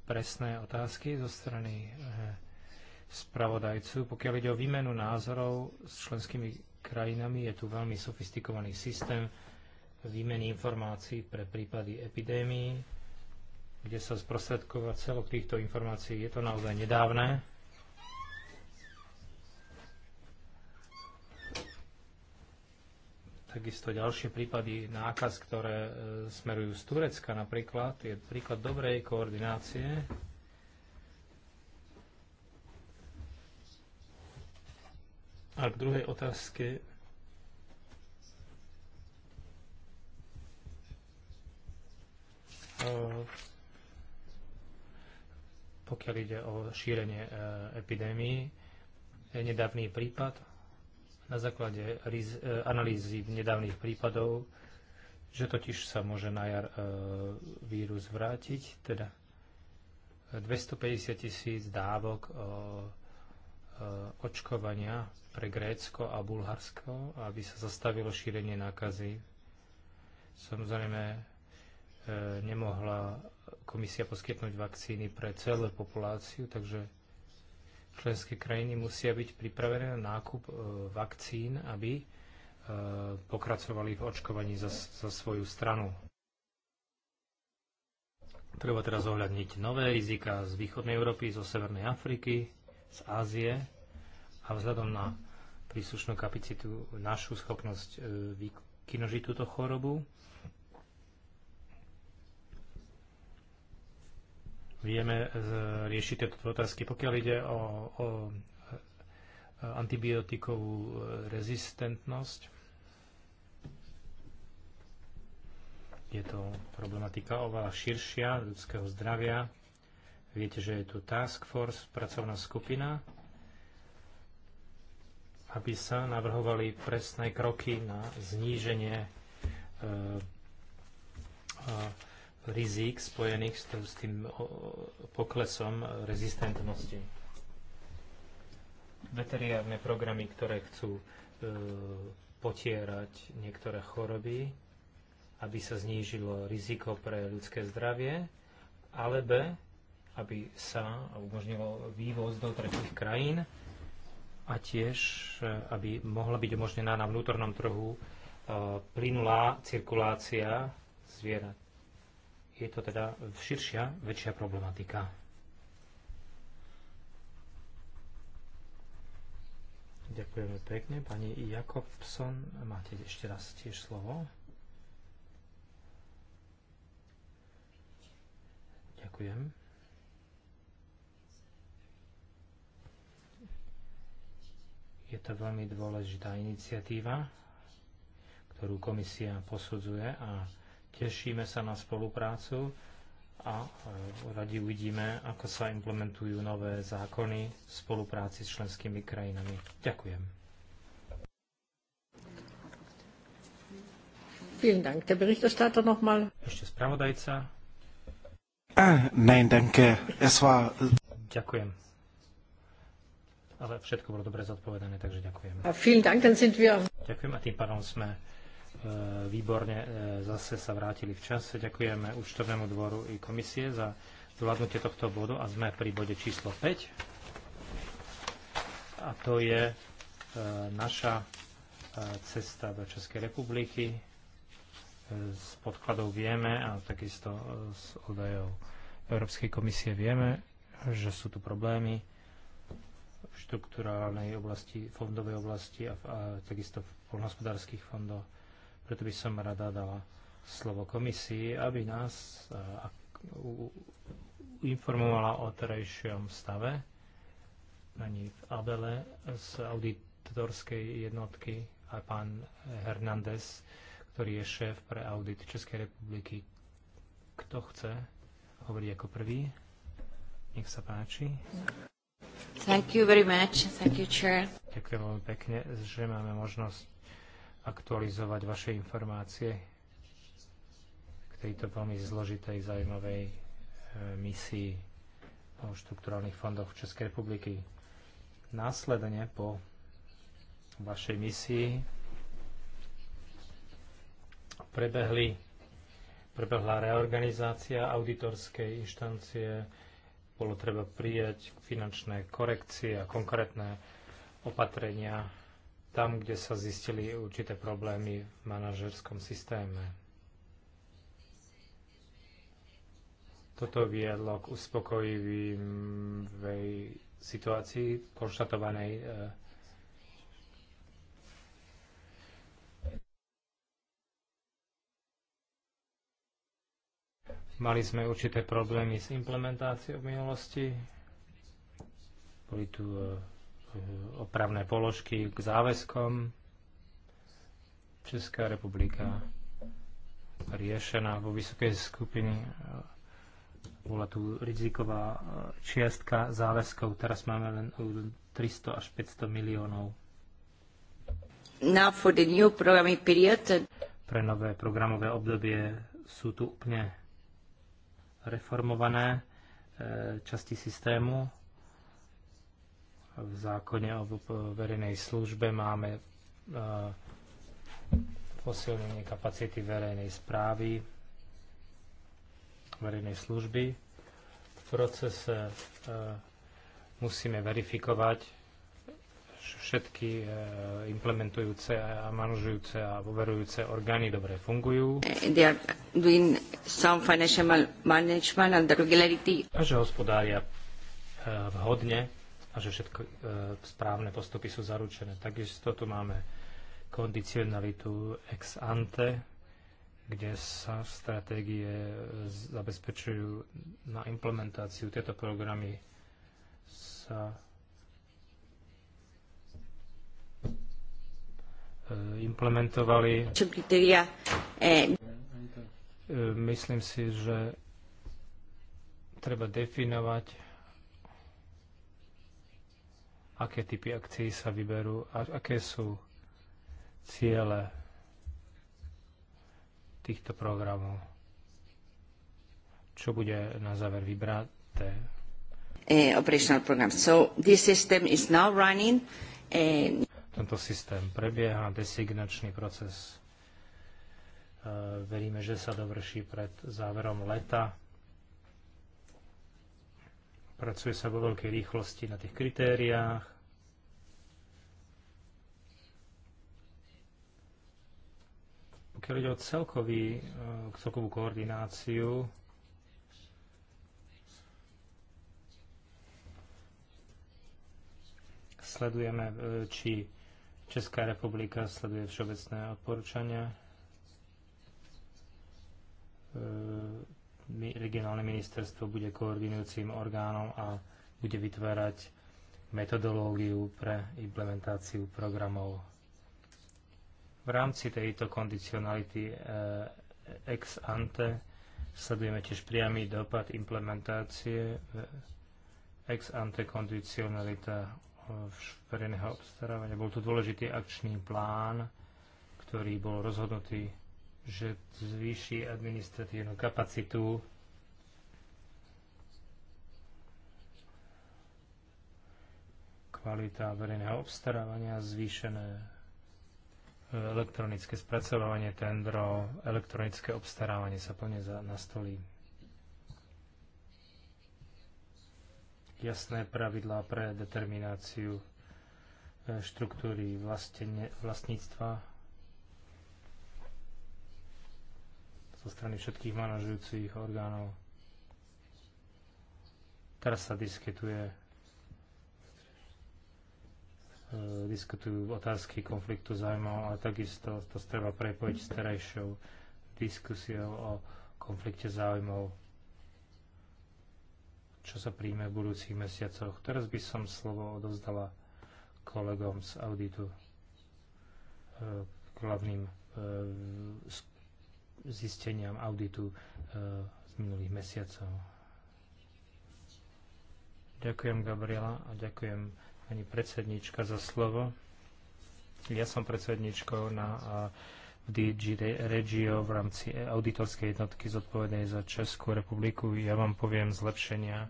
presné otázky zo strany eh, spravodajcu. Pokiaľ ide o výmenu názorov s členskými krajinami, je tu veľmi sofistikovaný systém výmeny informácií pre prípady epidémií, kde sa sprostredkova celok týchto informácií. Je to naozaj nedávne. takisto ďalšie prípady nákaz, ktoré e, smerujú z Turecka napríklad, je príklad dobrej koordinácie. A k druhej otázke e, pokiaľ ide o šírenie je nedávny prípad na základe e, analýzy nedávnych prípadov, že totiž sa môže na jar e, vírus vrátiť, teda 250 tisíc dávok e, očkovania pre Grécko a Bulharsko, aby sa zastavilo šírenie nákazy. Samozrejme, nemohla komisia poskytnúť vakcíny pre celú populáciu, takže Členské krajiny musia byť pripravené na nákup e, vakcín, aby e, pokračovali v očkovaní za, za svoju stranu. Treba teraz ohľadniť nové rizika z východnej Európy, zo Severnej Afriky, z Ázie a vzhľadom na príslušnú kapacitu našu schopnosť e, vykinožiť túto chorobu vieme e, riešiť tieto otázky. Pokiaľ ide o, o e, antibiotikovú e, rezistentnosť, je to problematika oveľa širšia ľudského zdravia. Viete, že je tu task force, pracovná skupina, aby sa navrhovali presné kroky na zníženie e, e, rizík spojených s tým s poklesom rezistentnosti. Veterinárne programy, ktoré chcú e, potierať niektoré choroby, aby sa znížilo riziko pre ľudské zdravie, ale B, aby sa umožnilo vývoz do tretich krajín a tiež, e, aby mohla byť umožnená na vnútornom trhu e, plynulá cirkulácia zvierat je to teda širšia, väčšia problematika. Ďakujeme pekne. Pani Jakobson, máte ešte raz tiež slovo. Ďakujem. Je to veľmi dôležitá iniciatíva, ktorú komisia posudzuje a Tešíme sa na spoluprácu a e, radi uvidíme, ako sa implementujú nové zákony v spolupráci s členskými krajinami. Ďakujem. Ešte spravodajca. Nein, danke. Es war... Ďakujem. Ale všetko bolo dobre zodpovedané, takže ďakujem. Ďakujem a tým pádom sme E, výborne, e, zase sa vrátili v čase. Ďakujeme účtovnému dvoru i komisie za zvládnutie tohto bodu a sme pri bode číslo 5. A to je e, naša cesta do Českej republiky. Z podkladov vieme a takisto z údajov Európskej komisie vieme, že sú tu problémy v štrukturálnej oblasti, fondovej oblasti a, a takisto v polnohospodárských fondoch preto by som rada dala slovo komisii, aby nás informovala o terajšom stave pani Abele z auditorskej jednotky a pán Hernández, ktorý je šéf pre audit Českej republiky. Kto chce hovoriť ako prvý? Nech sa páči. Thank you very much. Thank you, chair. Ďakujem veľmi pekne, že máme možnosť aktualizovať vaše informácie k tejto veľmi zložitej, zaujímavej e, misii o štrukturálnych fondoch v Českej republiky. Následne po vašej misii prebehli, prebehla reorganizácia auditorskej inštancie, bolo treba prijať finančné korekcie a konkrétne opatrenia tam, kde sa zistili určité problémy v manažerskom systéme. Toto viedlo k uspokojivej situácii konštatovanej e, Mali sme určité problémy s implementáciou v minulosti. Boli tu e, opravné položky k záväzkom. Česká republika riešená vo vysokej skupiny. E, bola tu riziková e, čiastka záväzkov, teraz máme len 300 e, až 500 miliónov. Pre nové programové obdobie sú tu úplne reformované časti systému v zákone o verejnej službe máme e, posilnenie kapacity verejnej správy, verejnej služby. V procese e, musíme verifikovať všetky e, implementujúce a manažujúce a overujúce orgány dobre fungujú. A že hospodária vhodne a že všetko e, správne postupy sú zaručené. Takisto tu máme kondicionalitu ex ante, kde sa stratégie e, zabezpečujú na implementáciu. Tieto programy sa e, implementovali. E, myslím si, že treba definovať aké typy akcií sa vyberú a aké sú ciele týchto programov. Čo bude na záver vybraté? Eh, operational program. So this system is now running. Tento systém prebieha, designačný proces. Eh, veríme, že sa dovrší pred záverom leta Pracuje sa vo veľkej rýchlosti na tých kritériách. Pokiaľ ide o celkový, e, celkovú koordináciu, sledujeme, e, či Česká republika sleduje všeobecné odporúčania e, regionálne ministerstvo bude koordinujúcim orgánom a bude vytvárať metodológiu pre implementáciu programov. V rámci tejto kondicionality eh, ex ante sledujeme tiež priamy dopad implementácie ex ante kondicionalita eh, verejného obstarávania. Bol tu dôležitý akčný plán, ktorý bol rozhodnutý že zvýši administratívnu kapacitu kvalita verejného obstarávania, zvýšené e, elektronické spracovanie tendrov, elektronické obstarávanie sa plne na stoli. Jasné pravidlá pre determináciu e, štruktúry vlastne, vlastníctva zo strany všetkých manažujúcich orgánov. Teraz sa diskutuje e, diskutujú otázky konfliktu zájmov a takisto to treba prepojiť s terajšou diskusiou o konflikte záujmov, čo sa príjme v budúcich mesiacoch. Teraz by som slovo odovzdala kolegom z auditu, e, hlavným e, zisteniam auditu eh, z minulých mesiacov. Ďakujem, Gabriela, a ďakujem pani predsednička za slovo. Ja som predsedničkou na eh, v DG Regio v rámci eh, auditorskej jednotky zodpovednej za Českú republiku. Ja vám poviem zlepšenia,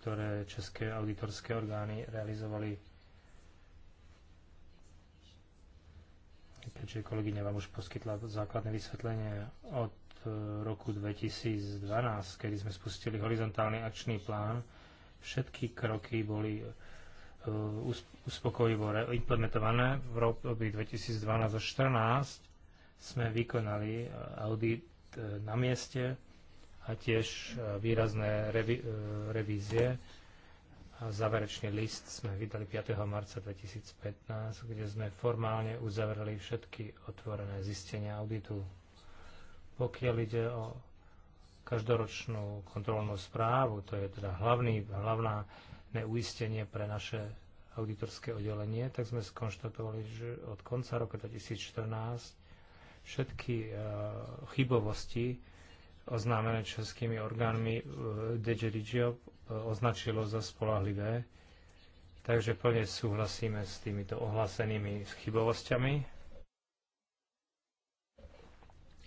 ktoré české auditorské orgány realizovali keďže kolegyňa vám už poskytla základné vysvetlenie od e, roku 2012, kedy sme spustili horizontálny akčný plán, všetky kroky boli e, uspokojivo implementované. V roku 2012 až 2014 sme vykonali e, audit na mieste a tiež výrazné revízie záverečný list sme vydali 5. marca 2015, kde sme formálne uzavreli všetky otvorené zistenia auditu. Pokiaľ ide o každoročnú kontrolnú správu, to je teda hlavný, hlavná neuistenie pre naše auditorské oddelenie, tak sme skonštatovali, že od konca roka 2014 všetky e, chybovosti oznámené českými orgánmi e, DG Regio označilo za spolahlivé. Takže plne súhlasíme s týmito ohlásenými chybovosťami.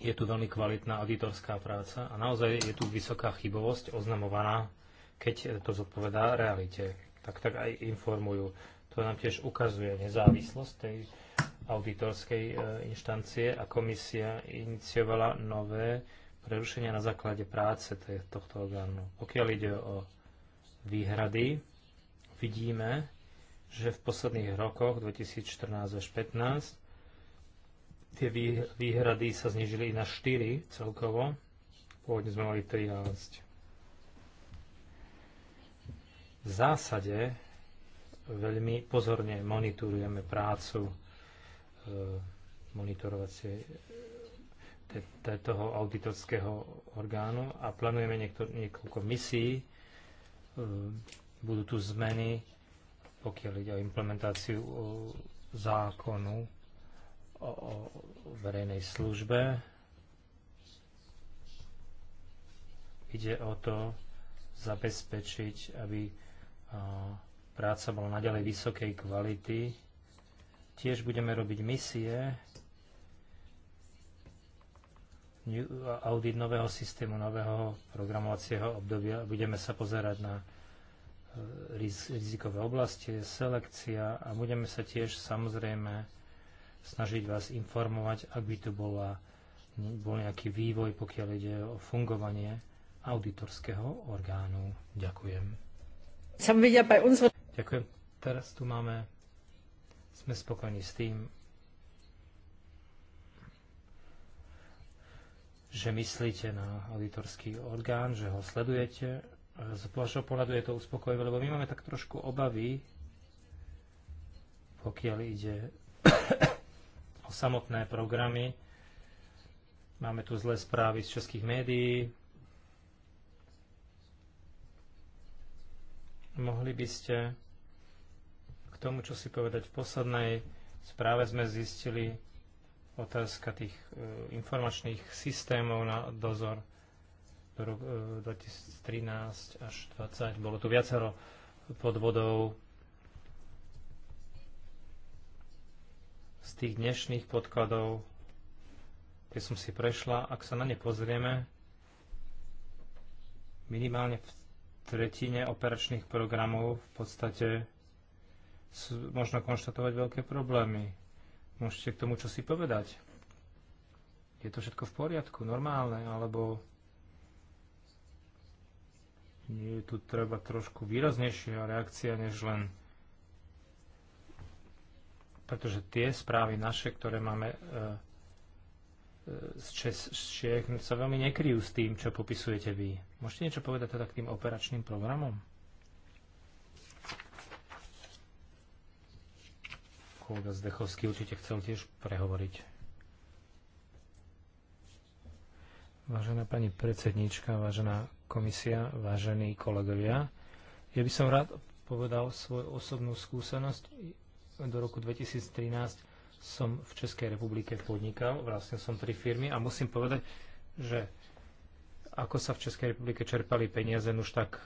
Je tu veľmi kvalitná auditorská práca a naozaj je tu vysoká chybovosť oznamovaná, keď to zodpovedá realite. Tak tak aj informujú. To nám tiež ukazuje nezávislosť tej auditorskej e, inštancie a komisia iniciovala nové prerušenia na základe práce tohto orgánu. Pokiaľ ide o výhrady. Vidíme, že v posledných rokoch 2014 až 2015 tie výhrady sa znižili na 4 celkovo. Pôvodne sme mali 13. V zásade veľmi pozorne monitorujeme prácu eh, monitorovacie toho auditorského orgánu a plánujeme niekoľko misií, Ehm, budú tu zmeny, pokiaľ ide o implementáciu e, zákonu o, o verejnej službe. Ide o to zabezpečiť, aby e, práca bola naďalej vysokej kvality. Tiež budeme robiť misie audit nového systému, nového programovacieho obdobia. Budeme sa pozerať na eh, rizikové oblasti, selekcia a budeme sa tiež samozrejme snažiť vás informovať, ak by tu bola, bol nejaký vývoj, pokiaľ ide o fungovanie auditorského orgánu. Ďakujem. Ďakujem. Teraz tu máme, sme spokojní s tým, že myslíte na auditorský orgán, že ho sledujete. Z vášho pohľadu je to uspokojivé, lebo my máme tak trošku obavy, pokiaľ ide o samotné programy. Máme tu zlé správy z českých médií, mohli by ste k tomu, čo si povedať v poslednej správe sme zistili, otázka tých e, informačných systémov na dozor do roku 2013 e, až 2020. Bolo tu viacero podvodov. Z tých dnešných podkladov, keď som si prešla, ak sa na ne pozrieme, minimálne v tretine operačných programov v podstate sú, možno konštatovať veľké problémy Môžete k tomu čo si povedať? Je to všetko v poriadku, normálne, alebo nie je tu treba trošku výraznejšia reakcia, než len pretože tie správy naše, ktoré máme e, e, z, Čech, sa veľmi nekryjú s tým, čo popisujete vy. Môžete niečo povedať teda k tým operačným programom? Kolega Zdechovský určite chcel tiež prehovoriť. Vážená pani predsednička, vážená komisia, vážení kolegovia, ja by som rád povedal svoju osobnú skúsenosť. Do roku 2013 som v Českej republike podnikal, vlastne som tri firmy a musím povedať, že ako sa v Českej republike čerpali peniaze, no už tak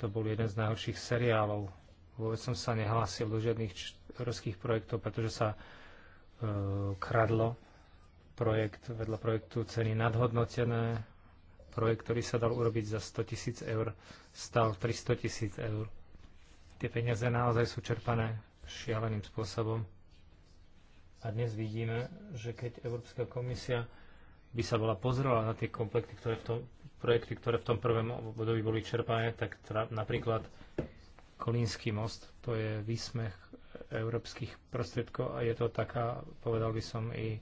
to bol jeden z najhorších seriálov. Vôbec som sa nehlásil do žiadnych európskych projektov, pretože sa e, kradlo projekt vedľa projektu ceny nadhodnotené. Projekt, ktorý sa dal urobiť za 100 tisíc eur, stal 300 tisíc eur. Tie peniaze naozaj sú čerpané šialeným spôsobom. A dnes vidíme, že keď Európska komisia by sa bola pozrela na tie komplekty, ktoré v tom, projekty, ktoré v tom prvom období boli čerpané, tak napríklad Kolínsky most, to je výsmech európskych prostriedkov a je to taká, povedal by som, i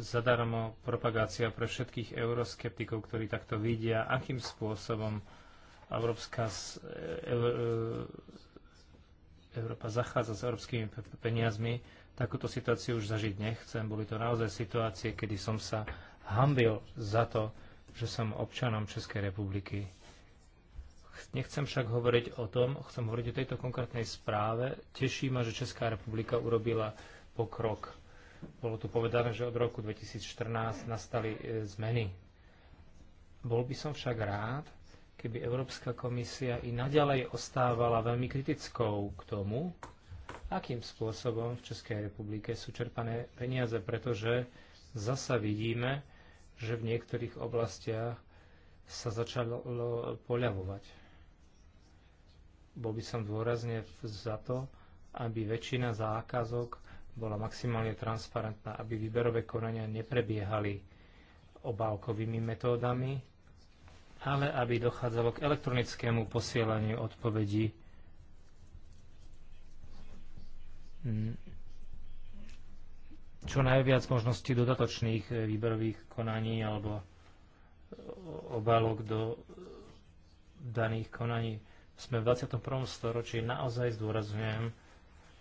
zadarmo propagácia pre všetkých euroskeptikov, ktorí takto vidia, akým spôsobom Európska, e, e, Európa zachádza s európskymi peniazmi. Takúto situáciu už zažiť nechcem. Boli to naozaj situácie, kedy som sa hambil za to, že som občanom Českej republiky. Nechcem však hovoriť o tom, chcem hovoriť o tejto konkrétnej správe. Teší ma, že Česká republika urobila pokrok. Bolo tu povedané, že od roku 2014 nastali e, zmeny. Bol by som však rád, keby Európska komisia i naďalej ostávala veľmi kritickou k tomu, akým spôsobom v Českej republike sú čerpané peniaze, pretože zasa vidíme, že v niektorých oblastiach sa začalo poľavovať bol by som dôrazne za to, aby väčšina zákazok bola maximálne transparentná, aby výberové konania neprebiehali obálkovými metódami, ale aby dochádzalo k elektronickému posielaniu odpovedí čo najviac možností dodatočných výberových konaní alebo obálok do daných konaní sme v 21. storočí, naozaj zdôrazňujem,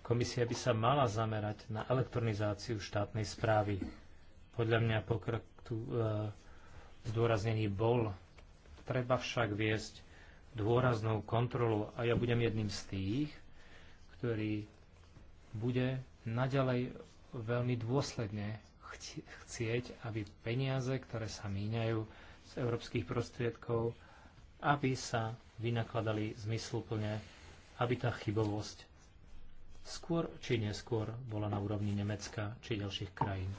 komisia by sa mala zamerať na elektronizáciu štátnej správy. Podľa mňa pokrok tu e, zdôraznení bol. Treba však viesť dôraznou kontrolu a ja budem jedným z tých, ktorý bude naďalej veľmi dôsledne chcieť, aby peniaze, ktoré sa míňajú z európskych prostriedkov, aby sa vynakladali zmysluplne, aby tá chybovosť skôr či neskôr bola na úrovni Nemecka či ďalších krajín.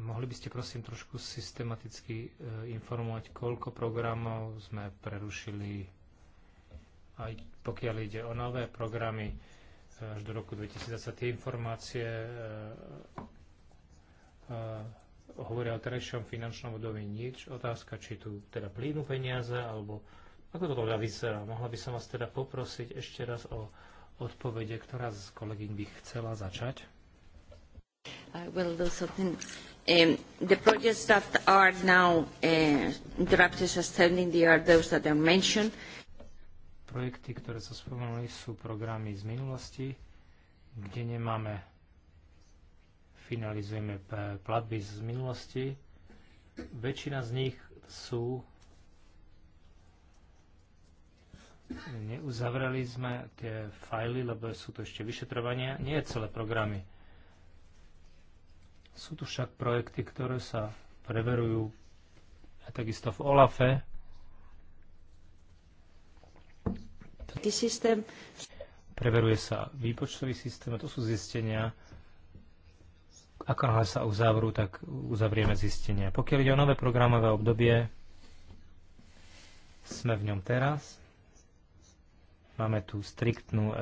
mohli by ste prosím trošku systematicky e, informovať, koľko programov sme prerušili, aj pokiaľ ide o nové programy, až do roku 2020. Tie informácie e, e, hovoria o terajšom finančnom období nič. Otázka, či tu teda plínu peniaze, alebo ako to teda vyzerá. Mohla by som vás teda poprosiť ešte raz o odpovede, ktorá z kolegyň by chcela začať. I will do something. Um, the projects that are now uh, drafted as standing, they are those that are mentioned. Projekty, ktoré sa spomenuli, sú programy z minulosti, kde nemáme, finalizujeme platby z minulosti. Väčšina z nich sú neuzavreli sme tie fajly, lebo sú to ešte vyšetrovania, nie je celé programy. Sú tu však projekty, ktoré sa preverujú a takisto v OLAFe Preveruje sa výpočtový systém a to sú zistenia. Ako náhle sa uzavrú, tak uzavrieme zistenia. Pokiaľ ide o nové programové obdobie, sme v ňom teraz. Máme tu striktnú uh,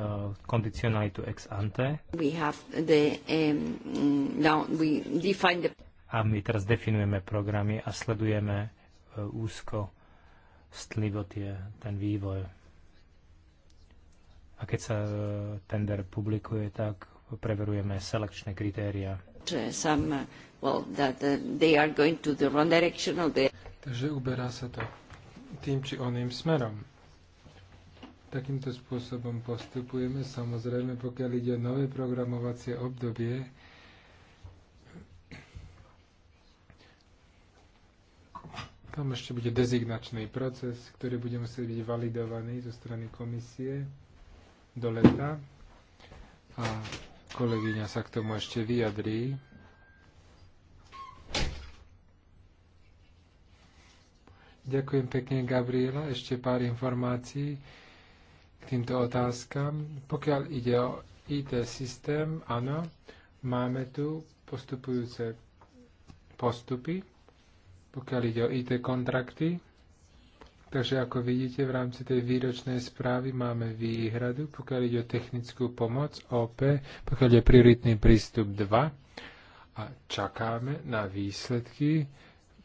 kondicionalitu ex ante. We have the, um, now we the... A my teraz definujeme programy a sledujeme uh, e, úzko stlivo tie, ten vývoj. A keď sa e, tender publikuje, tak preverujeme selekčné kritéria. Uh, Takže uberá sa to tým či oným smerom. Takýmto spôsobom postupujeme. Samozrejme, pokiaľ ide o nové programovacie obdobie, tam ešte bude dezignačný proces, ktorý bude musieť byť validovaný zo strany komisie do leta a kolegyňa sa k tomu ešte vyjadrí. Ďakujem pekne, Gabriela. Ešte pár informácií k týmto otázkam. Pokiaľ ide o IT systém, áno, máme tu postupujúce postupy, pokiaľ ide o IT kontrakty. Takže ako vidíte, v rámci tej výročnej správy máme výhradu, pokiaľ ide o technickú pomoc OP, pokiaľ ide prioritný prístup 2 a čakáme na výsledky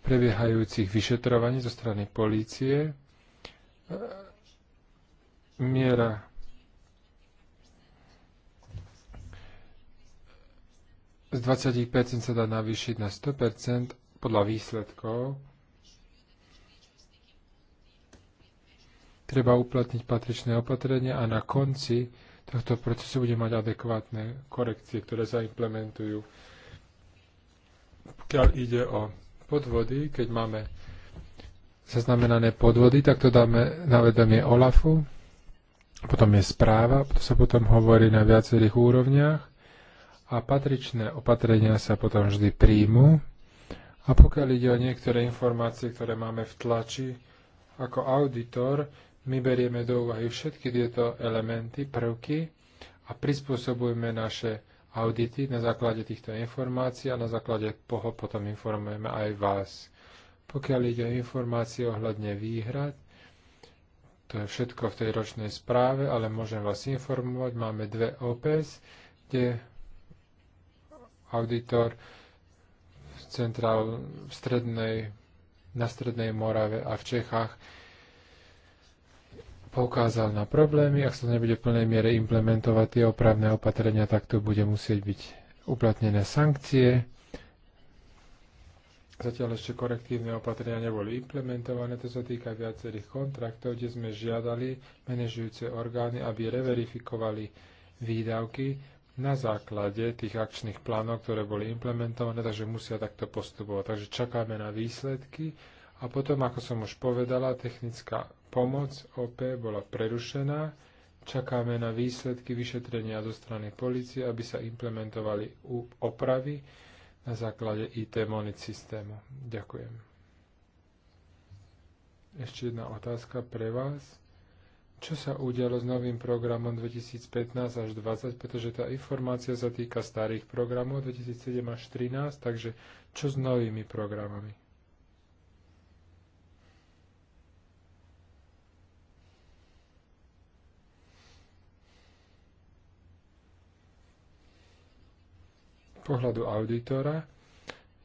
prebiehajúcich vyšetrovaní zo strany polície. E, miera z 20% sa dá navýšiť na 100% podľa výsledkov treba uplatniť patričné opatrenia a na konci tohto procesu bude mať adekvátne korekcie, ktoré sa implementujú. Pokiaľ ide o podvody, keď máme zaznamenané podvody, tak to dáme na vedomie OLAFu, potom je správa, to sa potom hovorí na viacerých úrovniach a patričné opatrenia sa potom vždy príjmu. A pokiaľ ide o niektoré informácie, ktoré máme v tlači, ako auditor my berieme do úvahy všetky tieto elementy, prvky a prispôsobujeme naše audity na základe týchto informácií a na základe toho potom informujeme aj vás. Pokiaľ ide o informácie ohľadne výhrad, to je všetko v tej ročnej správe, ale môžem vás informovať, máme dve OPS, e kde auditor v centrál v strednej, na Strednej Morave a v Čechách poukázal na problémy, ak sa nebude v plnej miere implementovať tie opravné opatrenia, tak to bude musieť byť uplatnené sankcie. Zatiaľ ešte korektívne opatrenia neboli implementované, to sa týka viacerých kontraktov, kde sme žiadali manažujúce orgány, aby reverifikovali výdavky na základe tých akčných plánov, ktoré boli implementované, takže musia takto postupovať. Takže čakáme na výsledky a potom, ako som už povedala, technická pomoc OP bola prerušená. Čakáme na výsledky vyšetrenia zo strany policie, aby sa implementovali opravy na základe IT monit systému. Ďakujem. Ešte jedna otázka pre vás. Čo sa udialo s novým programom 2015 až 2020, pretože tá informácia sa týka starých programov 2007 až 2013, takže čo s novými programami? pohľadu auditora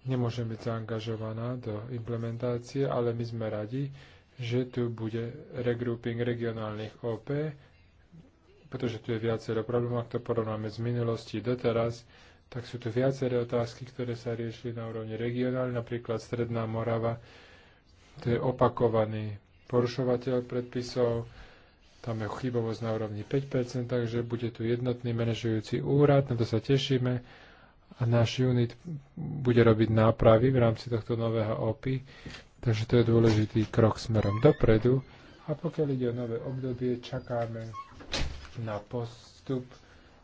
nemôžem byť zaangažovaná do implementácie, ale my sme radi, že tu bude regrouping regionálnych OP, pretože tu je viacero problémov, ak to porovnáme z minulosti doteraz, tak sú tu viaceré otázky, ktoré sa riešili na úrovni regionálnej, napríklad Stredná Morava, to je opakovaný porušovateľ predpisov, tam je chybovosť na úrovni 5%, takže bude tu jednotný manažujúci úrad, na to sa tešíme a náš unit bude robiť nápravy v rámci tohto nového OPI, takže to je dôležitý krok smerom dopredu. A pokiaľ ide o nové obdobie, čakáme na postup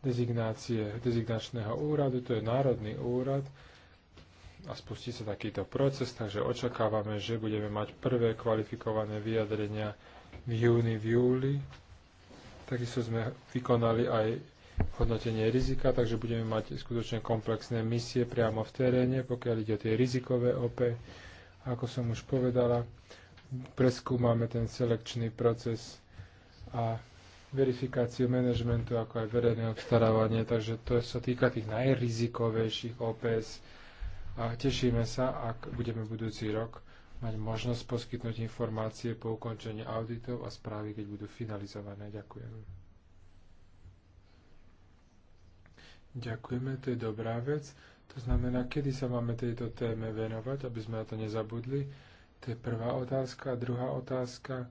dezignácie dezignačného úradu, to je Národný úrad, a spustí sa takýto proces, takže očakávame, že budeme mať prvé kvalifikované vyjadrenia v júni, v júli. Takisto sme vykonali aj hodnotenie rizika, takže budeme mať skutočne komplexné misie priamo v teréne, pokiaľ ide o tie rizikové OP. Ako som už povedala, preskúmame ten selekčný proces a verifikáciu manažmentu, ako aj verejné obstarávanie, takže to sa týka tých najrizikovejších OPS a tešíme sa, ak budeme budúci rok mať možnosť poskytnúť informácie po ukončení auditov a správy, keď budú finalizované. Ďakujem. Ďakujeme, to je dobrá vec. To znamená, kedy sa máme tejto téme venovať, aby sme na to nezabudli. To je prvá otázka. Druhá otázka.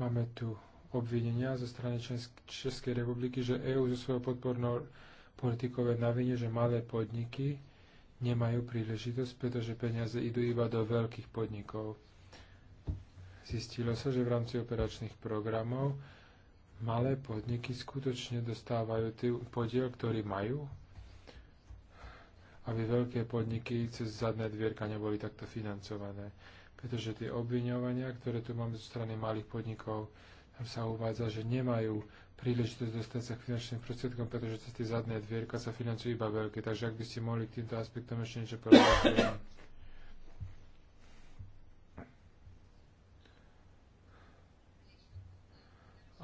Máme tu obvinenia zo strany Českej republiky, že EÚ zo svojou podpornou politikou je na vine, že malé podniky nemajú príležitosť, pretože peniaze idú iba do veľkých podnikov. Zistilo sa, že v rámci operačných programov malé podniky skutočne dostávajú tý podiel, ktorý majú, aby veľké podniky cez zadné dvierka neboli takto financované. Pretože tie obviňovania, ktoré tu máme zo strany malých podnikov, tam sa uvádza, že nemajú príležitosť dostať sa k finančným prostriedkom, pretože cez tie zadné dvierka sa financujú iba veľké. Takže ak by ste mohli k týmto aspektom ešte niečo povedať.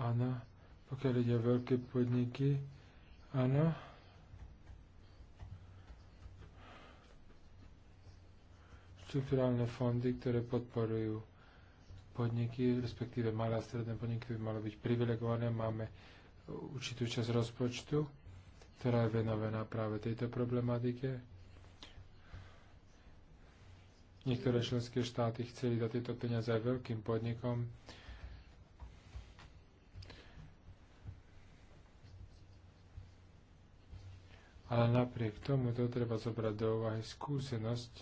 Áno, pokiaľ ide o veľké podniky, áno. Štruktúrálne fondy, ktoré podporujú podniky, respektíve malé a stredné podniky, by malo byť privilegované. Máme určitú časť rozpočtu, ktorá je venovaná práve tejto problematike. Niektoré členské štáty chceli dať tieto peniaze aj veľkým podnikom, Ale napriek tomu to treba zobrať do úvahy skúsenosť,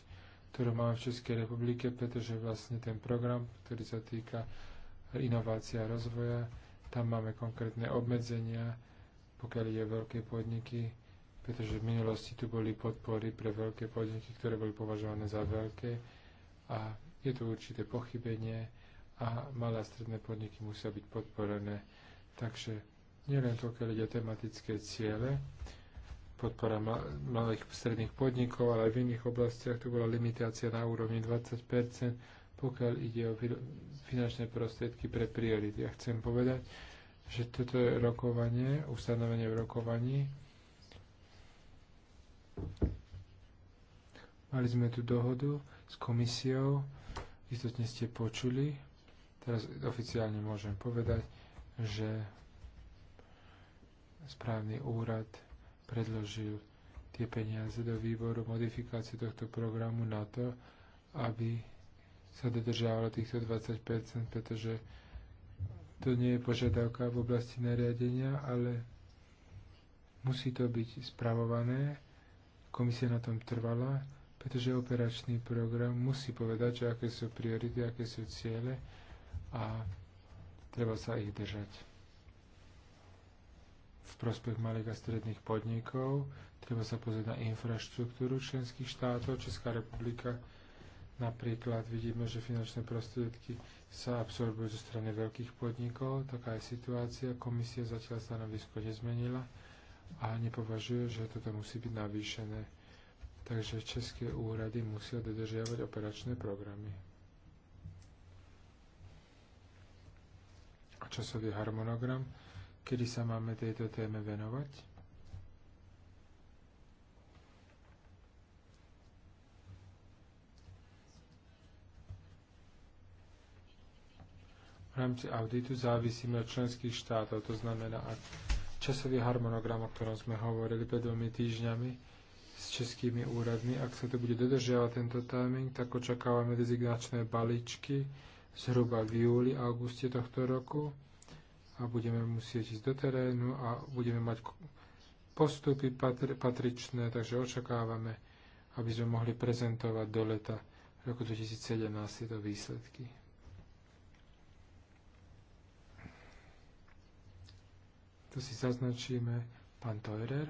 ktorú máme v Českej republike, pretože vlastne ten program, ktorý sa týka inovácia a rozvoja, tam máme konkrétne obmedzenia, pokiaľ ide veľké podniky, pretože v minulosti tu boli podpory pre veľké podniky, ktoré boli považované za veľké a je tu určité pochybenie a malé a stredné podniky musia byť podporené. Takže nielen pokiaľ ide o tematické ciele, podpora malých stredných podnikov, ale aj v iných oblastiach tu bola limitácia na úrovni 20 pokiaľ ide o finančné prostriedky pre priority. Ja chcem povedať, že toto je rokovanie, ustanovenie v rokovaní. Mali sme tu dohodu s komisiou, istotne ste počuli, teraz oficiálne môžem povedať, že správny úrad predložil tie peniaze do výboru modifikáciu tohto programu na to, aby sa dodržiavalo týchto 20%, pretože to nie je požiadavka v oblasti nariadenia, ale musí to byť spravované. Komisia na tom trvala, pretože operačný program musí povedať, že aké sú priority, aké sú ciele a treba sa ich držať v prospech malých a stredných podnikov. Treba sa pozrieť na infraštruktúru členských štátov. Česká republika napríklad vidíme, že finančné prostriedky sa absorbujú zo strany veľkých podnikov. Taká je situácia. Komisia zatiaľ stanovisko nezmenila a nepovažuje, že toto musí byť navýšené. Takže české úrady musia dodržiavať operačné programy. A časový harmonogram kedy sa máme tejto téme venovať? V rámci auditu závisíme od členských štátov, to znamená, ak časový harmonogram, o ktorom sme hovorili pred dvomi týždňami s českými úradmi, ak sa to bude dodržiavať tento timing, tak očakávame rezignačné balíčky zhruba v júli, auguste tohto roku a budeme musieť ísť do terénu a budeme mať postupy patričné, takže očakávame, aby sme mohli prezentovať do leta roku 2017 tieto výsledky. To si zaznačíme pán Teurer.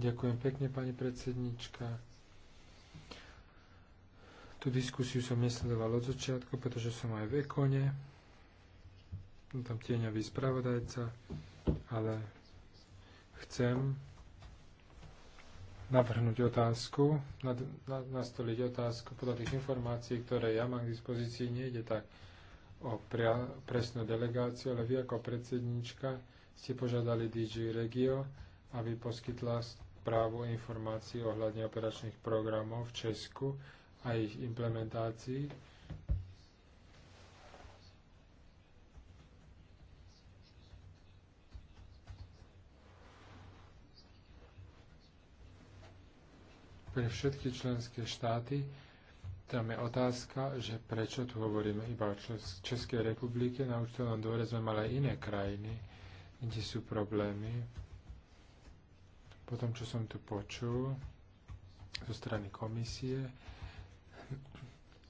Ďakujem pekne, pani predsednička. Tú diskusiu som nesledoval od začiatku, pretože som aj v Ekone tam tieňový spravodajca, ale chcem navrhnúť otázku, nad, nastoliť otázku podľa tých informácií, ktoré ja mám k dispozícii, nie ide tak o pria, presnú delegáciu, ale vy ako predsednička ste požiadali DG Regio, aby poskytla správu informácií ohľadne operačných programov v Česku a ich implementácií pre všetky členské štáty. Tam je otázka, že prečo tu hovoríme iba o Českej republike. Na účtovnom dvore sme mali aj iné krajiny, kde sú problémy. Po tom, čo som tu počul zo strany komisie,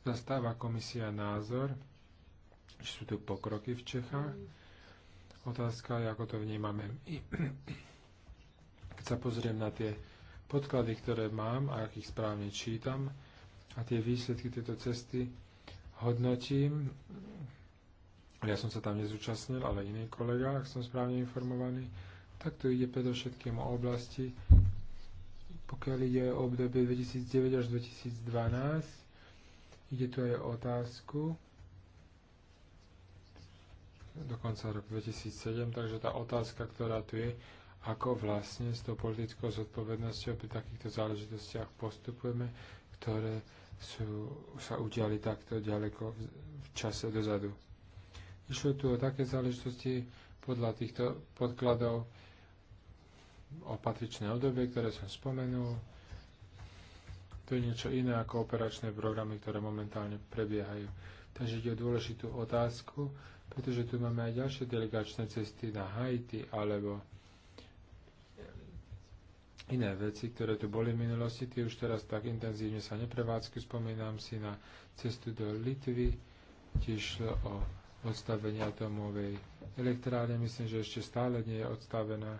zastáva komisia názor, že sú tu pokroky v Čechách. Otázka je, ako to vnímame my. Keď sa pozriem na tie Podklady, ktoré mám, a ak ich správne čítam, a tie výsledky tejto cesty hodnotím, ja som sa tam nezúčastnil, ale iný kolega, ak som správne informovaný, tak to ide predovšetkým o oblasti, pokiaľ ide o obdobie 2009 až 2012, ide tu aj o otázku do konca roku 2007, takže tá otázka, ktorá tu je, ako vlastne s tou politickou zodpovednosťou pri takýchto záležitostiach postupujeme, ktoré sú, sa udiali takto ďaleko v čase dozadu. Išlo tu o také záležitosti podľa týchto podkladov o patričné obdobie, ktoré som spomenul. To je niečo iné ako operačné programy, ktoré momentálne prebiehajú. Takže ide o dôležitú otázku, pretože tu máme aj ďalšie delegačné cesty na Haiti alebo iné veci, ktoré tu boli v minulosti, tie už teraz tak intenzívne sa neprevádzky. Spomínam si na cestu do Litvy, tiež šlo o odstavenie atomovej elektrárne. Myslím, že ešte stále nie je odstavená.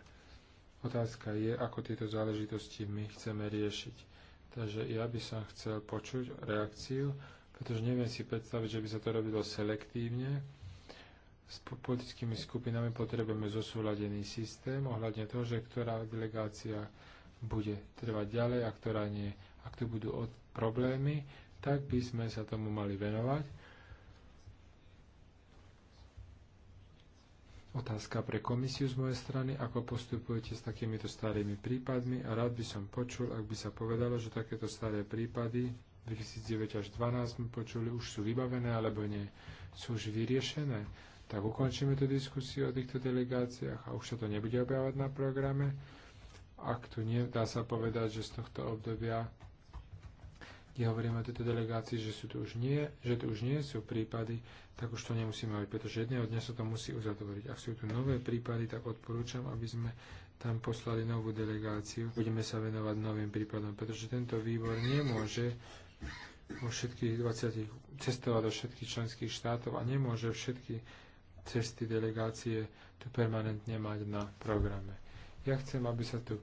Otázka je, ako tieto záležitosti my chceme riešiť. Takže ja by som chcel počuť reakciu, pretože neviem si predstaviť, že by sa to robilo selektívne. S politickými skupinami potrebujeme zosúladený systém ohľadne toho, že ktorá delegácia bude trvať ďalej a ktorá nie. Ak tu budú od problémy, tak by sme sa tomu mali venovať. Otázka pre komisiu z mojej strany, ako postupujete s takýmito starými prípadmi a rád by som počul, ak by sa povedalo, že takéto staré prípady 2009 až 2012 sme počuli, už sú vybavené alebo nie, sú už vyriešené, tak ukončíme tú diskusiu o týchto delegáciách a už sa to nebude objavovať na programe tu Nie, dá sa povedať, že z tohto obdobia, kde hovoríme o tejto delegácii, že, sú tu už nie, že tu už nie sú prípady, tak už to nemusíme robiť, pretože jedného dňa sa to musí uzatvoriť. Ak sú tu nové prípady, tak odporúčam, aby sme tam poslali novú delegáciu. Budeme sa venovať novým prípadom, pretože tento výbor nemôže vo všetkých 20 cestovať do všetkých členských štátov a nemôže všetky cesty delegácie tu permanentne mať na programe. Ja chcem, aby sa tu,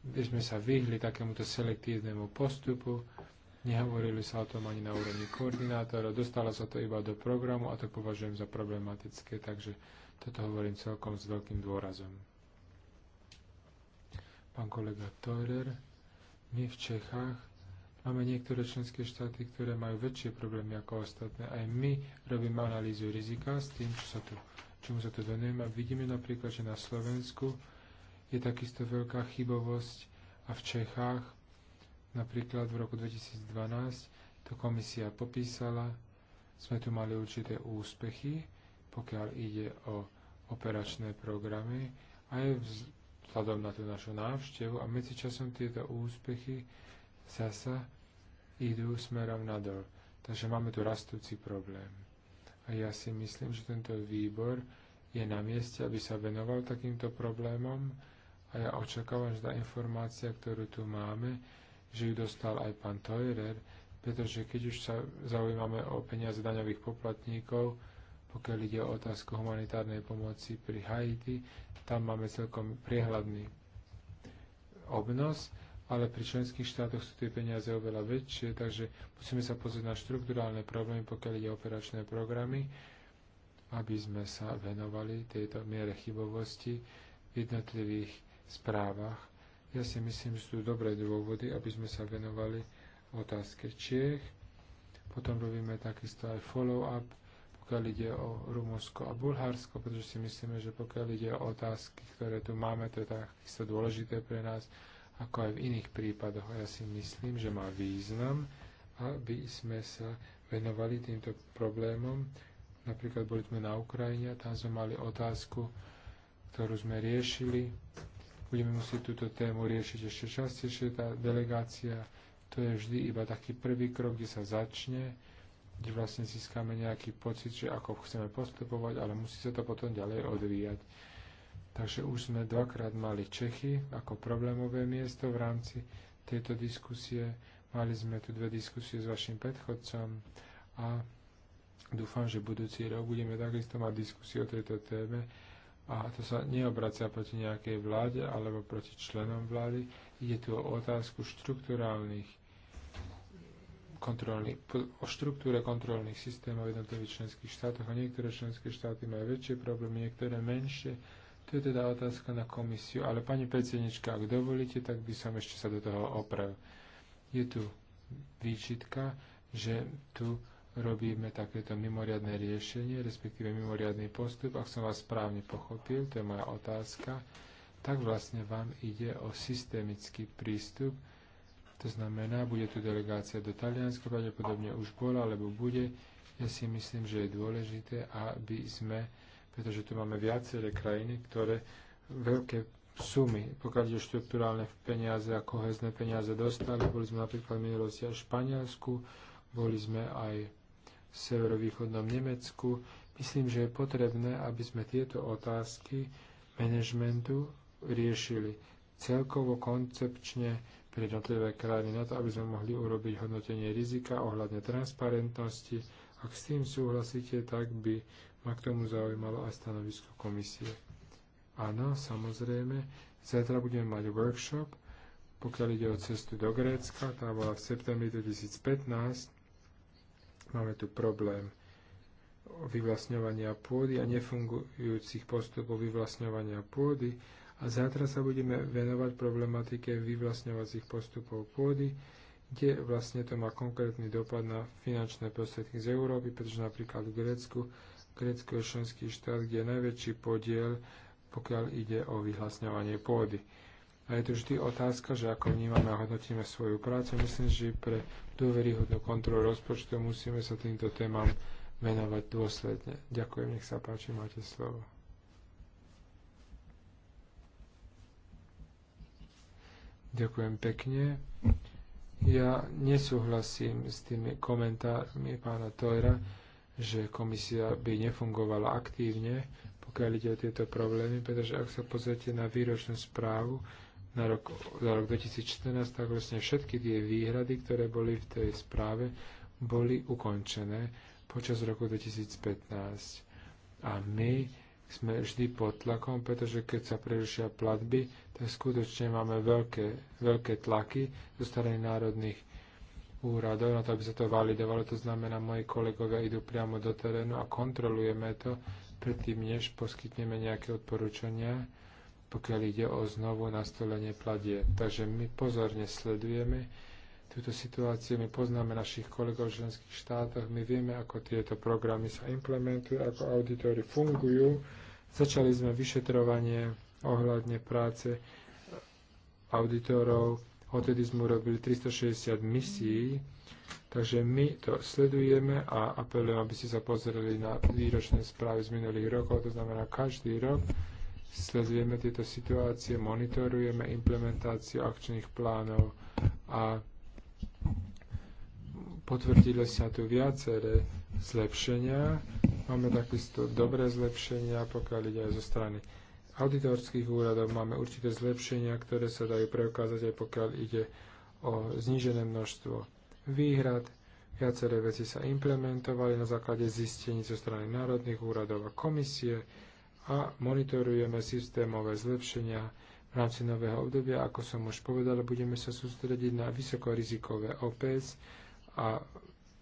kde sme sa vyhli takémuto selektívnemu postupu, nehovorili sa o tom ani na úrovni koordinátora, dostalo sa to iba do programu a to považujem za problematické, takže toto hovorím celkom s veľkým dôrazom. Pán kolega Torer, my v Čechách máme niektoré členské štáty, ktoré majú väčšie problémy ako ostatné. Aj my robíme analýzu rizika s tým, čo sa tu, čomu sa tu venujeme. Vidíme napríklad, že na Slovensku je takisto veľká chybovosť a v Čechách napríklad v roku 2012 to komisia popísala, sme tu mali určité úspechy, pokiaľ ide o operačné programy a je vzhľadom na tú našu návštevu a medzičasom tieto úspechy zasa idú smerom nadol. Takže máme tu rastúci problém. A ja si myslím, že tento výbor je na mieste, aby sa venoval takýmto problémom a ja očakávam, že tá informácia, ktorú tu máme, že ju dostal aj pán Teurer, pretože keď už sa zaujímame o peniaze daňových poplatníkov, pokiaľ ide o otázku humanitárnej pomoci pri Haiti, tam máme celkom priehľadný obnos, ale pri členských štátoch sú tie peniaze oveľa väčšie, takže musíme sa pozrieť na štruktúrálne problémy, pokiaľ ide o operačné programy, aby sme sa venovali tejto miere chybovosti v jednotlivých správach. Ja si myslím, že sú dobré dôvody, aby sme sa venovali otázke Čiech. Potom robíme takisto aj follow-up, pokiaľ ide o Rumunsko a Bulharsko, pretože si myslíme, že pokiaľ ide o otázky, ktoré tu máme, to je takisto dôležité pre nás, ako aj v iných prípadoch. ja si myslím, že má význam, aby sme sa venovali týmto problémom. Napríklad boli sme na Ukrajine, tam sme mali otázku, ktorú sme riešili budeme musieť túto tému riešiť ešte častejšie. Tá delegácia to je vždy iba taký prvý krok, kde sa začne, kde vlastne získame nejaký pocit, že ako chceme postupovať, ale musí sa to potom ďalej odvíjať. Takže už sme dvakrát mali Čechy ako problémové miesto v rámci tejto diskusie. Mali sme tu dve diskusie s vašim predchodcom a dúfam, že budúci rok budeme takisto mať diskusiu o tejto téme a to sa neobracia proti nejakej vláde alebo proti členom vlády. Ide tu o otázku štruktúrálnych kontrolných, o štruktúre kontrolných systémov jednotlivých členských štátoch a niektoré členské štáty majú väčšie problémy, niektoré menšie. To je teda otázka na komisiu, ale pani predsednička, ak dovolíte, tak by som ešte sa do toho opravil. Je tu výčitka, že tu robíme takéto mimoriadne riešenie, respektíve mimoriadný postup, ak som vás správne pochopil, to je moja otázka, tak vlastne vám ide o systemický prístup, to znamená, bude tu delegácia do Talianska, pravdepodobne už bola, alebo bude. Ja si myslím, že je dôležité, aby sme, pretože tu máme viaceré krajiny, ktoré veľké sumy, pokiaľ je štruktúrálne peniaze a kohezné peniaze dostali, boli sme napríklad v minulosti aj v Španielsku, boli sme aj v severovýchodnom Nemecku. Myslím, že je potrebné, aby sme tieto otázky manažmentu riešili celkovo koncepčne pre jednotlivé krajiny na to, aby sme mohli urobiť hodnotenie rizika ohľadne transparentnosti. Ak s tým súhlasíte, tak by ma k tomu zaujímalo aj stanovisko komisie. Áno, samozrejme. Zajtra budeme mať workshop, pokiaľ ide o cestu do Grécka, tá bola v septembri 2015 Máme tu problém vyvlastňovania pôdy a nefungujúcich postupov vyvlastňovania pôdy. A zajtra sa budeme venovať problematike vyvlastňovacích postupov pôdy, kde vlastne to má konkrétny dopad na finančné prostriedky z Európy, pretože napríklad v Grécku, Grécko je členský štát, kde je najväčší podiel, pokiaľ ide o vyhlasňovanie pôdy. A je tu vždy otázka, že ako vnímame a hodnotíme svoju prácu. Myslím, že pre dôveryhodnú kontrolu rozpočtu musíme sa týmto témam venovať dôsledne. Ďakujem, nech sa páči, máte slovo. Ďakujem pekne. Ja nesúhlasím s tými komentármi pána Tojra, že komisia by nefungovala aktívne, pokiaľ ide o tieto problémy, pretože ak sa pozrite na výročnú správu, na rok, za rok 2014, tak vlastne všetky tie výhrady, ktoré boli v tej správe, boli ukončené počas roku 2015. A my sme vždy pod tlakom, pretože keď sa prerušia platby, tak skutočne máme veľké, veľké tlaky zo strany národných úradov na to, aby sa to validovalo. To znamená, moji kolegovia idú priamo do terénu a kontrolujeme to predtým, než poskytneme nejaké odporúčania pokiaľ ide o znovu nastolenie pladie. Takže my pozorne sledujeme túto situáciu, my poznáme našich kolegov v členských štátoch, my vieme, ako tieto programy sa implementujú, ako auditory fungujú. Začali sme vyšetrovanie ohľadne práce auditorov, odtedy sme urobili 360 misií, takže my to sledujeme a apelujem, aby ste sa pozreli na výročné správy z minulých rokov, to znamená každý rok sledujeme tieto situácie, monitorujeme implementáciu akčných plánov a potvrdili sa tu viaceré zlepšenia. Máme takisto dobré zlepšenia, pokiaľ ide aj zo strany auditorských úradov. Máme určité zlepšenia, ktoré sa dajú preukázať aj pokiaľ ide o znížené množstvo výhrad. Viaceré veci sa implementovali na základe zistení zo strany národných úradov a komisie a monitorujeme systémové zlepšenia v rámci nového obdobia. Ako som už povedal, budeme sa sústrediť na vysokorizikové OPS a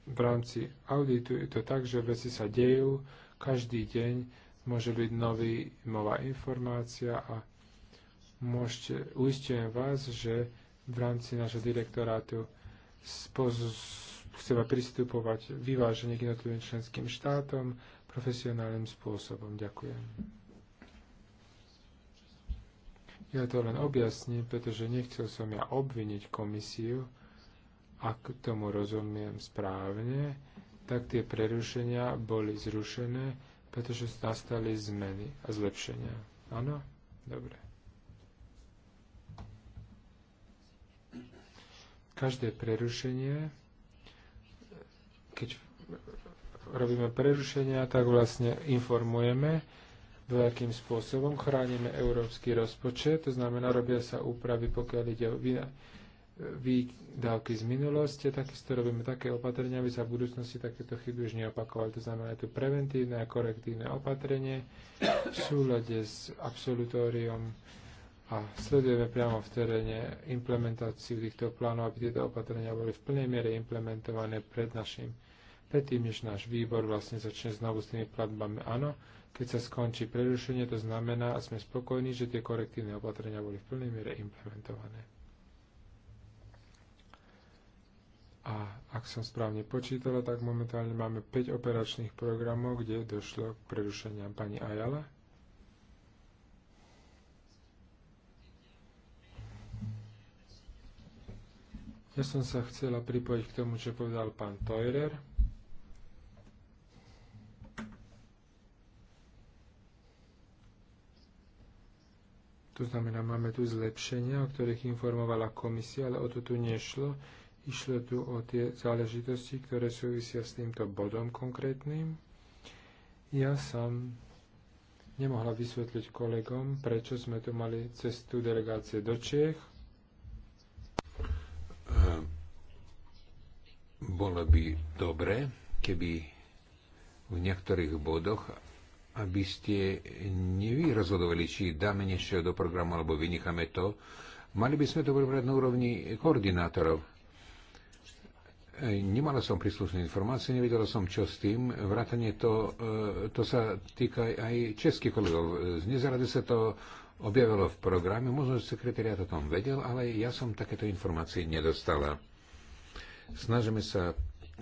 v rámci auditu je to tak, že veci sa dejú, každý deň môže byť nový, nová informácia a môžete, uistujem vás, že v rámci nášho direktorátu chceme pristupovať vyváženie k jednotlivým členským štátom profesionálnym spôsobom. Ďakujem. Ja to len objasním, pretože nechcel som ja obviniť komisiu, ak tomu rozumiem správne, tak tie prerušenia boli zrušené, pretože nastali zmeny a zlepšenia. Áno? Dobre. Každé prerušenie, keď robíme prerušenia, tak vlastne informujeme, dvojakým spôsobom. Chránime európsky rozpočet, to znamená, robia sa úpravy, pokiaľ ide o výdavky z minulosti, takisto robíme také opatrenia, aby sa v budúcnosti takéto chyby už neopakovali. To znamená, je tu preventívne a korektívne opatrenie v súlade s absolutóriom a sledujeme priamo v teréne implementáciu týchto plánov, aby tieto opatrenia boli v plnej miere implementované pred našim, predtým, než náš výbor vlastne začne znovu s tými platbami. Áno, keď sa skončí prerušenie, to znamená, a sme spokojní, že tie korektívne opatrenia boli v plnej miere implementované. A ak som správne počítala, tak momentálne máme 5 operačných programov, kde došlo k prerušeniam pani Ajala. Ja som sa chcela pripojiť k tomu, čo povedal pán Teurer. To znamená, máme tu zlepšenia, o ktorých informovala komisia, ale o to tu nešlo. Išlo tu o tie záležitosti, ktoré súvisia s týmto bodom konkrétnym. Ja som nemohla vysvetliť kolegom, prečo sme tu mali cestu delegácie do Čech. Ehm, bolo by dobre, keby v niektorých bodoch aby ste nevy rozhodovali, či dáme niečo do programu alebo vynecháme to. Mali by sme to vybrať na úrovni koordinátorov. E, nemala som príslušné informácie, nevedela som čo s tým. Vrátanie to, e, to sa týka aj českých kolegov. Z nezarady sa to objavilo v programe, možno sekretariat o tom vedel, ale ja som takéto informácie nedostala. Snažíme sa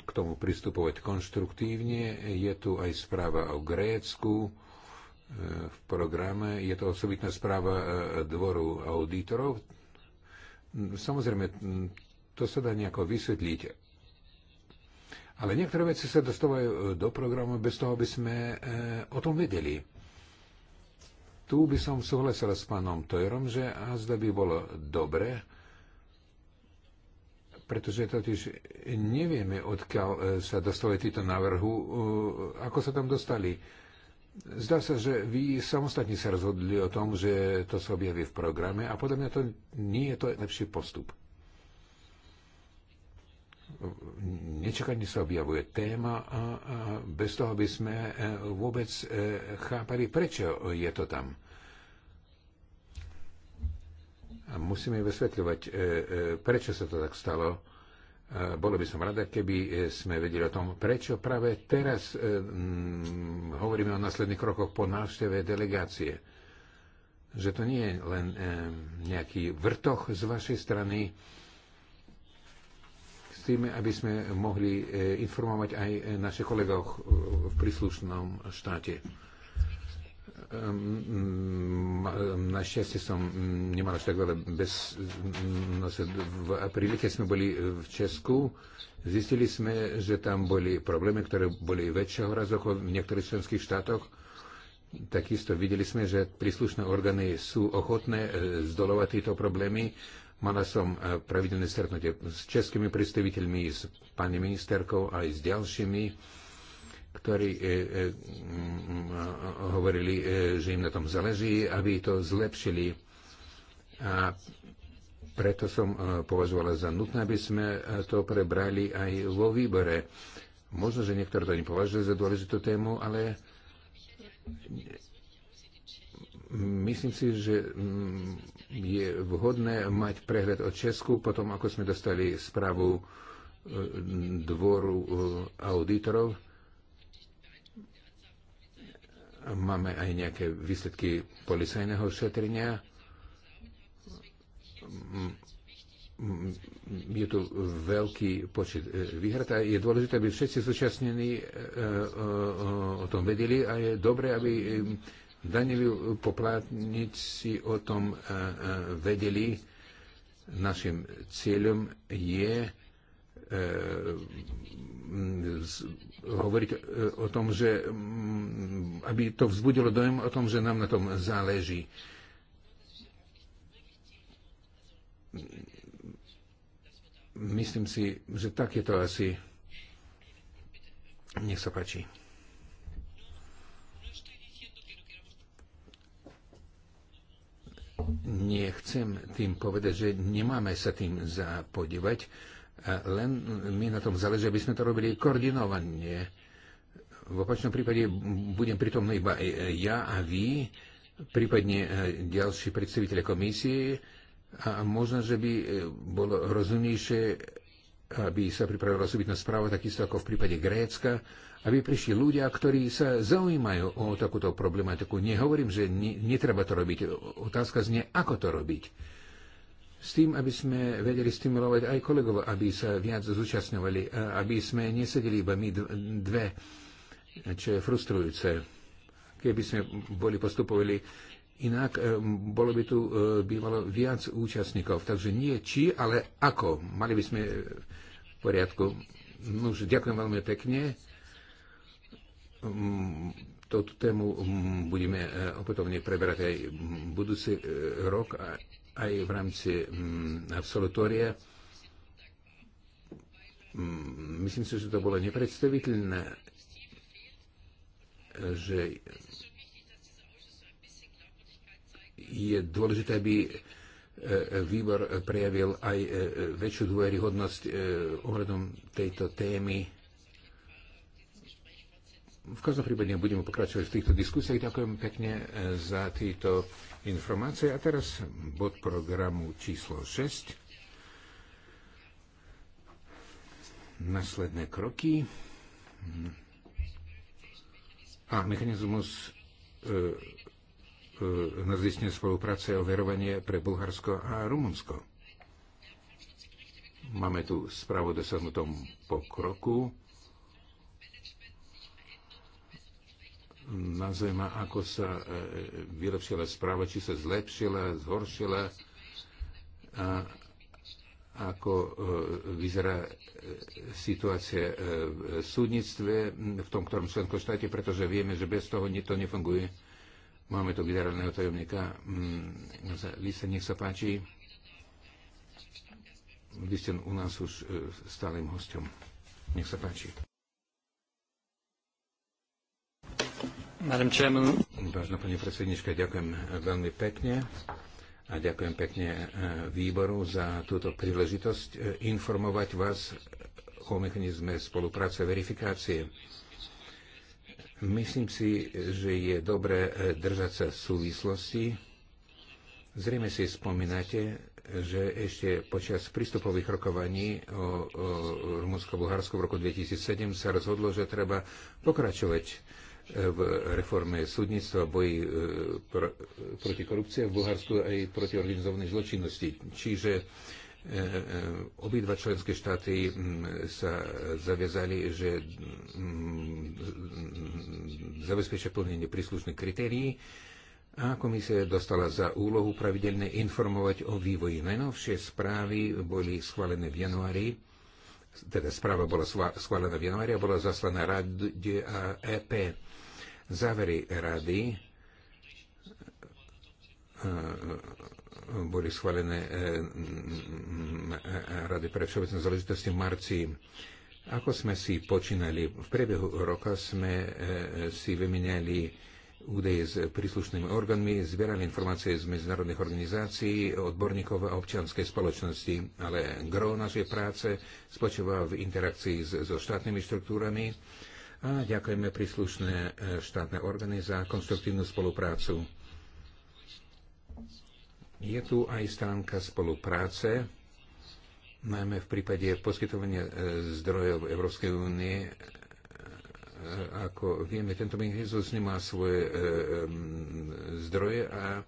k tomu pristupovať konštruktívne. Je tu aj správa o Grécku e, v programe. Je to osobitná správa e, dvoru auditorov. Samozrejme, to sa dá nejako vysvetliť. Ale niektoré veci sa dostávajú e, do programu bez toho, aby sme o tom vedeli. Tu by som súhlasil s pánom Tojerom, že azda by bolo dobre, pretože totiž nevieme, odkiaľ e, sa dostali títo návrhu, e, ako sa tam dostali. Zdá sa, že vy samostatne sa rozhodli o tom, že to sa objaví v programe a podľa mňa to nie je to lepší postup. Nečakanie sa objavuje téma a, a bez toho by sme e, vôbec chápali, prečo je to tam. A musíme vysvetľovať, e, e, prečo sa to tak stalo. E, bolo by som rada, keby sme vedeli o tom, prečo práve teraz hovoríme o následných krokoch po návšteve delegácie. Že to nie je len nejaký vrtoch z vašej strany, tým, aby sme mohli informovať aj našich kolegov v príslušnom štáte. Ehm, ehm, našťastie som nemal až tak veľa bez... Mm, no, v apríli, keď sme boli e, v Česku, zistili sme, že tam boli problémy, ktoré boli väčšieho razu ako v niektorých členských štátoch. Takisto videli sme, že príslušné orgány sú ochotné e, zdolovať tieto problémy. Mala som e, pravidelné stretnutie s českými predstaviteľmi, s pani ministerkou aj s ďalšími ktorí e, e, hovorili, e, že im na tom záleží, aby to zlepšili. A preto som e, považovala za nutné, aby sme e, to prebrali aj vo výbore. Možno, že niektorí to nepovažujú za dôležitú tému, ale myslím si, že mm, je vhodné mať prehľad o Česku, potom ako sme dostali správu e, dvoru auditorov Máme aj nejaké výsledky policajného šetrenia. Je tu veľký počet e, výhrad a je dôležité, aby všetci súčasnení e, e, o tom vedeli a je dobré, aby daňoví poplatníci o tom vedeli. Našim cieľom je Mm, hovoriť e, o tom, že mm, aby to vzbudilo dojem o tom, že nám na tom záleží. Myslím si, že tak je to asi. Nech sa páči. Nechcem tým povedať, že nemáme sa tým zapodívať len mi na tom záleží, aby sme to robili koordinovanie. V opačnom prípade budem pritomný iba ja a vy, prípadne ďalší predstaviteľe komisie a možno, že by bolo rozumnejšie, aby sa pripravila osobitná správa, takisto ako v prípade Grécka, aby prišli ľudia, ktorí sa zaujímajú o takúto problematiku. Nehovorím, že netreba to robiť. Otázka znie, ako to robiť s tým, aby sme vedeli stimulovať aj kolegov, aby sa viac zúčastňovali, aby sme nesedeli iba my dve, čo je frustrujúce. Keby sme boli postupovali inak, e, bolo by tu e, bývalo viac účastníkov. Takže nie či, ale ako. Mali by sme e, v poriadku. No už ďakujem veľmi pekne. Mm, toto tému mm, budeme opätovne preberať aj budúci rok aj v rámci mm, absolutória. Mm, myslím si, že to bolo nepredstaviteľné, že je dôležité, aby e, výbor prejavil aj e, väčšiu dôveryhodnosť e, ohľadom tejto témy. V každom prípade budeme pokračovať v týchto diskusiách. Ďakujem pekne za týto informácie. A teraz bod programu číslo 6. Nasledné kroky a mechanizmus e, e, na zistenie spolupráce a overovanie pre Bulharsko a Rumunsko. Máme tu správu o dosiahnutom pokroku nazvema, ako sa e, e, vylepšila správa, či sa zlepšila, zhoršila, a ako e, vyzerá situácia v súdnictve v tom, ktorom členskom štáte, pretože vieme, že bez toho to nefunguje. Máme tu generálneho tajomníka. Lisa, nech sa páči. Vy ste u nás už stálym hostom. Nech sa páči. Madam Chairman. Vážna pani predsednička, ďakujem veľmi pekne a ďakujem pekne e, výboru za túto príležitosť e, informovať vás o mechanizme spolupráce a verifikácie. Myslím si, že je dobré e, držať sa súvislosti. Zrejme si spomínate, že ešte počas prístupových rokovaní o, o Rumunsko-Bulharsku v roku 2007 sa rozhodlo, že treba pokračovať v reforme súdnictva, boji e, pr- proti korupcii v Bulharsku aj proti organizovanej zločinnosti. Čiže e, e, obidva členské štáty sa zaviazali, že zabezpečia plnenie príslušných kritérií a komisia dostala za úlohu pravidelne informovať o vývoji. Najnovšie správy boli schválené v januári, teda správa bola schválená v januári a bola zaslaná Rade a EP. Závery rady eh, boli schválené eh, eh, Rady pre všeobecné záležitosti v marci. Ako sme si počínali? V priebehu roka sme si vymeniali údaje s príslušnými orgánmi, zbierali informácie z medzinárodných organizácií, odborníkov a občianskej spoločnosti, ale gro našej práce spočíva v interakcii so štátnymi štruktúrami, a ďakujeme príslušné e, štátne orgány za konstruktívnu spoluprácu. Je tu aj stránka spolupráce, najmä v prípade poskytovania e, zdrojov Európskej únie. E, ako vieme, tento mechanizmus nemá svoje zdroje a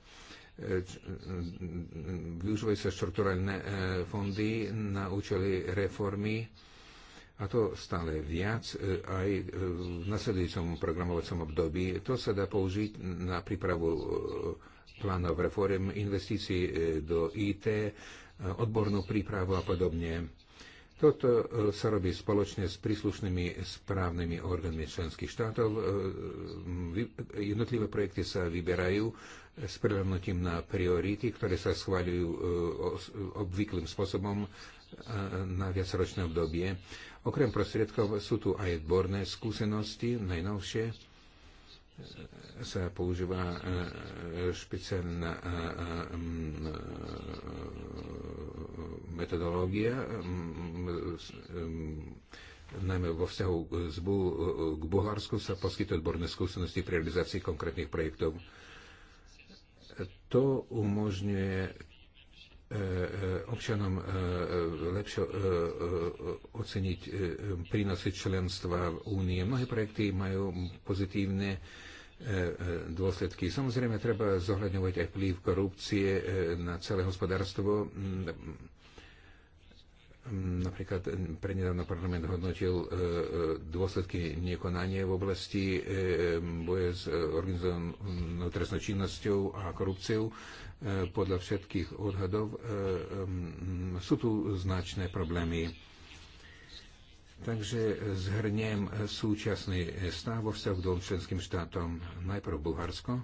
využívajú sa štrukturálne fondy na účely reformy a to stále viac e, aj e, v nasledujúcom programovacom období. To sa dá použiť na prípravu e, plánov reform, investícií do IT, odbornú prípravu a podobne. Toto sa robí spoločne s príslušnými správnymi orgánmi členských štátov. Jednotlivé projekty sa vyberajú s prehľadnutím na priority, ktoré sa schváľujú obvyklým spôsobom na viacročné obdobie. Okrem prostriedkov sú tu aj odborné skúsenosti. Najnovšie sa používa e, e, špeciálna e, metodológia, najmä vo vzťahu k Bulharsku sa poskytujú odborné skúsenosti pri realizácii konkrétnych projektov to umožňuje E, e, občanom e, lepšie oceniť prínosy členstva v únie. Mnohé projekty majú pozitívne dôsledky. Samozrejme, treba zohľadňovať aj vplyv korupcie na celé hospodárstvo. Mm, napríklad prednedávno parlament hodnotil dôsledky nekonania v oblasti boje s organizovanou trestnou činnosťou a korupciou. E, podľa všetkých odhadov e, sú tu značné problémy. Takže zhrniem súčasný stav vo vzťahu k dvom členským štátom. Najprv Bulharsko.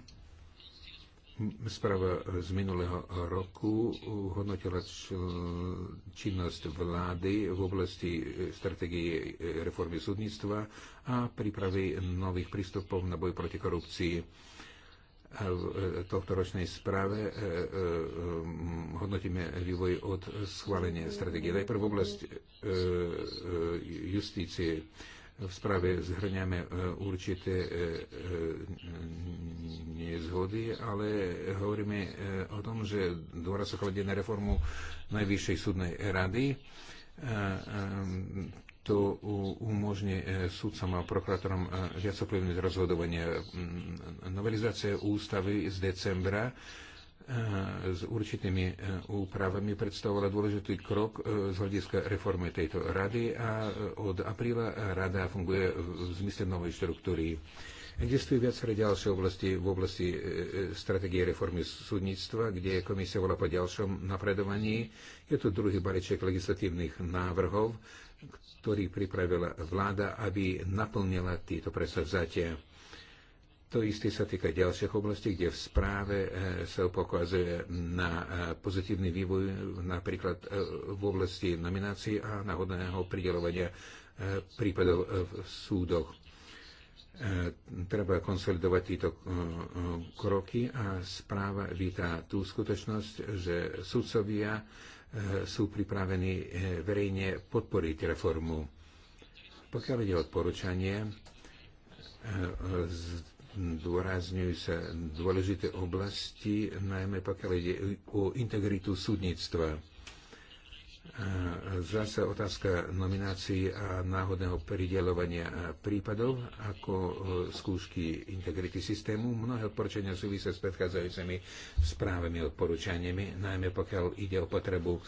Správa z minulého roku hodnotila činnosť vlády v oblasti strategie reformy súdnictva a prípravy nových prístupov na boj proti korupcii v e, tohto ročnej správe e, e, hodnotíme vývoj od schválenia stratégie. Najprv oblasť justície. V správe zhrňame určité nezhody, ale hovoríme o tom, že dôraz sa kladie na reformu Najvyššej súdnej rady to umožní e, sudcom a prokurátorom viac e, ovplyvniť rozhodovanie. Novelizácia ústavy z decembra e, s určitými úpravami predstavovala dôležitý krok z hľadiska reformy tejto rady a od apríla rada funguje v zmysle novej štruktúry. Existujú viaceré ďalšie oblasti v oblasti stratégie reformy súdnictva, kde komisia bola po ďalšom napredovaní. Je tu druhý bareček legislatívnych návrhov, ktorý pripravila vláda, aby naplnila tieto presavzatia. To isté sa týka ďalších oblastí, kde v správe eh, sa pokazuje na eh, pozitívny vývoj napríklad eh, v oblasti nominácií a náhodného pridelovania prípadov v súdoch. Treba konsolidovať tieto kroky a správa vítá tú skutočnosť, že sudcovia Eh, sú pripravení eh, verejne podporiť reformu. Pokiaľ ide o odporúčanie, eh, zdôrazňujú sa dôležité oblasti, najmä pokiaľ ide o integritu súdnictva Zase otázka nominácií a náhodného pridelovania prípadov ako e, skúšky integrity systému. Mnohé odporúčania súvisia s predchádzajúcimi správami a odporúčaniami, najmä pokiaľ ide o potrebu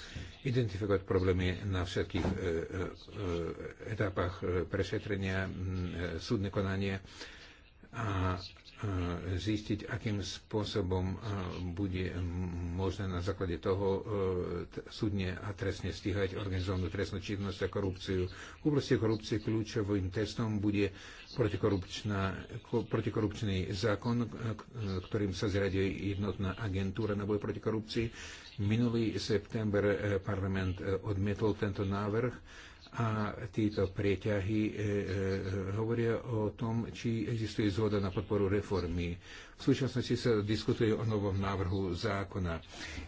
identifikovať problémy na všetkých e, e, etapách prešetrenia, súdne konanie a zistiť, akým spôsobom bude možné na základe toho e, súdne a trestne stíhať organizovanú trestnú činnosť a korupciu. V oblasti korupcie kľúčovým testom bude protikorupčný zákon, ktorým sa zriaduje jednotná agentúra na boj proti korupcii. Minulý september e, parlament e, odmietol tento návrh a tieto prieťahy e, e, hovoria o tom, či existuje zhoda na podporu reformy. V súčasnosti sa diskutuje o novom návrhu zákona.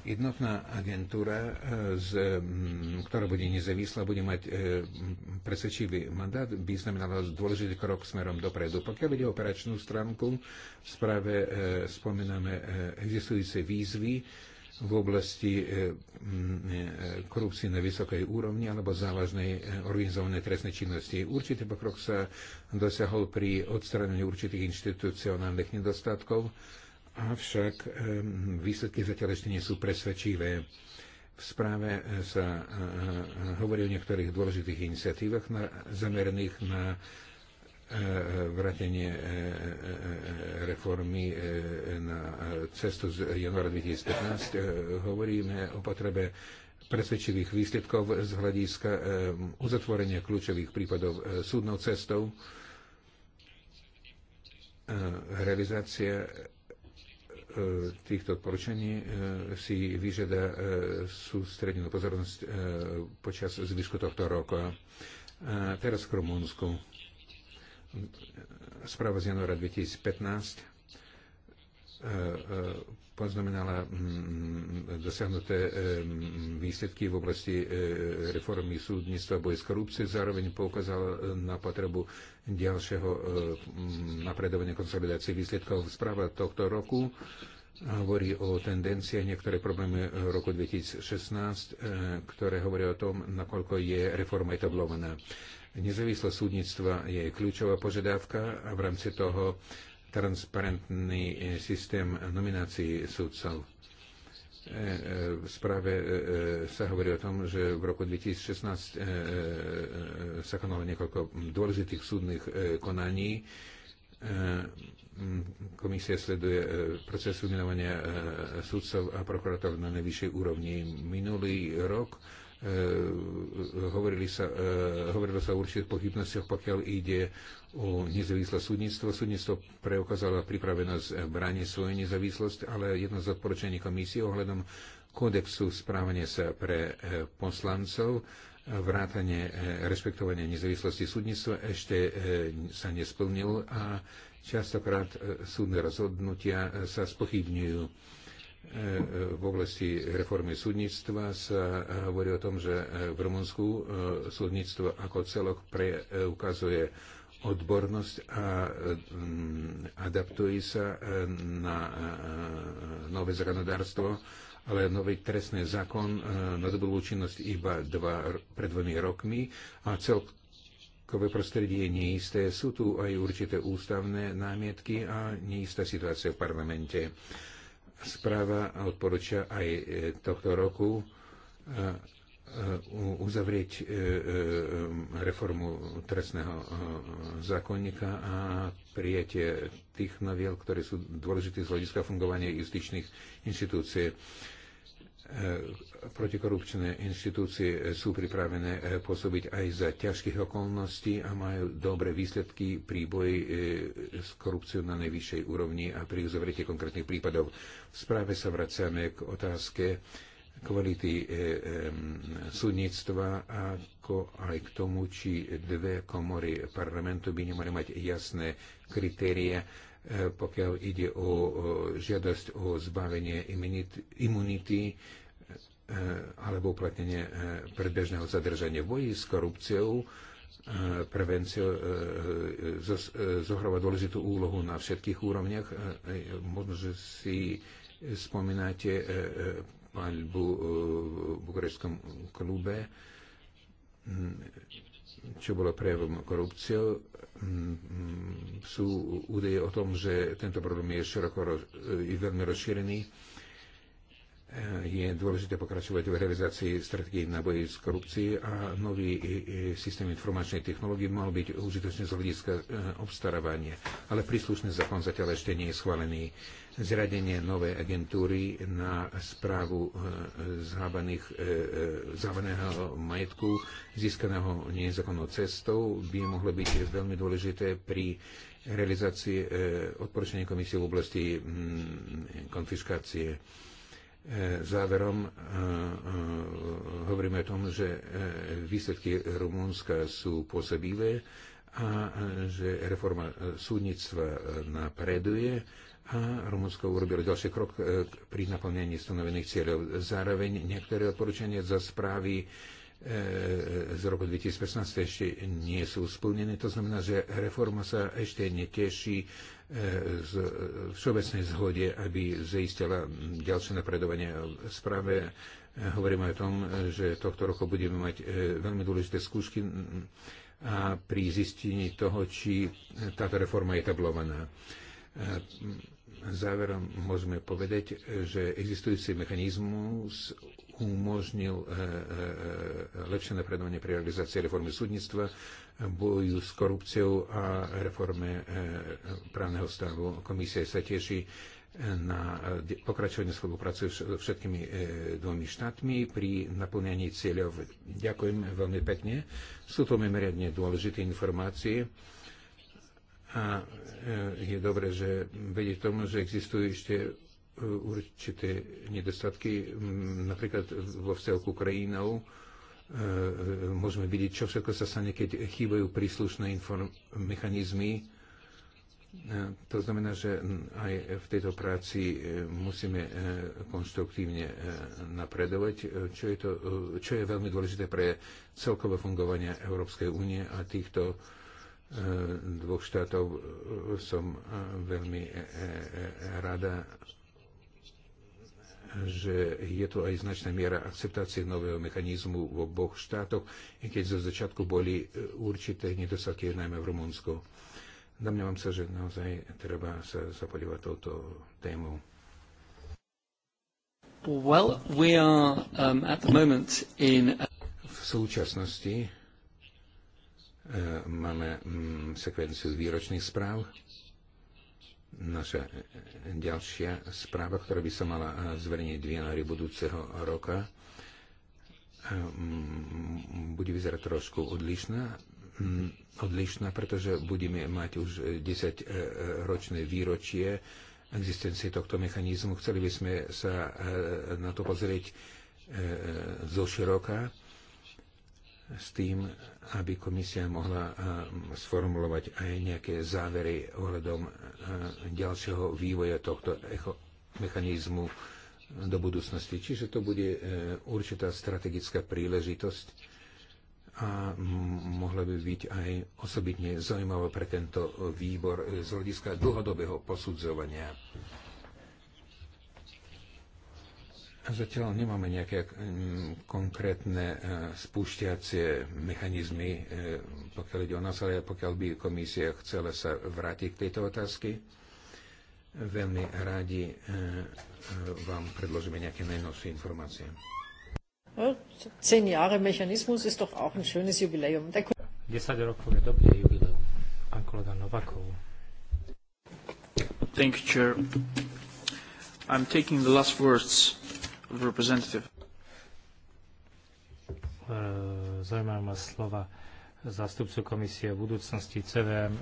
Jednotná agentúra, e, z, ktorá bude nezávislá, bude mať e, presvedčivý mandát, by znamenala dôležitý krok smerom dopredu. Pokiaľ ide o operačnú stránku, v správe e, spomíname e, existujúce výzvy, v oblasti e, e, korupcie na vysokej úrovni alebo závažnej e, organizovanej trestnej činnosti. Určitý pokrok sa dosiahol pri odstranení určitých inštitucionálnych nedostatkov, avšak výsledky zatiaľ ešte nie sú presvedčivé. V správe sa hovorí o niektorých dôležitých iniciatívach na, zameraných na E, e, vrátenie e, reformy na cestu z januára 2015. Hovoríme o potrebe presvedčivých výsledkov z hľadiska uzatvorenia kľúčových prípadov súdnou cestou, realizácia týchto odporúčaní si vyžiada sústredenú pozornosť počas zvyšku tohto roka. teraz k Rumunsku správa z januára 2015 e, e, poznamenala mm, mm, dosiahnuté e, mm, výsledky v oblasti reformy súdnictva a boje s korupcie, zároveň poukázala na potrebu ďalšieho napredovania konsolidácie výsledkov. Správa tohto roku hovorí o tendenciách, niektoré problémy roku 2016, ktoré hovoria o tom, nakoľko je reforma etablovaná. Nezávislosť súdnictva je kľúčová požiadavka a v rámci toho transparentný e, systém nominácií súdcov. E, e, v správe sa hovorí o tom, že v roku 2016 sa konalo niekoľko dôležitých súdnych konaní. Komisia sleduje proces vymenovania súdcov a prokurátorov na najvyššej úrovni. Minulý rok E, hovorili sa, e, hovorilo sa o určitých pochybnostiach, pokiaľ ide o nezávislé súdnictvo. Súdnictvo preukázalo pripravenosť brániť svoju nezávislosť, ale jedno z odporúčaní komisie ohľadom kódexu správania sa pre e, poslancov vrátanie respektovania nezávislosti súdnictva ešte sa nesplnil a častokrát súdne rozhodnutia sa spochybňujú v oblasti reformy súdnictva sa hovorí o tom, že v Rumunsku e, súdnictvo ako celok preukazuje odbornosť a mm, adaptuje sa e, na e, nové zákonodárstvo, ale nový trestný zákon nadobudol účinnosť iba dva, pred dvomi rokmi a celkové prostredie je neisté. Sú tu aj určité ústavné námietky a neistá situácia v parlamente. Správa odporúča aj e, tohto roku e, e, uzavrieť reformu trestného zákonníka a prijatie tých noviel, ktoré sú dôležité z hľadiska fungovania justičných inštitúcií. E, protikorupčné inštitúcie e, sú pripravené e, pôsobiť aj za ťažkých okolností a majú dobré výsledky pri boji s korupciou na najvyššej úrovni a pri uzavretí konkrétnych prípadov. V správe sa vraciame k otázke kvality súdnictva, ako aj k tomu, či dve komory parlamentu by nemali mať jasné kritéria E, pokiaľ ide o žiadosť o zbavenie imunity e, alebo uplatnenie e, predbežného zadržania boji s korupciou, prevencia zohráva dôležitú úlohu na všetkých úrovniach. Možno, že si spomínate paľbu v Bukureštskom klube, čo bolo prejavom korupciou Mm, sú údaje o tom, že tento problém je široko roz, je veľmi rozšírený. Eh, je dôležité pokračovať v realizácii strategie na boji s korupcií a nový eh, eh, systém informačnej technológie mal byť užitočný z hľadiska obstarávania, ale príslušný zákon zatiaľ ešte nie je schválený zradenie novej agentúry na správu e, e, e, zhábaného majetku získaného nezákonnou cestou by mohlo byť veľmi dôležité pri realizácii odporúčania komisie v oblasti mm, konfiskácie. Záverom hovoríme o tom, že výsledky Rumúnska sú pôsobivé a že reforma súdnictva napreduje a Rumunsko urobilo ďalší krok e, pri naplnení stanovených cieľov. Zároveň niektoré odporúčania za správy e, z roku 2015 ešte nie sú splnené. To znamená, že reforma sa ešte neteší e, z všeobecnej zhode, aby zaistila ďalšie napredovanie v správe. Hovoríme o tom, že tohto roku budeme mať veľmi dôležité skúšky a pri zistení toho, či táto reforma je tablovaná Záverom môžeme povedať, že existujúci mechanizmus umožnil e, e, e, lepšie napredovanie pri realizácii reformy súdnictva, boju s korupciou a reforme právneho stavu. Komisia sa teší na pokračovanie spolupráce s všetkými dvomi štátmi pri naplňaní cieľov. Ďakujem veľmi pekne. Sú to mimoriadne dôležité informácie. A e, je dobré, že vedieť tomu, že existujú ešte e, určité nedostatky, napríklad vo vzťahu k Ukrajinou, e, môžeme vidieť, čo všetko sa stane, keď chýbajú príslušné mechanizmy. To znamená, že aj v tejto práci musíme konštruktívne napredovať, čo je, to, čo je veľmi dôležité pre celkové fungovanie Európskej únie a týchto E, dvoch štátov e, som e, veľmi rada, že je tu aj značná miera akceptácie nového mechanizmu v oboch štátoch, i keď zo začiatku boli určité nedostatky, najmä v Rumunsku. Domnievam sa, že naozaj treba sa zapodívať touto tému. Well, we are, um, at the moment in... V súčasnosti E, máme mm, sekvenciu z výročných správ. Naša e, ďalšia správa, ktorá by sa mala e, zverejniť v januári budúceho roka, mm, bude vyzerať trošku odlišná, mm, odlišná, pretože budeme mať už 10-ročné výročie existencie tohto mechanizmu. Chceli by sme sa na to pozrieť zo široka s tým, aby komisia mohla sformulovať aj nejaké závery ohľadom ďalšieho vývoja tohto mechanizmu do budúcnosti. Čiže to bude e, určitá strategická príležitosť a mohla by byť aj osobitne zaujímavá pre tento výbor z hľadiska dlhodobého posudzovania. Zatiaľ nemáme nejaké mm, konkrétne e, spúšťacie mechanizmy, e, pokiaľ ide o nás, ale pokiaľ by komisia chcela sa vrátiť k tejto otázky, veľmi rádi e, vám predložíme nejaké najnovšie informácie. 10 no, Jahre Mechanismus ist doch auch ein schönes Jubiläum. 10 rokov je dobré jubileum. Pán kolega Novakov. Thank you, Chair. I'm taking the last words representative. E, Zaujímajú ma slova zástupcu komisie budúcnosti CVM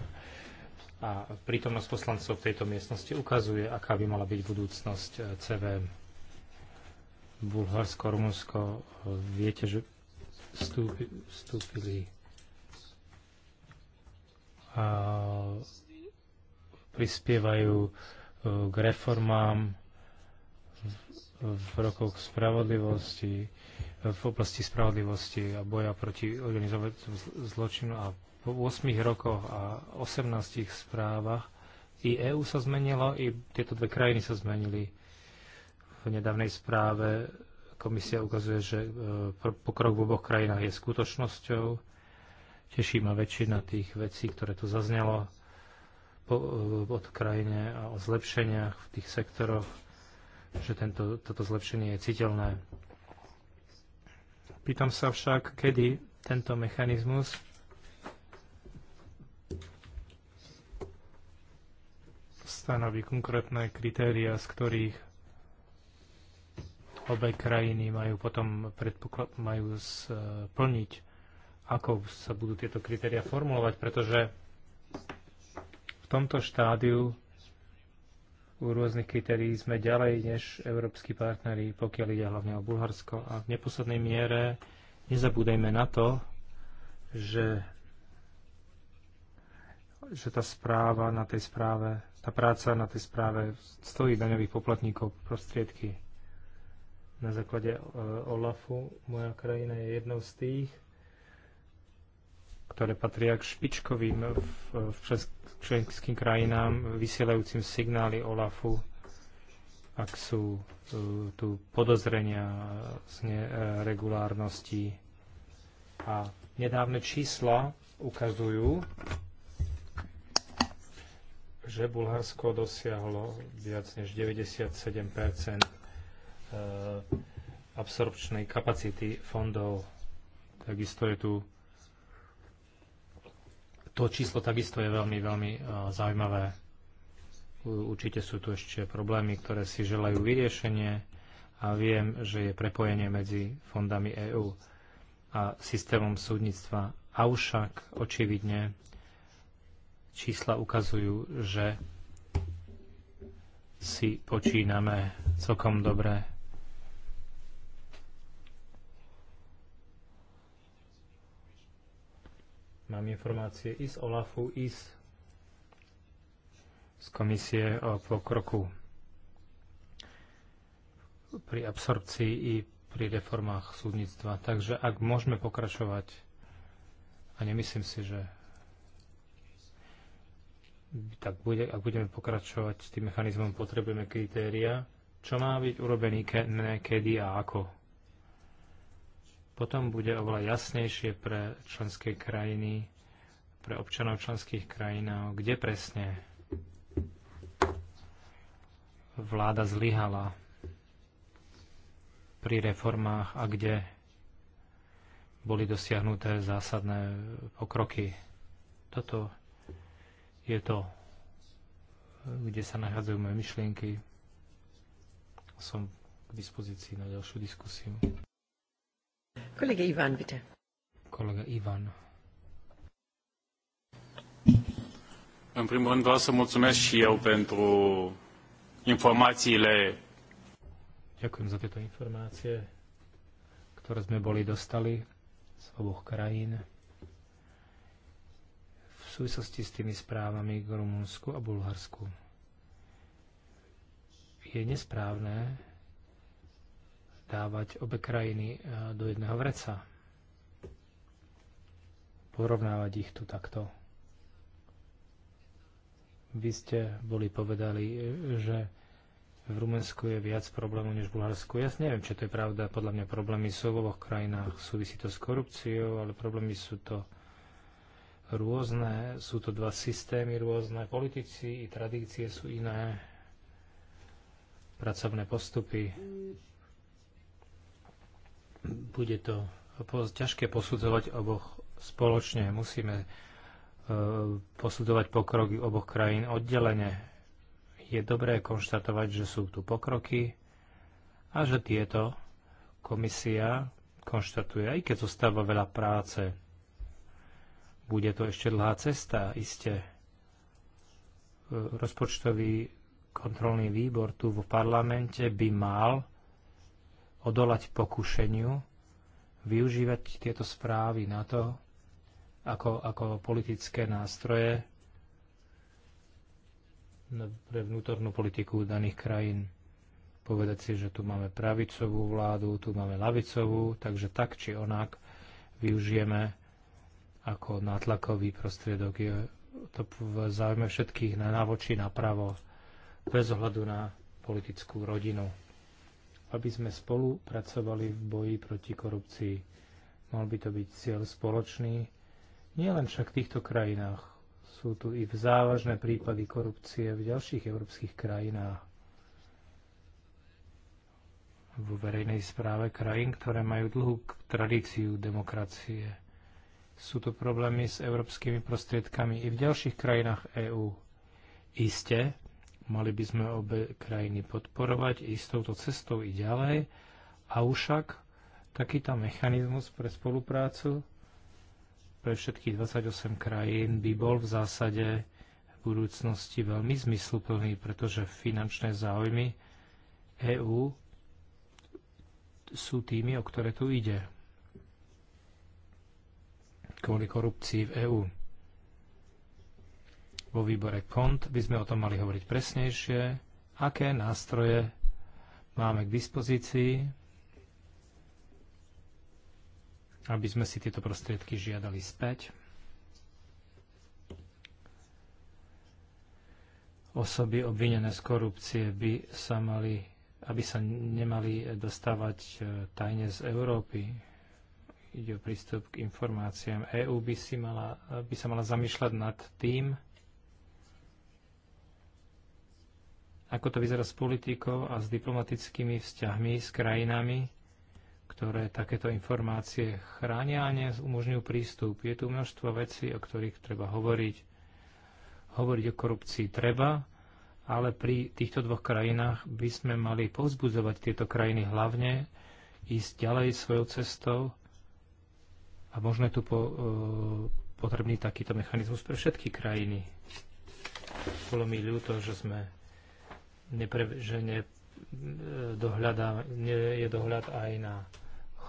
a prítomnosť poslancov v tejto miestnosti ukazuje, aká by mala byť budúcnosť e, CVM. Bulharsko, Rumunsko, e, viete, že vstúpili a prispievajú k reformám v rokoch spravodlivosti, v oblasti spravodlivosti a boja proti organizovanému zločinu a po 8 rokoch a 18 správach i EÚ sa zmenilo, i tieto dve krajiny sa zmenili. V nedávnej správe komisia ukazuje, že e, pokrok v oboch krajinách je skutočnosťou. Teší ma väčšina tých vecí, ktoré tu zaznelo e, od krajine a o zlepšeniach v tých sektoroch že tento, toto zlepšenie je citeľné. Pýtam sa však, kedy tento mechanizmus stanoví konkrétne kritéria, z ktorých obe krajiny majú potom majú splniť, e, ako sa budú tieto kritéria formulovať, pretože v tomto štádiu u rôznych kritérií sme ďalej než európsky partneri, pokiaľ ide hlavne o Bulharsko. A v neposlednej miere nezabúdajme na to, že, že tá správa na tej správe, tá práca na tej správe stojí daňových poplatníkov prostriedky. Na základe e, OLAFu moja krajina je jednou z tých, ktoré patria k špičkovým v členským krajinám, vysielajúcim signály OLAFu, ak sú e, tu podozrenia z neregulárnosti A nedávne čísla ukazujú, že Bulharsko dosiahlo viac než 97 e, absorpčnej kapacity fondov. Takisto je tu to číslo takisto je veľmi, veľmi e, zaujímavé. Určite sú tu ešte problémy, ktoré si želajú vyriešenie a viem, že je prepojenie medzi fondami EÚ a systémom súdnictva. Avšak očividne čísla ukazujú, že si počíname celkom dobre Mám informácie i z OLAFu, i z, z komisie o pokroku pri absorpcii i pri reformách súdnictva. Takže ak môžeme pokračovať, a nemyslím si, že tak bude, ak budeme pokračovať tým mechanizmom, potrebujeme kritéria, čo má byť urobený, ke, kedy a ako potom bude oveľa jasnejšie pre členské krajiny, pre občanov členských krajín, kde presne vláda zlyhala pri reformách a kde boli dosiahnuté zásadné pokroky. Toto je to, kde sa nachádzajú moje myšlienky. Som k dispozícii na ďalšiu diskusiu. Kollege Ivan, bitte. Kollege Ivan. În primul rând vreau să mulțumesc și eu pentru informațiile. Ďakujem za tieto informácie, ktoré sme boli dostali z oboch krajín v súvislosti s tými správami k Rumunsku a Bulharsku. Je nesprávne, dávať obe krajiny e, do jedného vreca. Porovnávať ich tu takto. Vy ste boli povedali, e, že v Rumensku je viac problémov než v Bulharsku. Ja neviem, či to je pravda. Podľa mňa problémy sú v oboch krajinách. Súvisí to s korupciou, ale problémy sú to rôzne. Sú to dva systémy rôzne. Politici i tradície sú iné. Pracovné postupy bude to ťažké posudzovať oboch spoločne. Musíme e, posudzovať pokroky oboch krajín oddelene. Je dobré konštatovať, že sú tu pokroky a že tieto komisia konštatuje, aj keď zostáva veľa práce. Bude to ešte dlhá cesta, iste. E, rozpočtový kontrolný výbor tu v parlamente by mal odolať pokušeniu využívať tieto správy na to, ako, ako politické nástroje pre vnútornú politiku daných krajín. Povedať si, že tu máme pravicovú vládu, tu máme lavicovú, takže tak či onak využijeme ako nátlakový prostriedok. Je to v záujme všetkých na navoči napravo, bez ohľadu na politickú rodinu aby sme spolupracovali v boji proti korupcii. Mal by to byť cieľ spoločný, nielen však v týchto krajinách. Sú tu i v závažné prípady korupcie v ďalších európskych krajinách. Vo verejnej správe krajín, ktoré majú dlhú tradíciu demokracie. Sú to problémy s európskymi prostriedkami i v ďalších krajinách EÚ. Isté, Mali by sme obe krajiny podporovať i s touto cestou i ďalej. A však takýto mechanizmus pre spoluprácu pre všetkých 28 krajín by bol v zásade v budúcnosti veľmi zmysluplný, pretože finančné záujmy EÚ sú tými, o ktoré tu ide kvôli korupcii v EÚ. Vo výbore KONT by sme o tom mali hovoriť presnejšie, aké nástroje máme k dispozícii, aby sme si tieto prostriedky žiadali späť. Osoby obvinené z korupcie by sa mali, aby sa nemali dostávať e, tajne z Európy. Ide o prístup k informáciám. EÚ by, si mala, by sa mala zamýšľať nad tým, Ako to vyzerá s politikou a s diplomatickými vzťahmi s krajinami, ktoré takéto informácie chránia a umožňujú prístup. Je tu množstvo vecí, o ktorých treba hovoriť. Hovoriť o korupcii treba, ale pri týchto dvoch krajinách by sme mali povzbudzovať tieto krajiny hlavne ísť ďalej svojou cestou a možno je tu po, e, potrebný takýto mechanizmus pre všetky krajiny. Bolo mi ľúto, že sme nepre, že ne, dohľada, ne, je dohľad aj na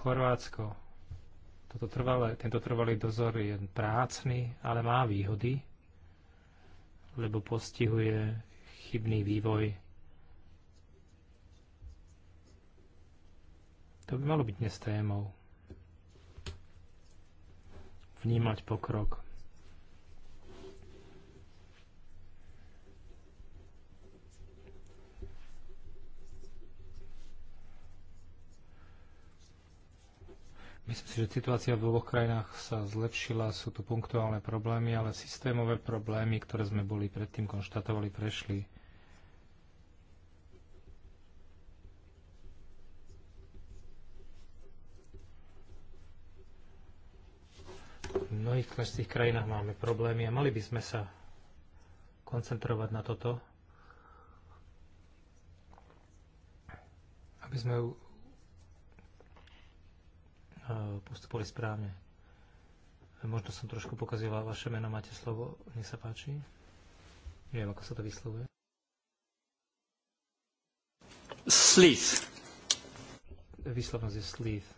Chorvátsko. Toto trvalé, tento trvalý dozor je prácný, ale má výhody, lebo postihuje chybný vývoj To by malo byť dnes témou. Vnímať pokrok. Myslím si, že situácia v oboch krajinách sa zlepšila, sú tu punktuálne problémy, ale systémové problémy, ktoré sme boli predtým konštatovali, prešli. V mnohých členských krajinách máme problémy a mali by sme sa koncentrovať na toto, aby sme postupovali správne. Možno som trošku pokazila vaše meno, máte slovo, nech sa páči. Neviem, ako sa to vyslovuje. Slith. Výslovnosť je slith.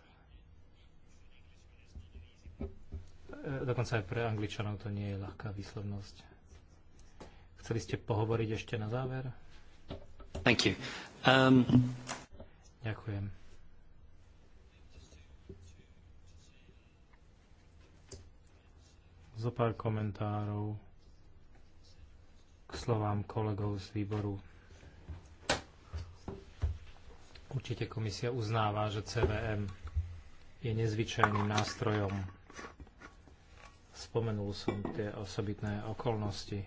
E, dokonca aj pre angličanov to nie je ľahká výslovnosť. Chceli ste pohovoriť ešte na záver? Thank you. Um... Ďakujem. zo pár komentárov k slovám kolegov z výboru. Určite komisia uznáva, že CVM je nezvyčajným nástrojom. Spomenul som tie osobitné okolnosti,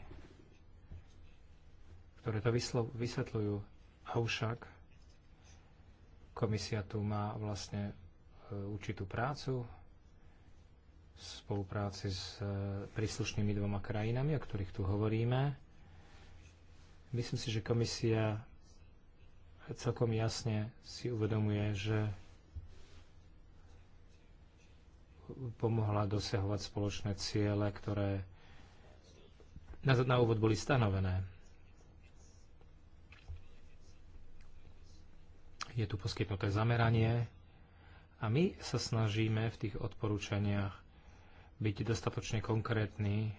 ktoré to vysvetľujú. A však komisia tu má vlastne e, určitú prácu, v spolupráci s e, príslušnými dvoma krajinami, o ktorých tu hovoríme. Myslím si, že komisia celkom jasne si uvedomuje, že pomohla dosahovať spoločné ciele, ktoré na, na úvod boli stanovené. Je tu poskytnuté zameranie a my sa snažíme v tých odporúčaniach byť dostatočne konkrétny,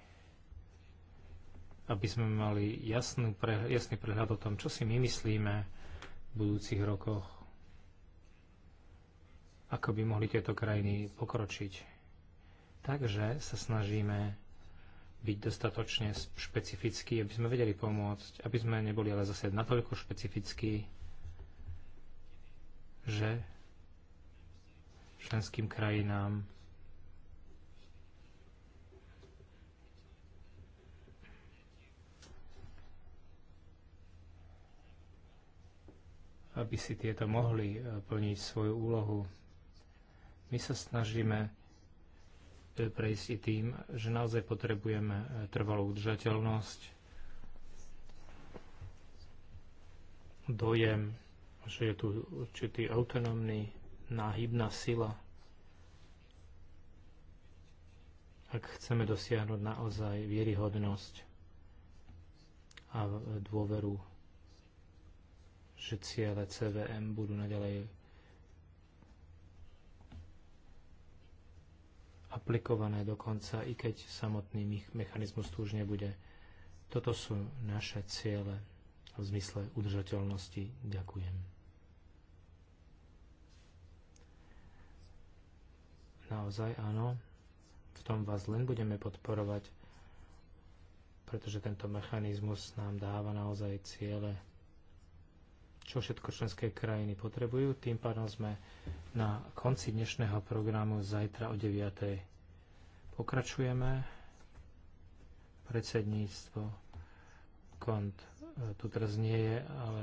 aby sme mali jasnú pre, jasný prehľad o tom, čo si my myslíme v budúcich rokoch, ako by mohli tieto krajiny pokročiť. Takže sa snažíme byť dostatočne špecifickí, aby sme vedeli pomôcť, aby sme neboli ale zase natoľko špecifickí, že členským krajinám aby si tieto mohli e, plniť svoju úlohu. My sa snažíme e, prejsť i tým, že naozaj potrebujeme e, trvalú udržateľnosť, dojem, že je tu určitý autonómny náhybná sila. Ak chceme dosiahnuť naozaj vieryhodnosť a dôveru že ciele CVM budú naďalej aplikované dokonca, i keď samotný mechanizmus tu už nebude. Toto sú naše ciele v zmysle udržateľnosti. Ďakujem. Naozaj áno, v tom vás len budeme podporovať, pretože tento mechanizmus nám dáva naozaj ciele čo všetko členské krajiny potrebujú. Tým pádom sme na konci dnešného programu zajtra o 9. Pokračujeme. Predsedníctvo kont e, tu teraz nie je, ale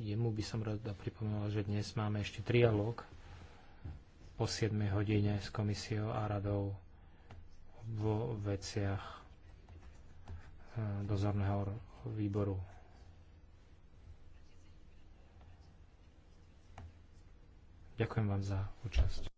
jemu by som rada pripomenula, že dnes máme ešte trialog po 7 hodine s komisiou a radou vo veciach e, dozorného výboru Ďakujem vám za účasť.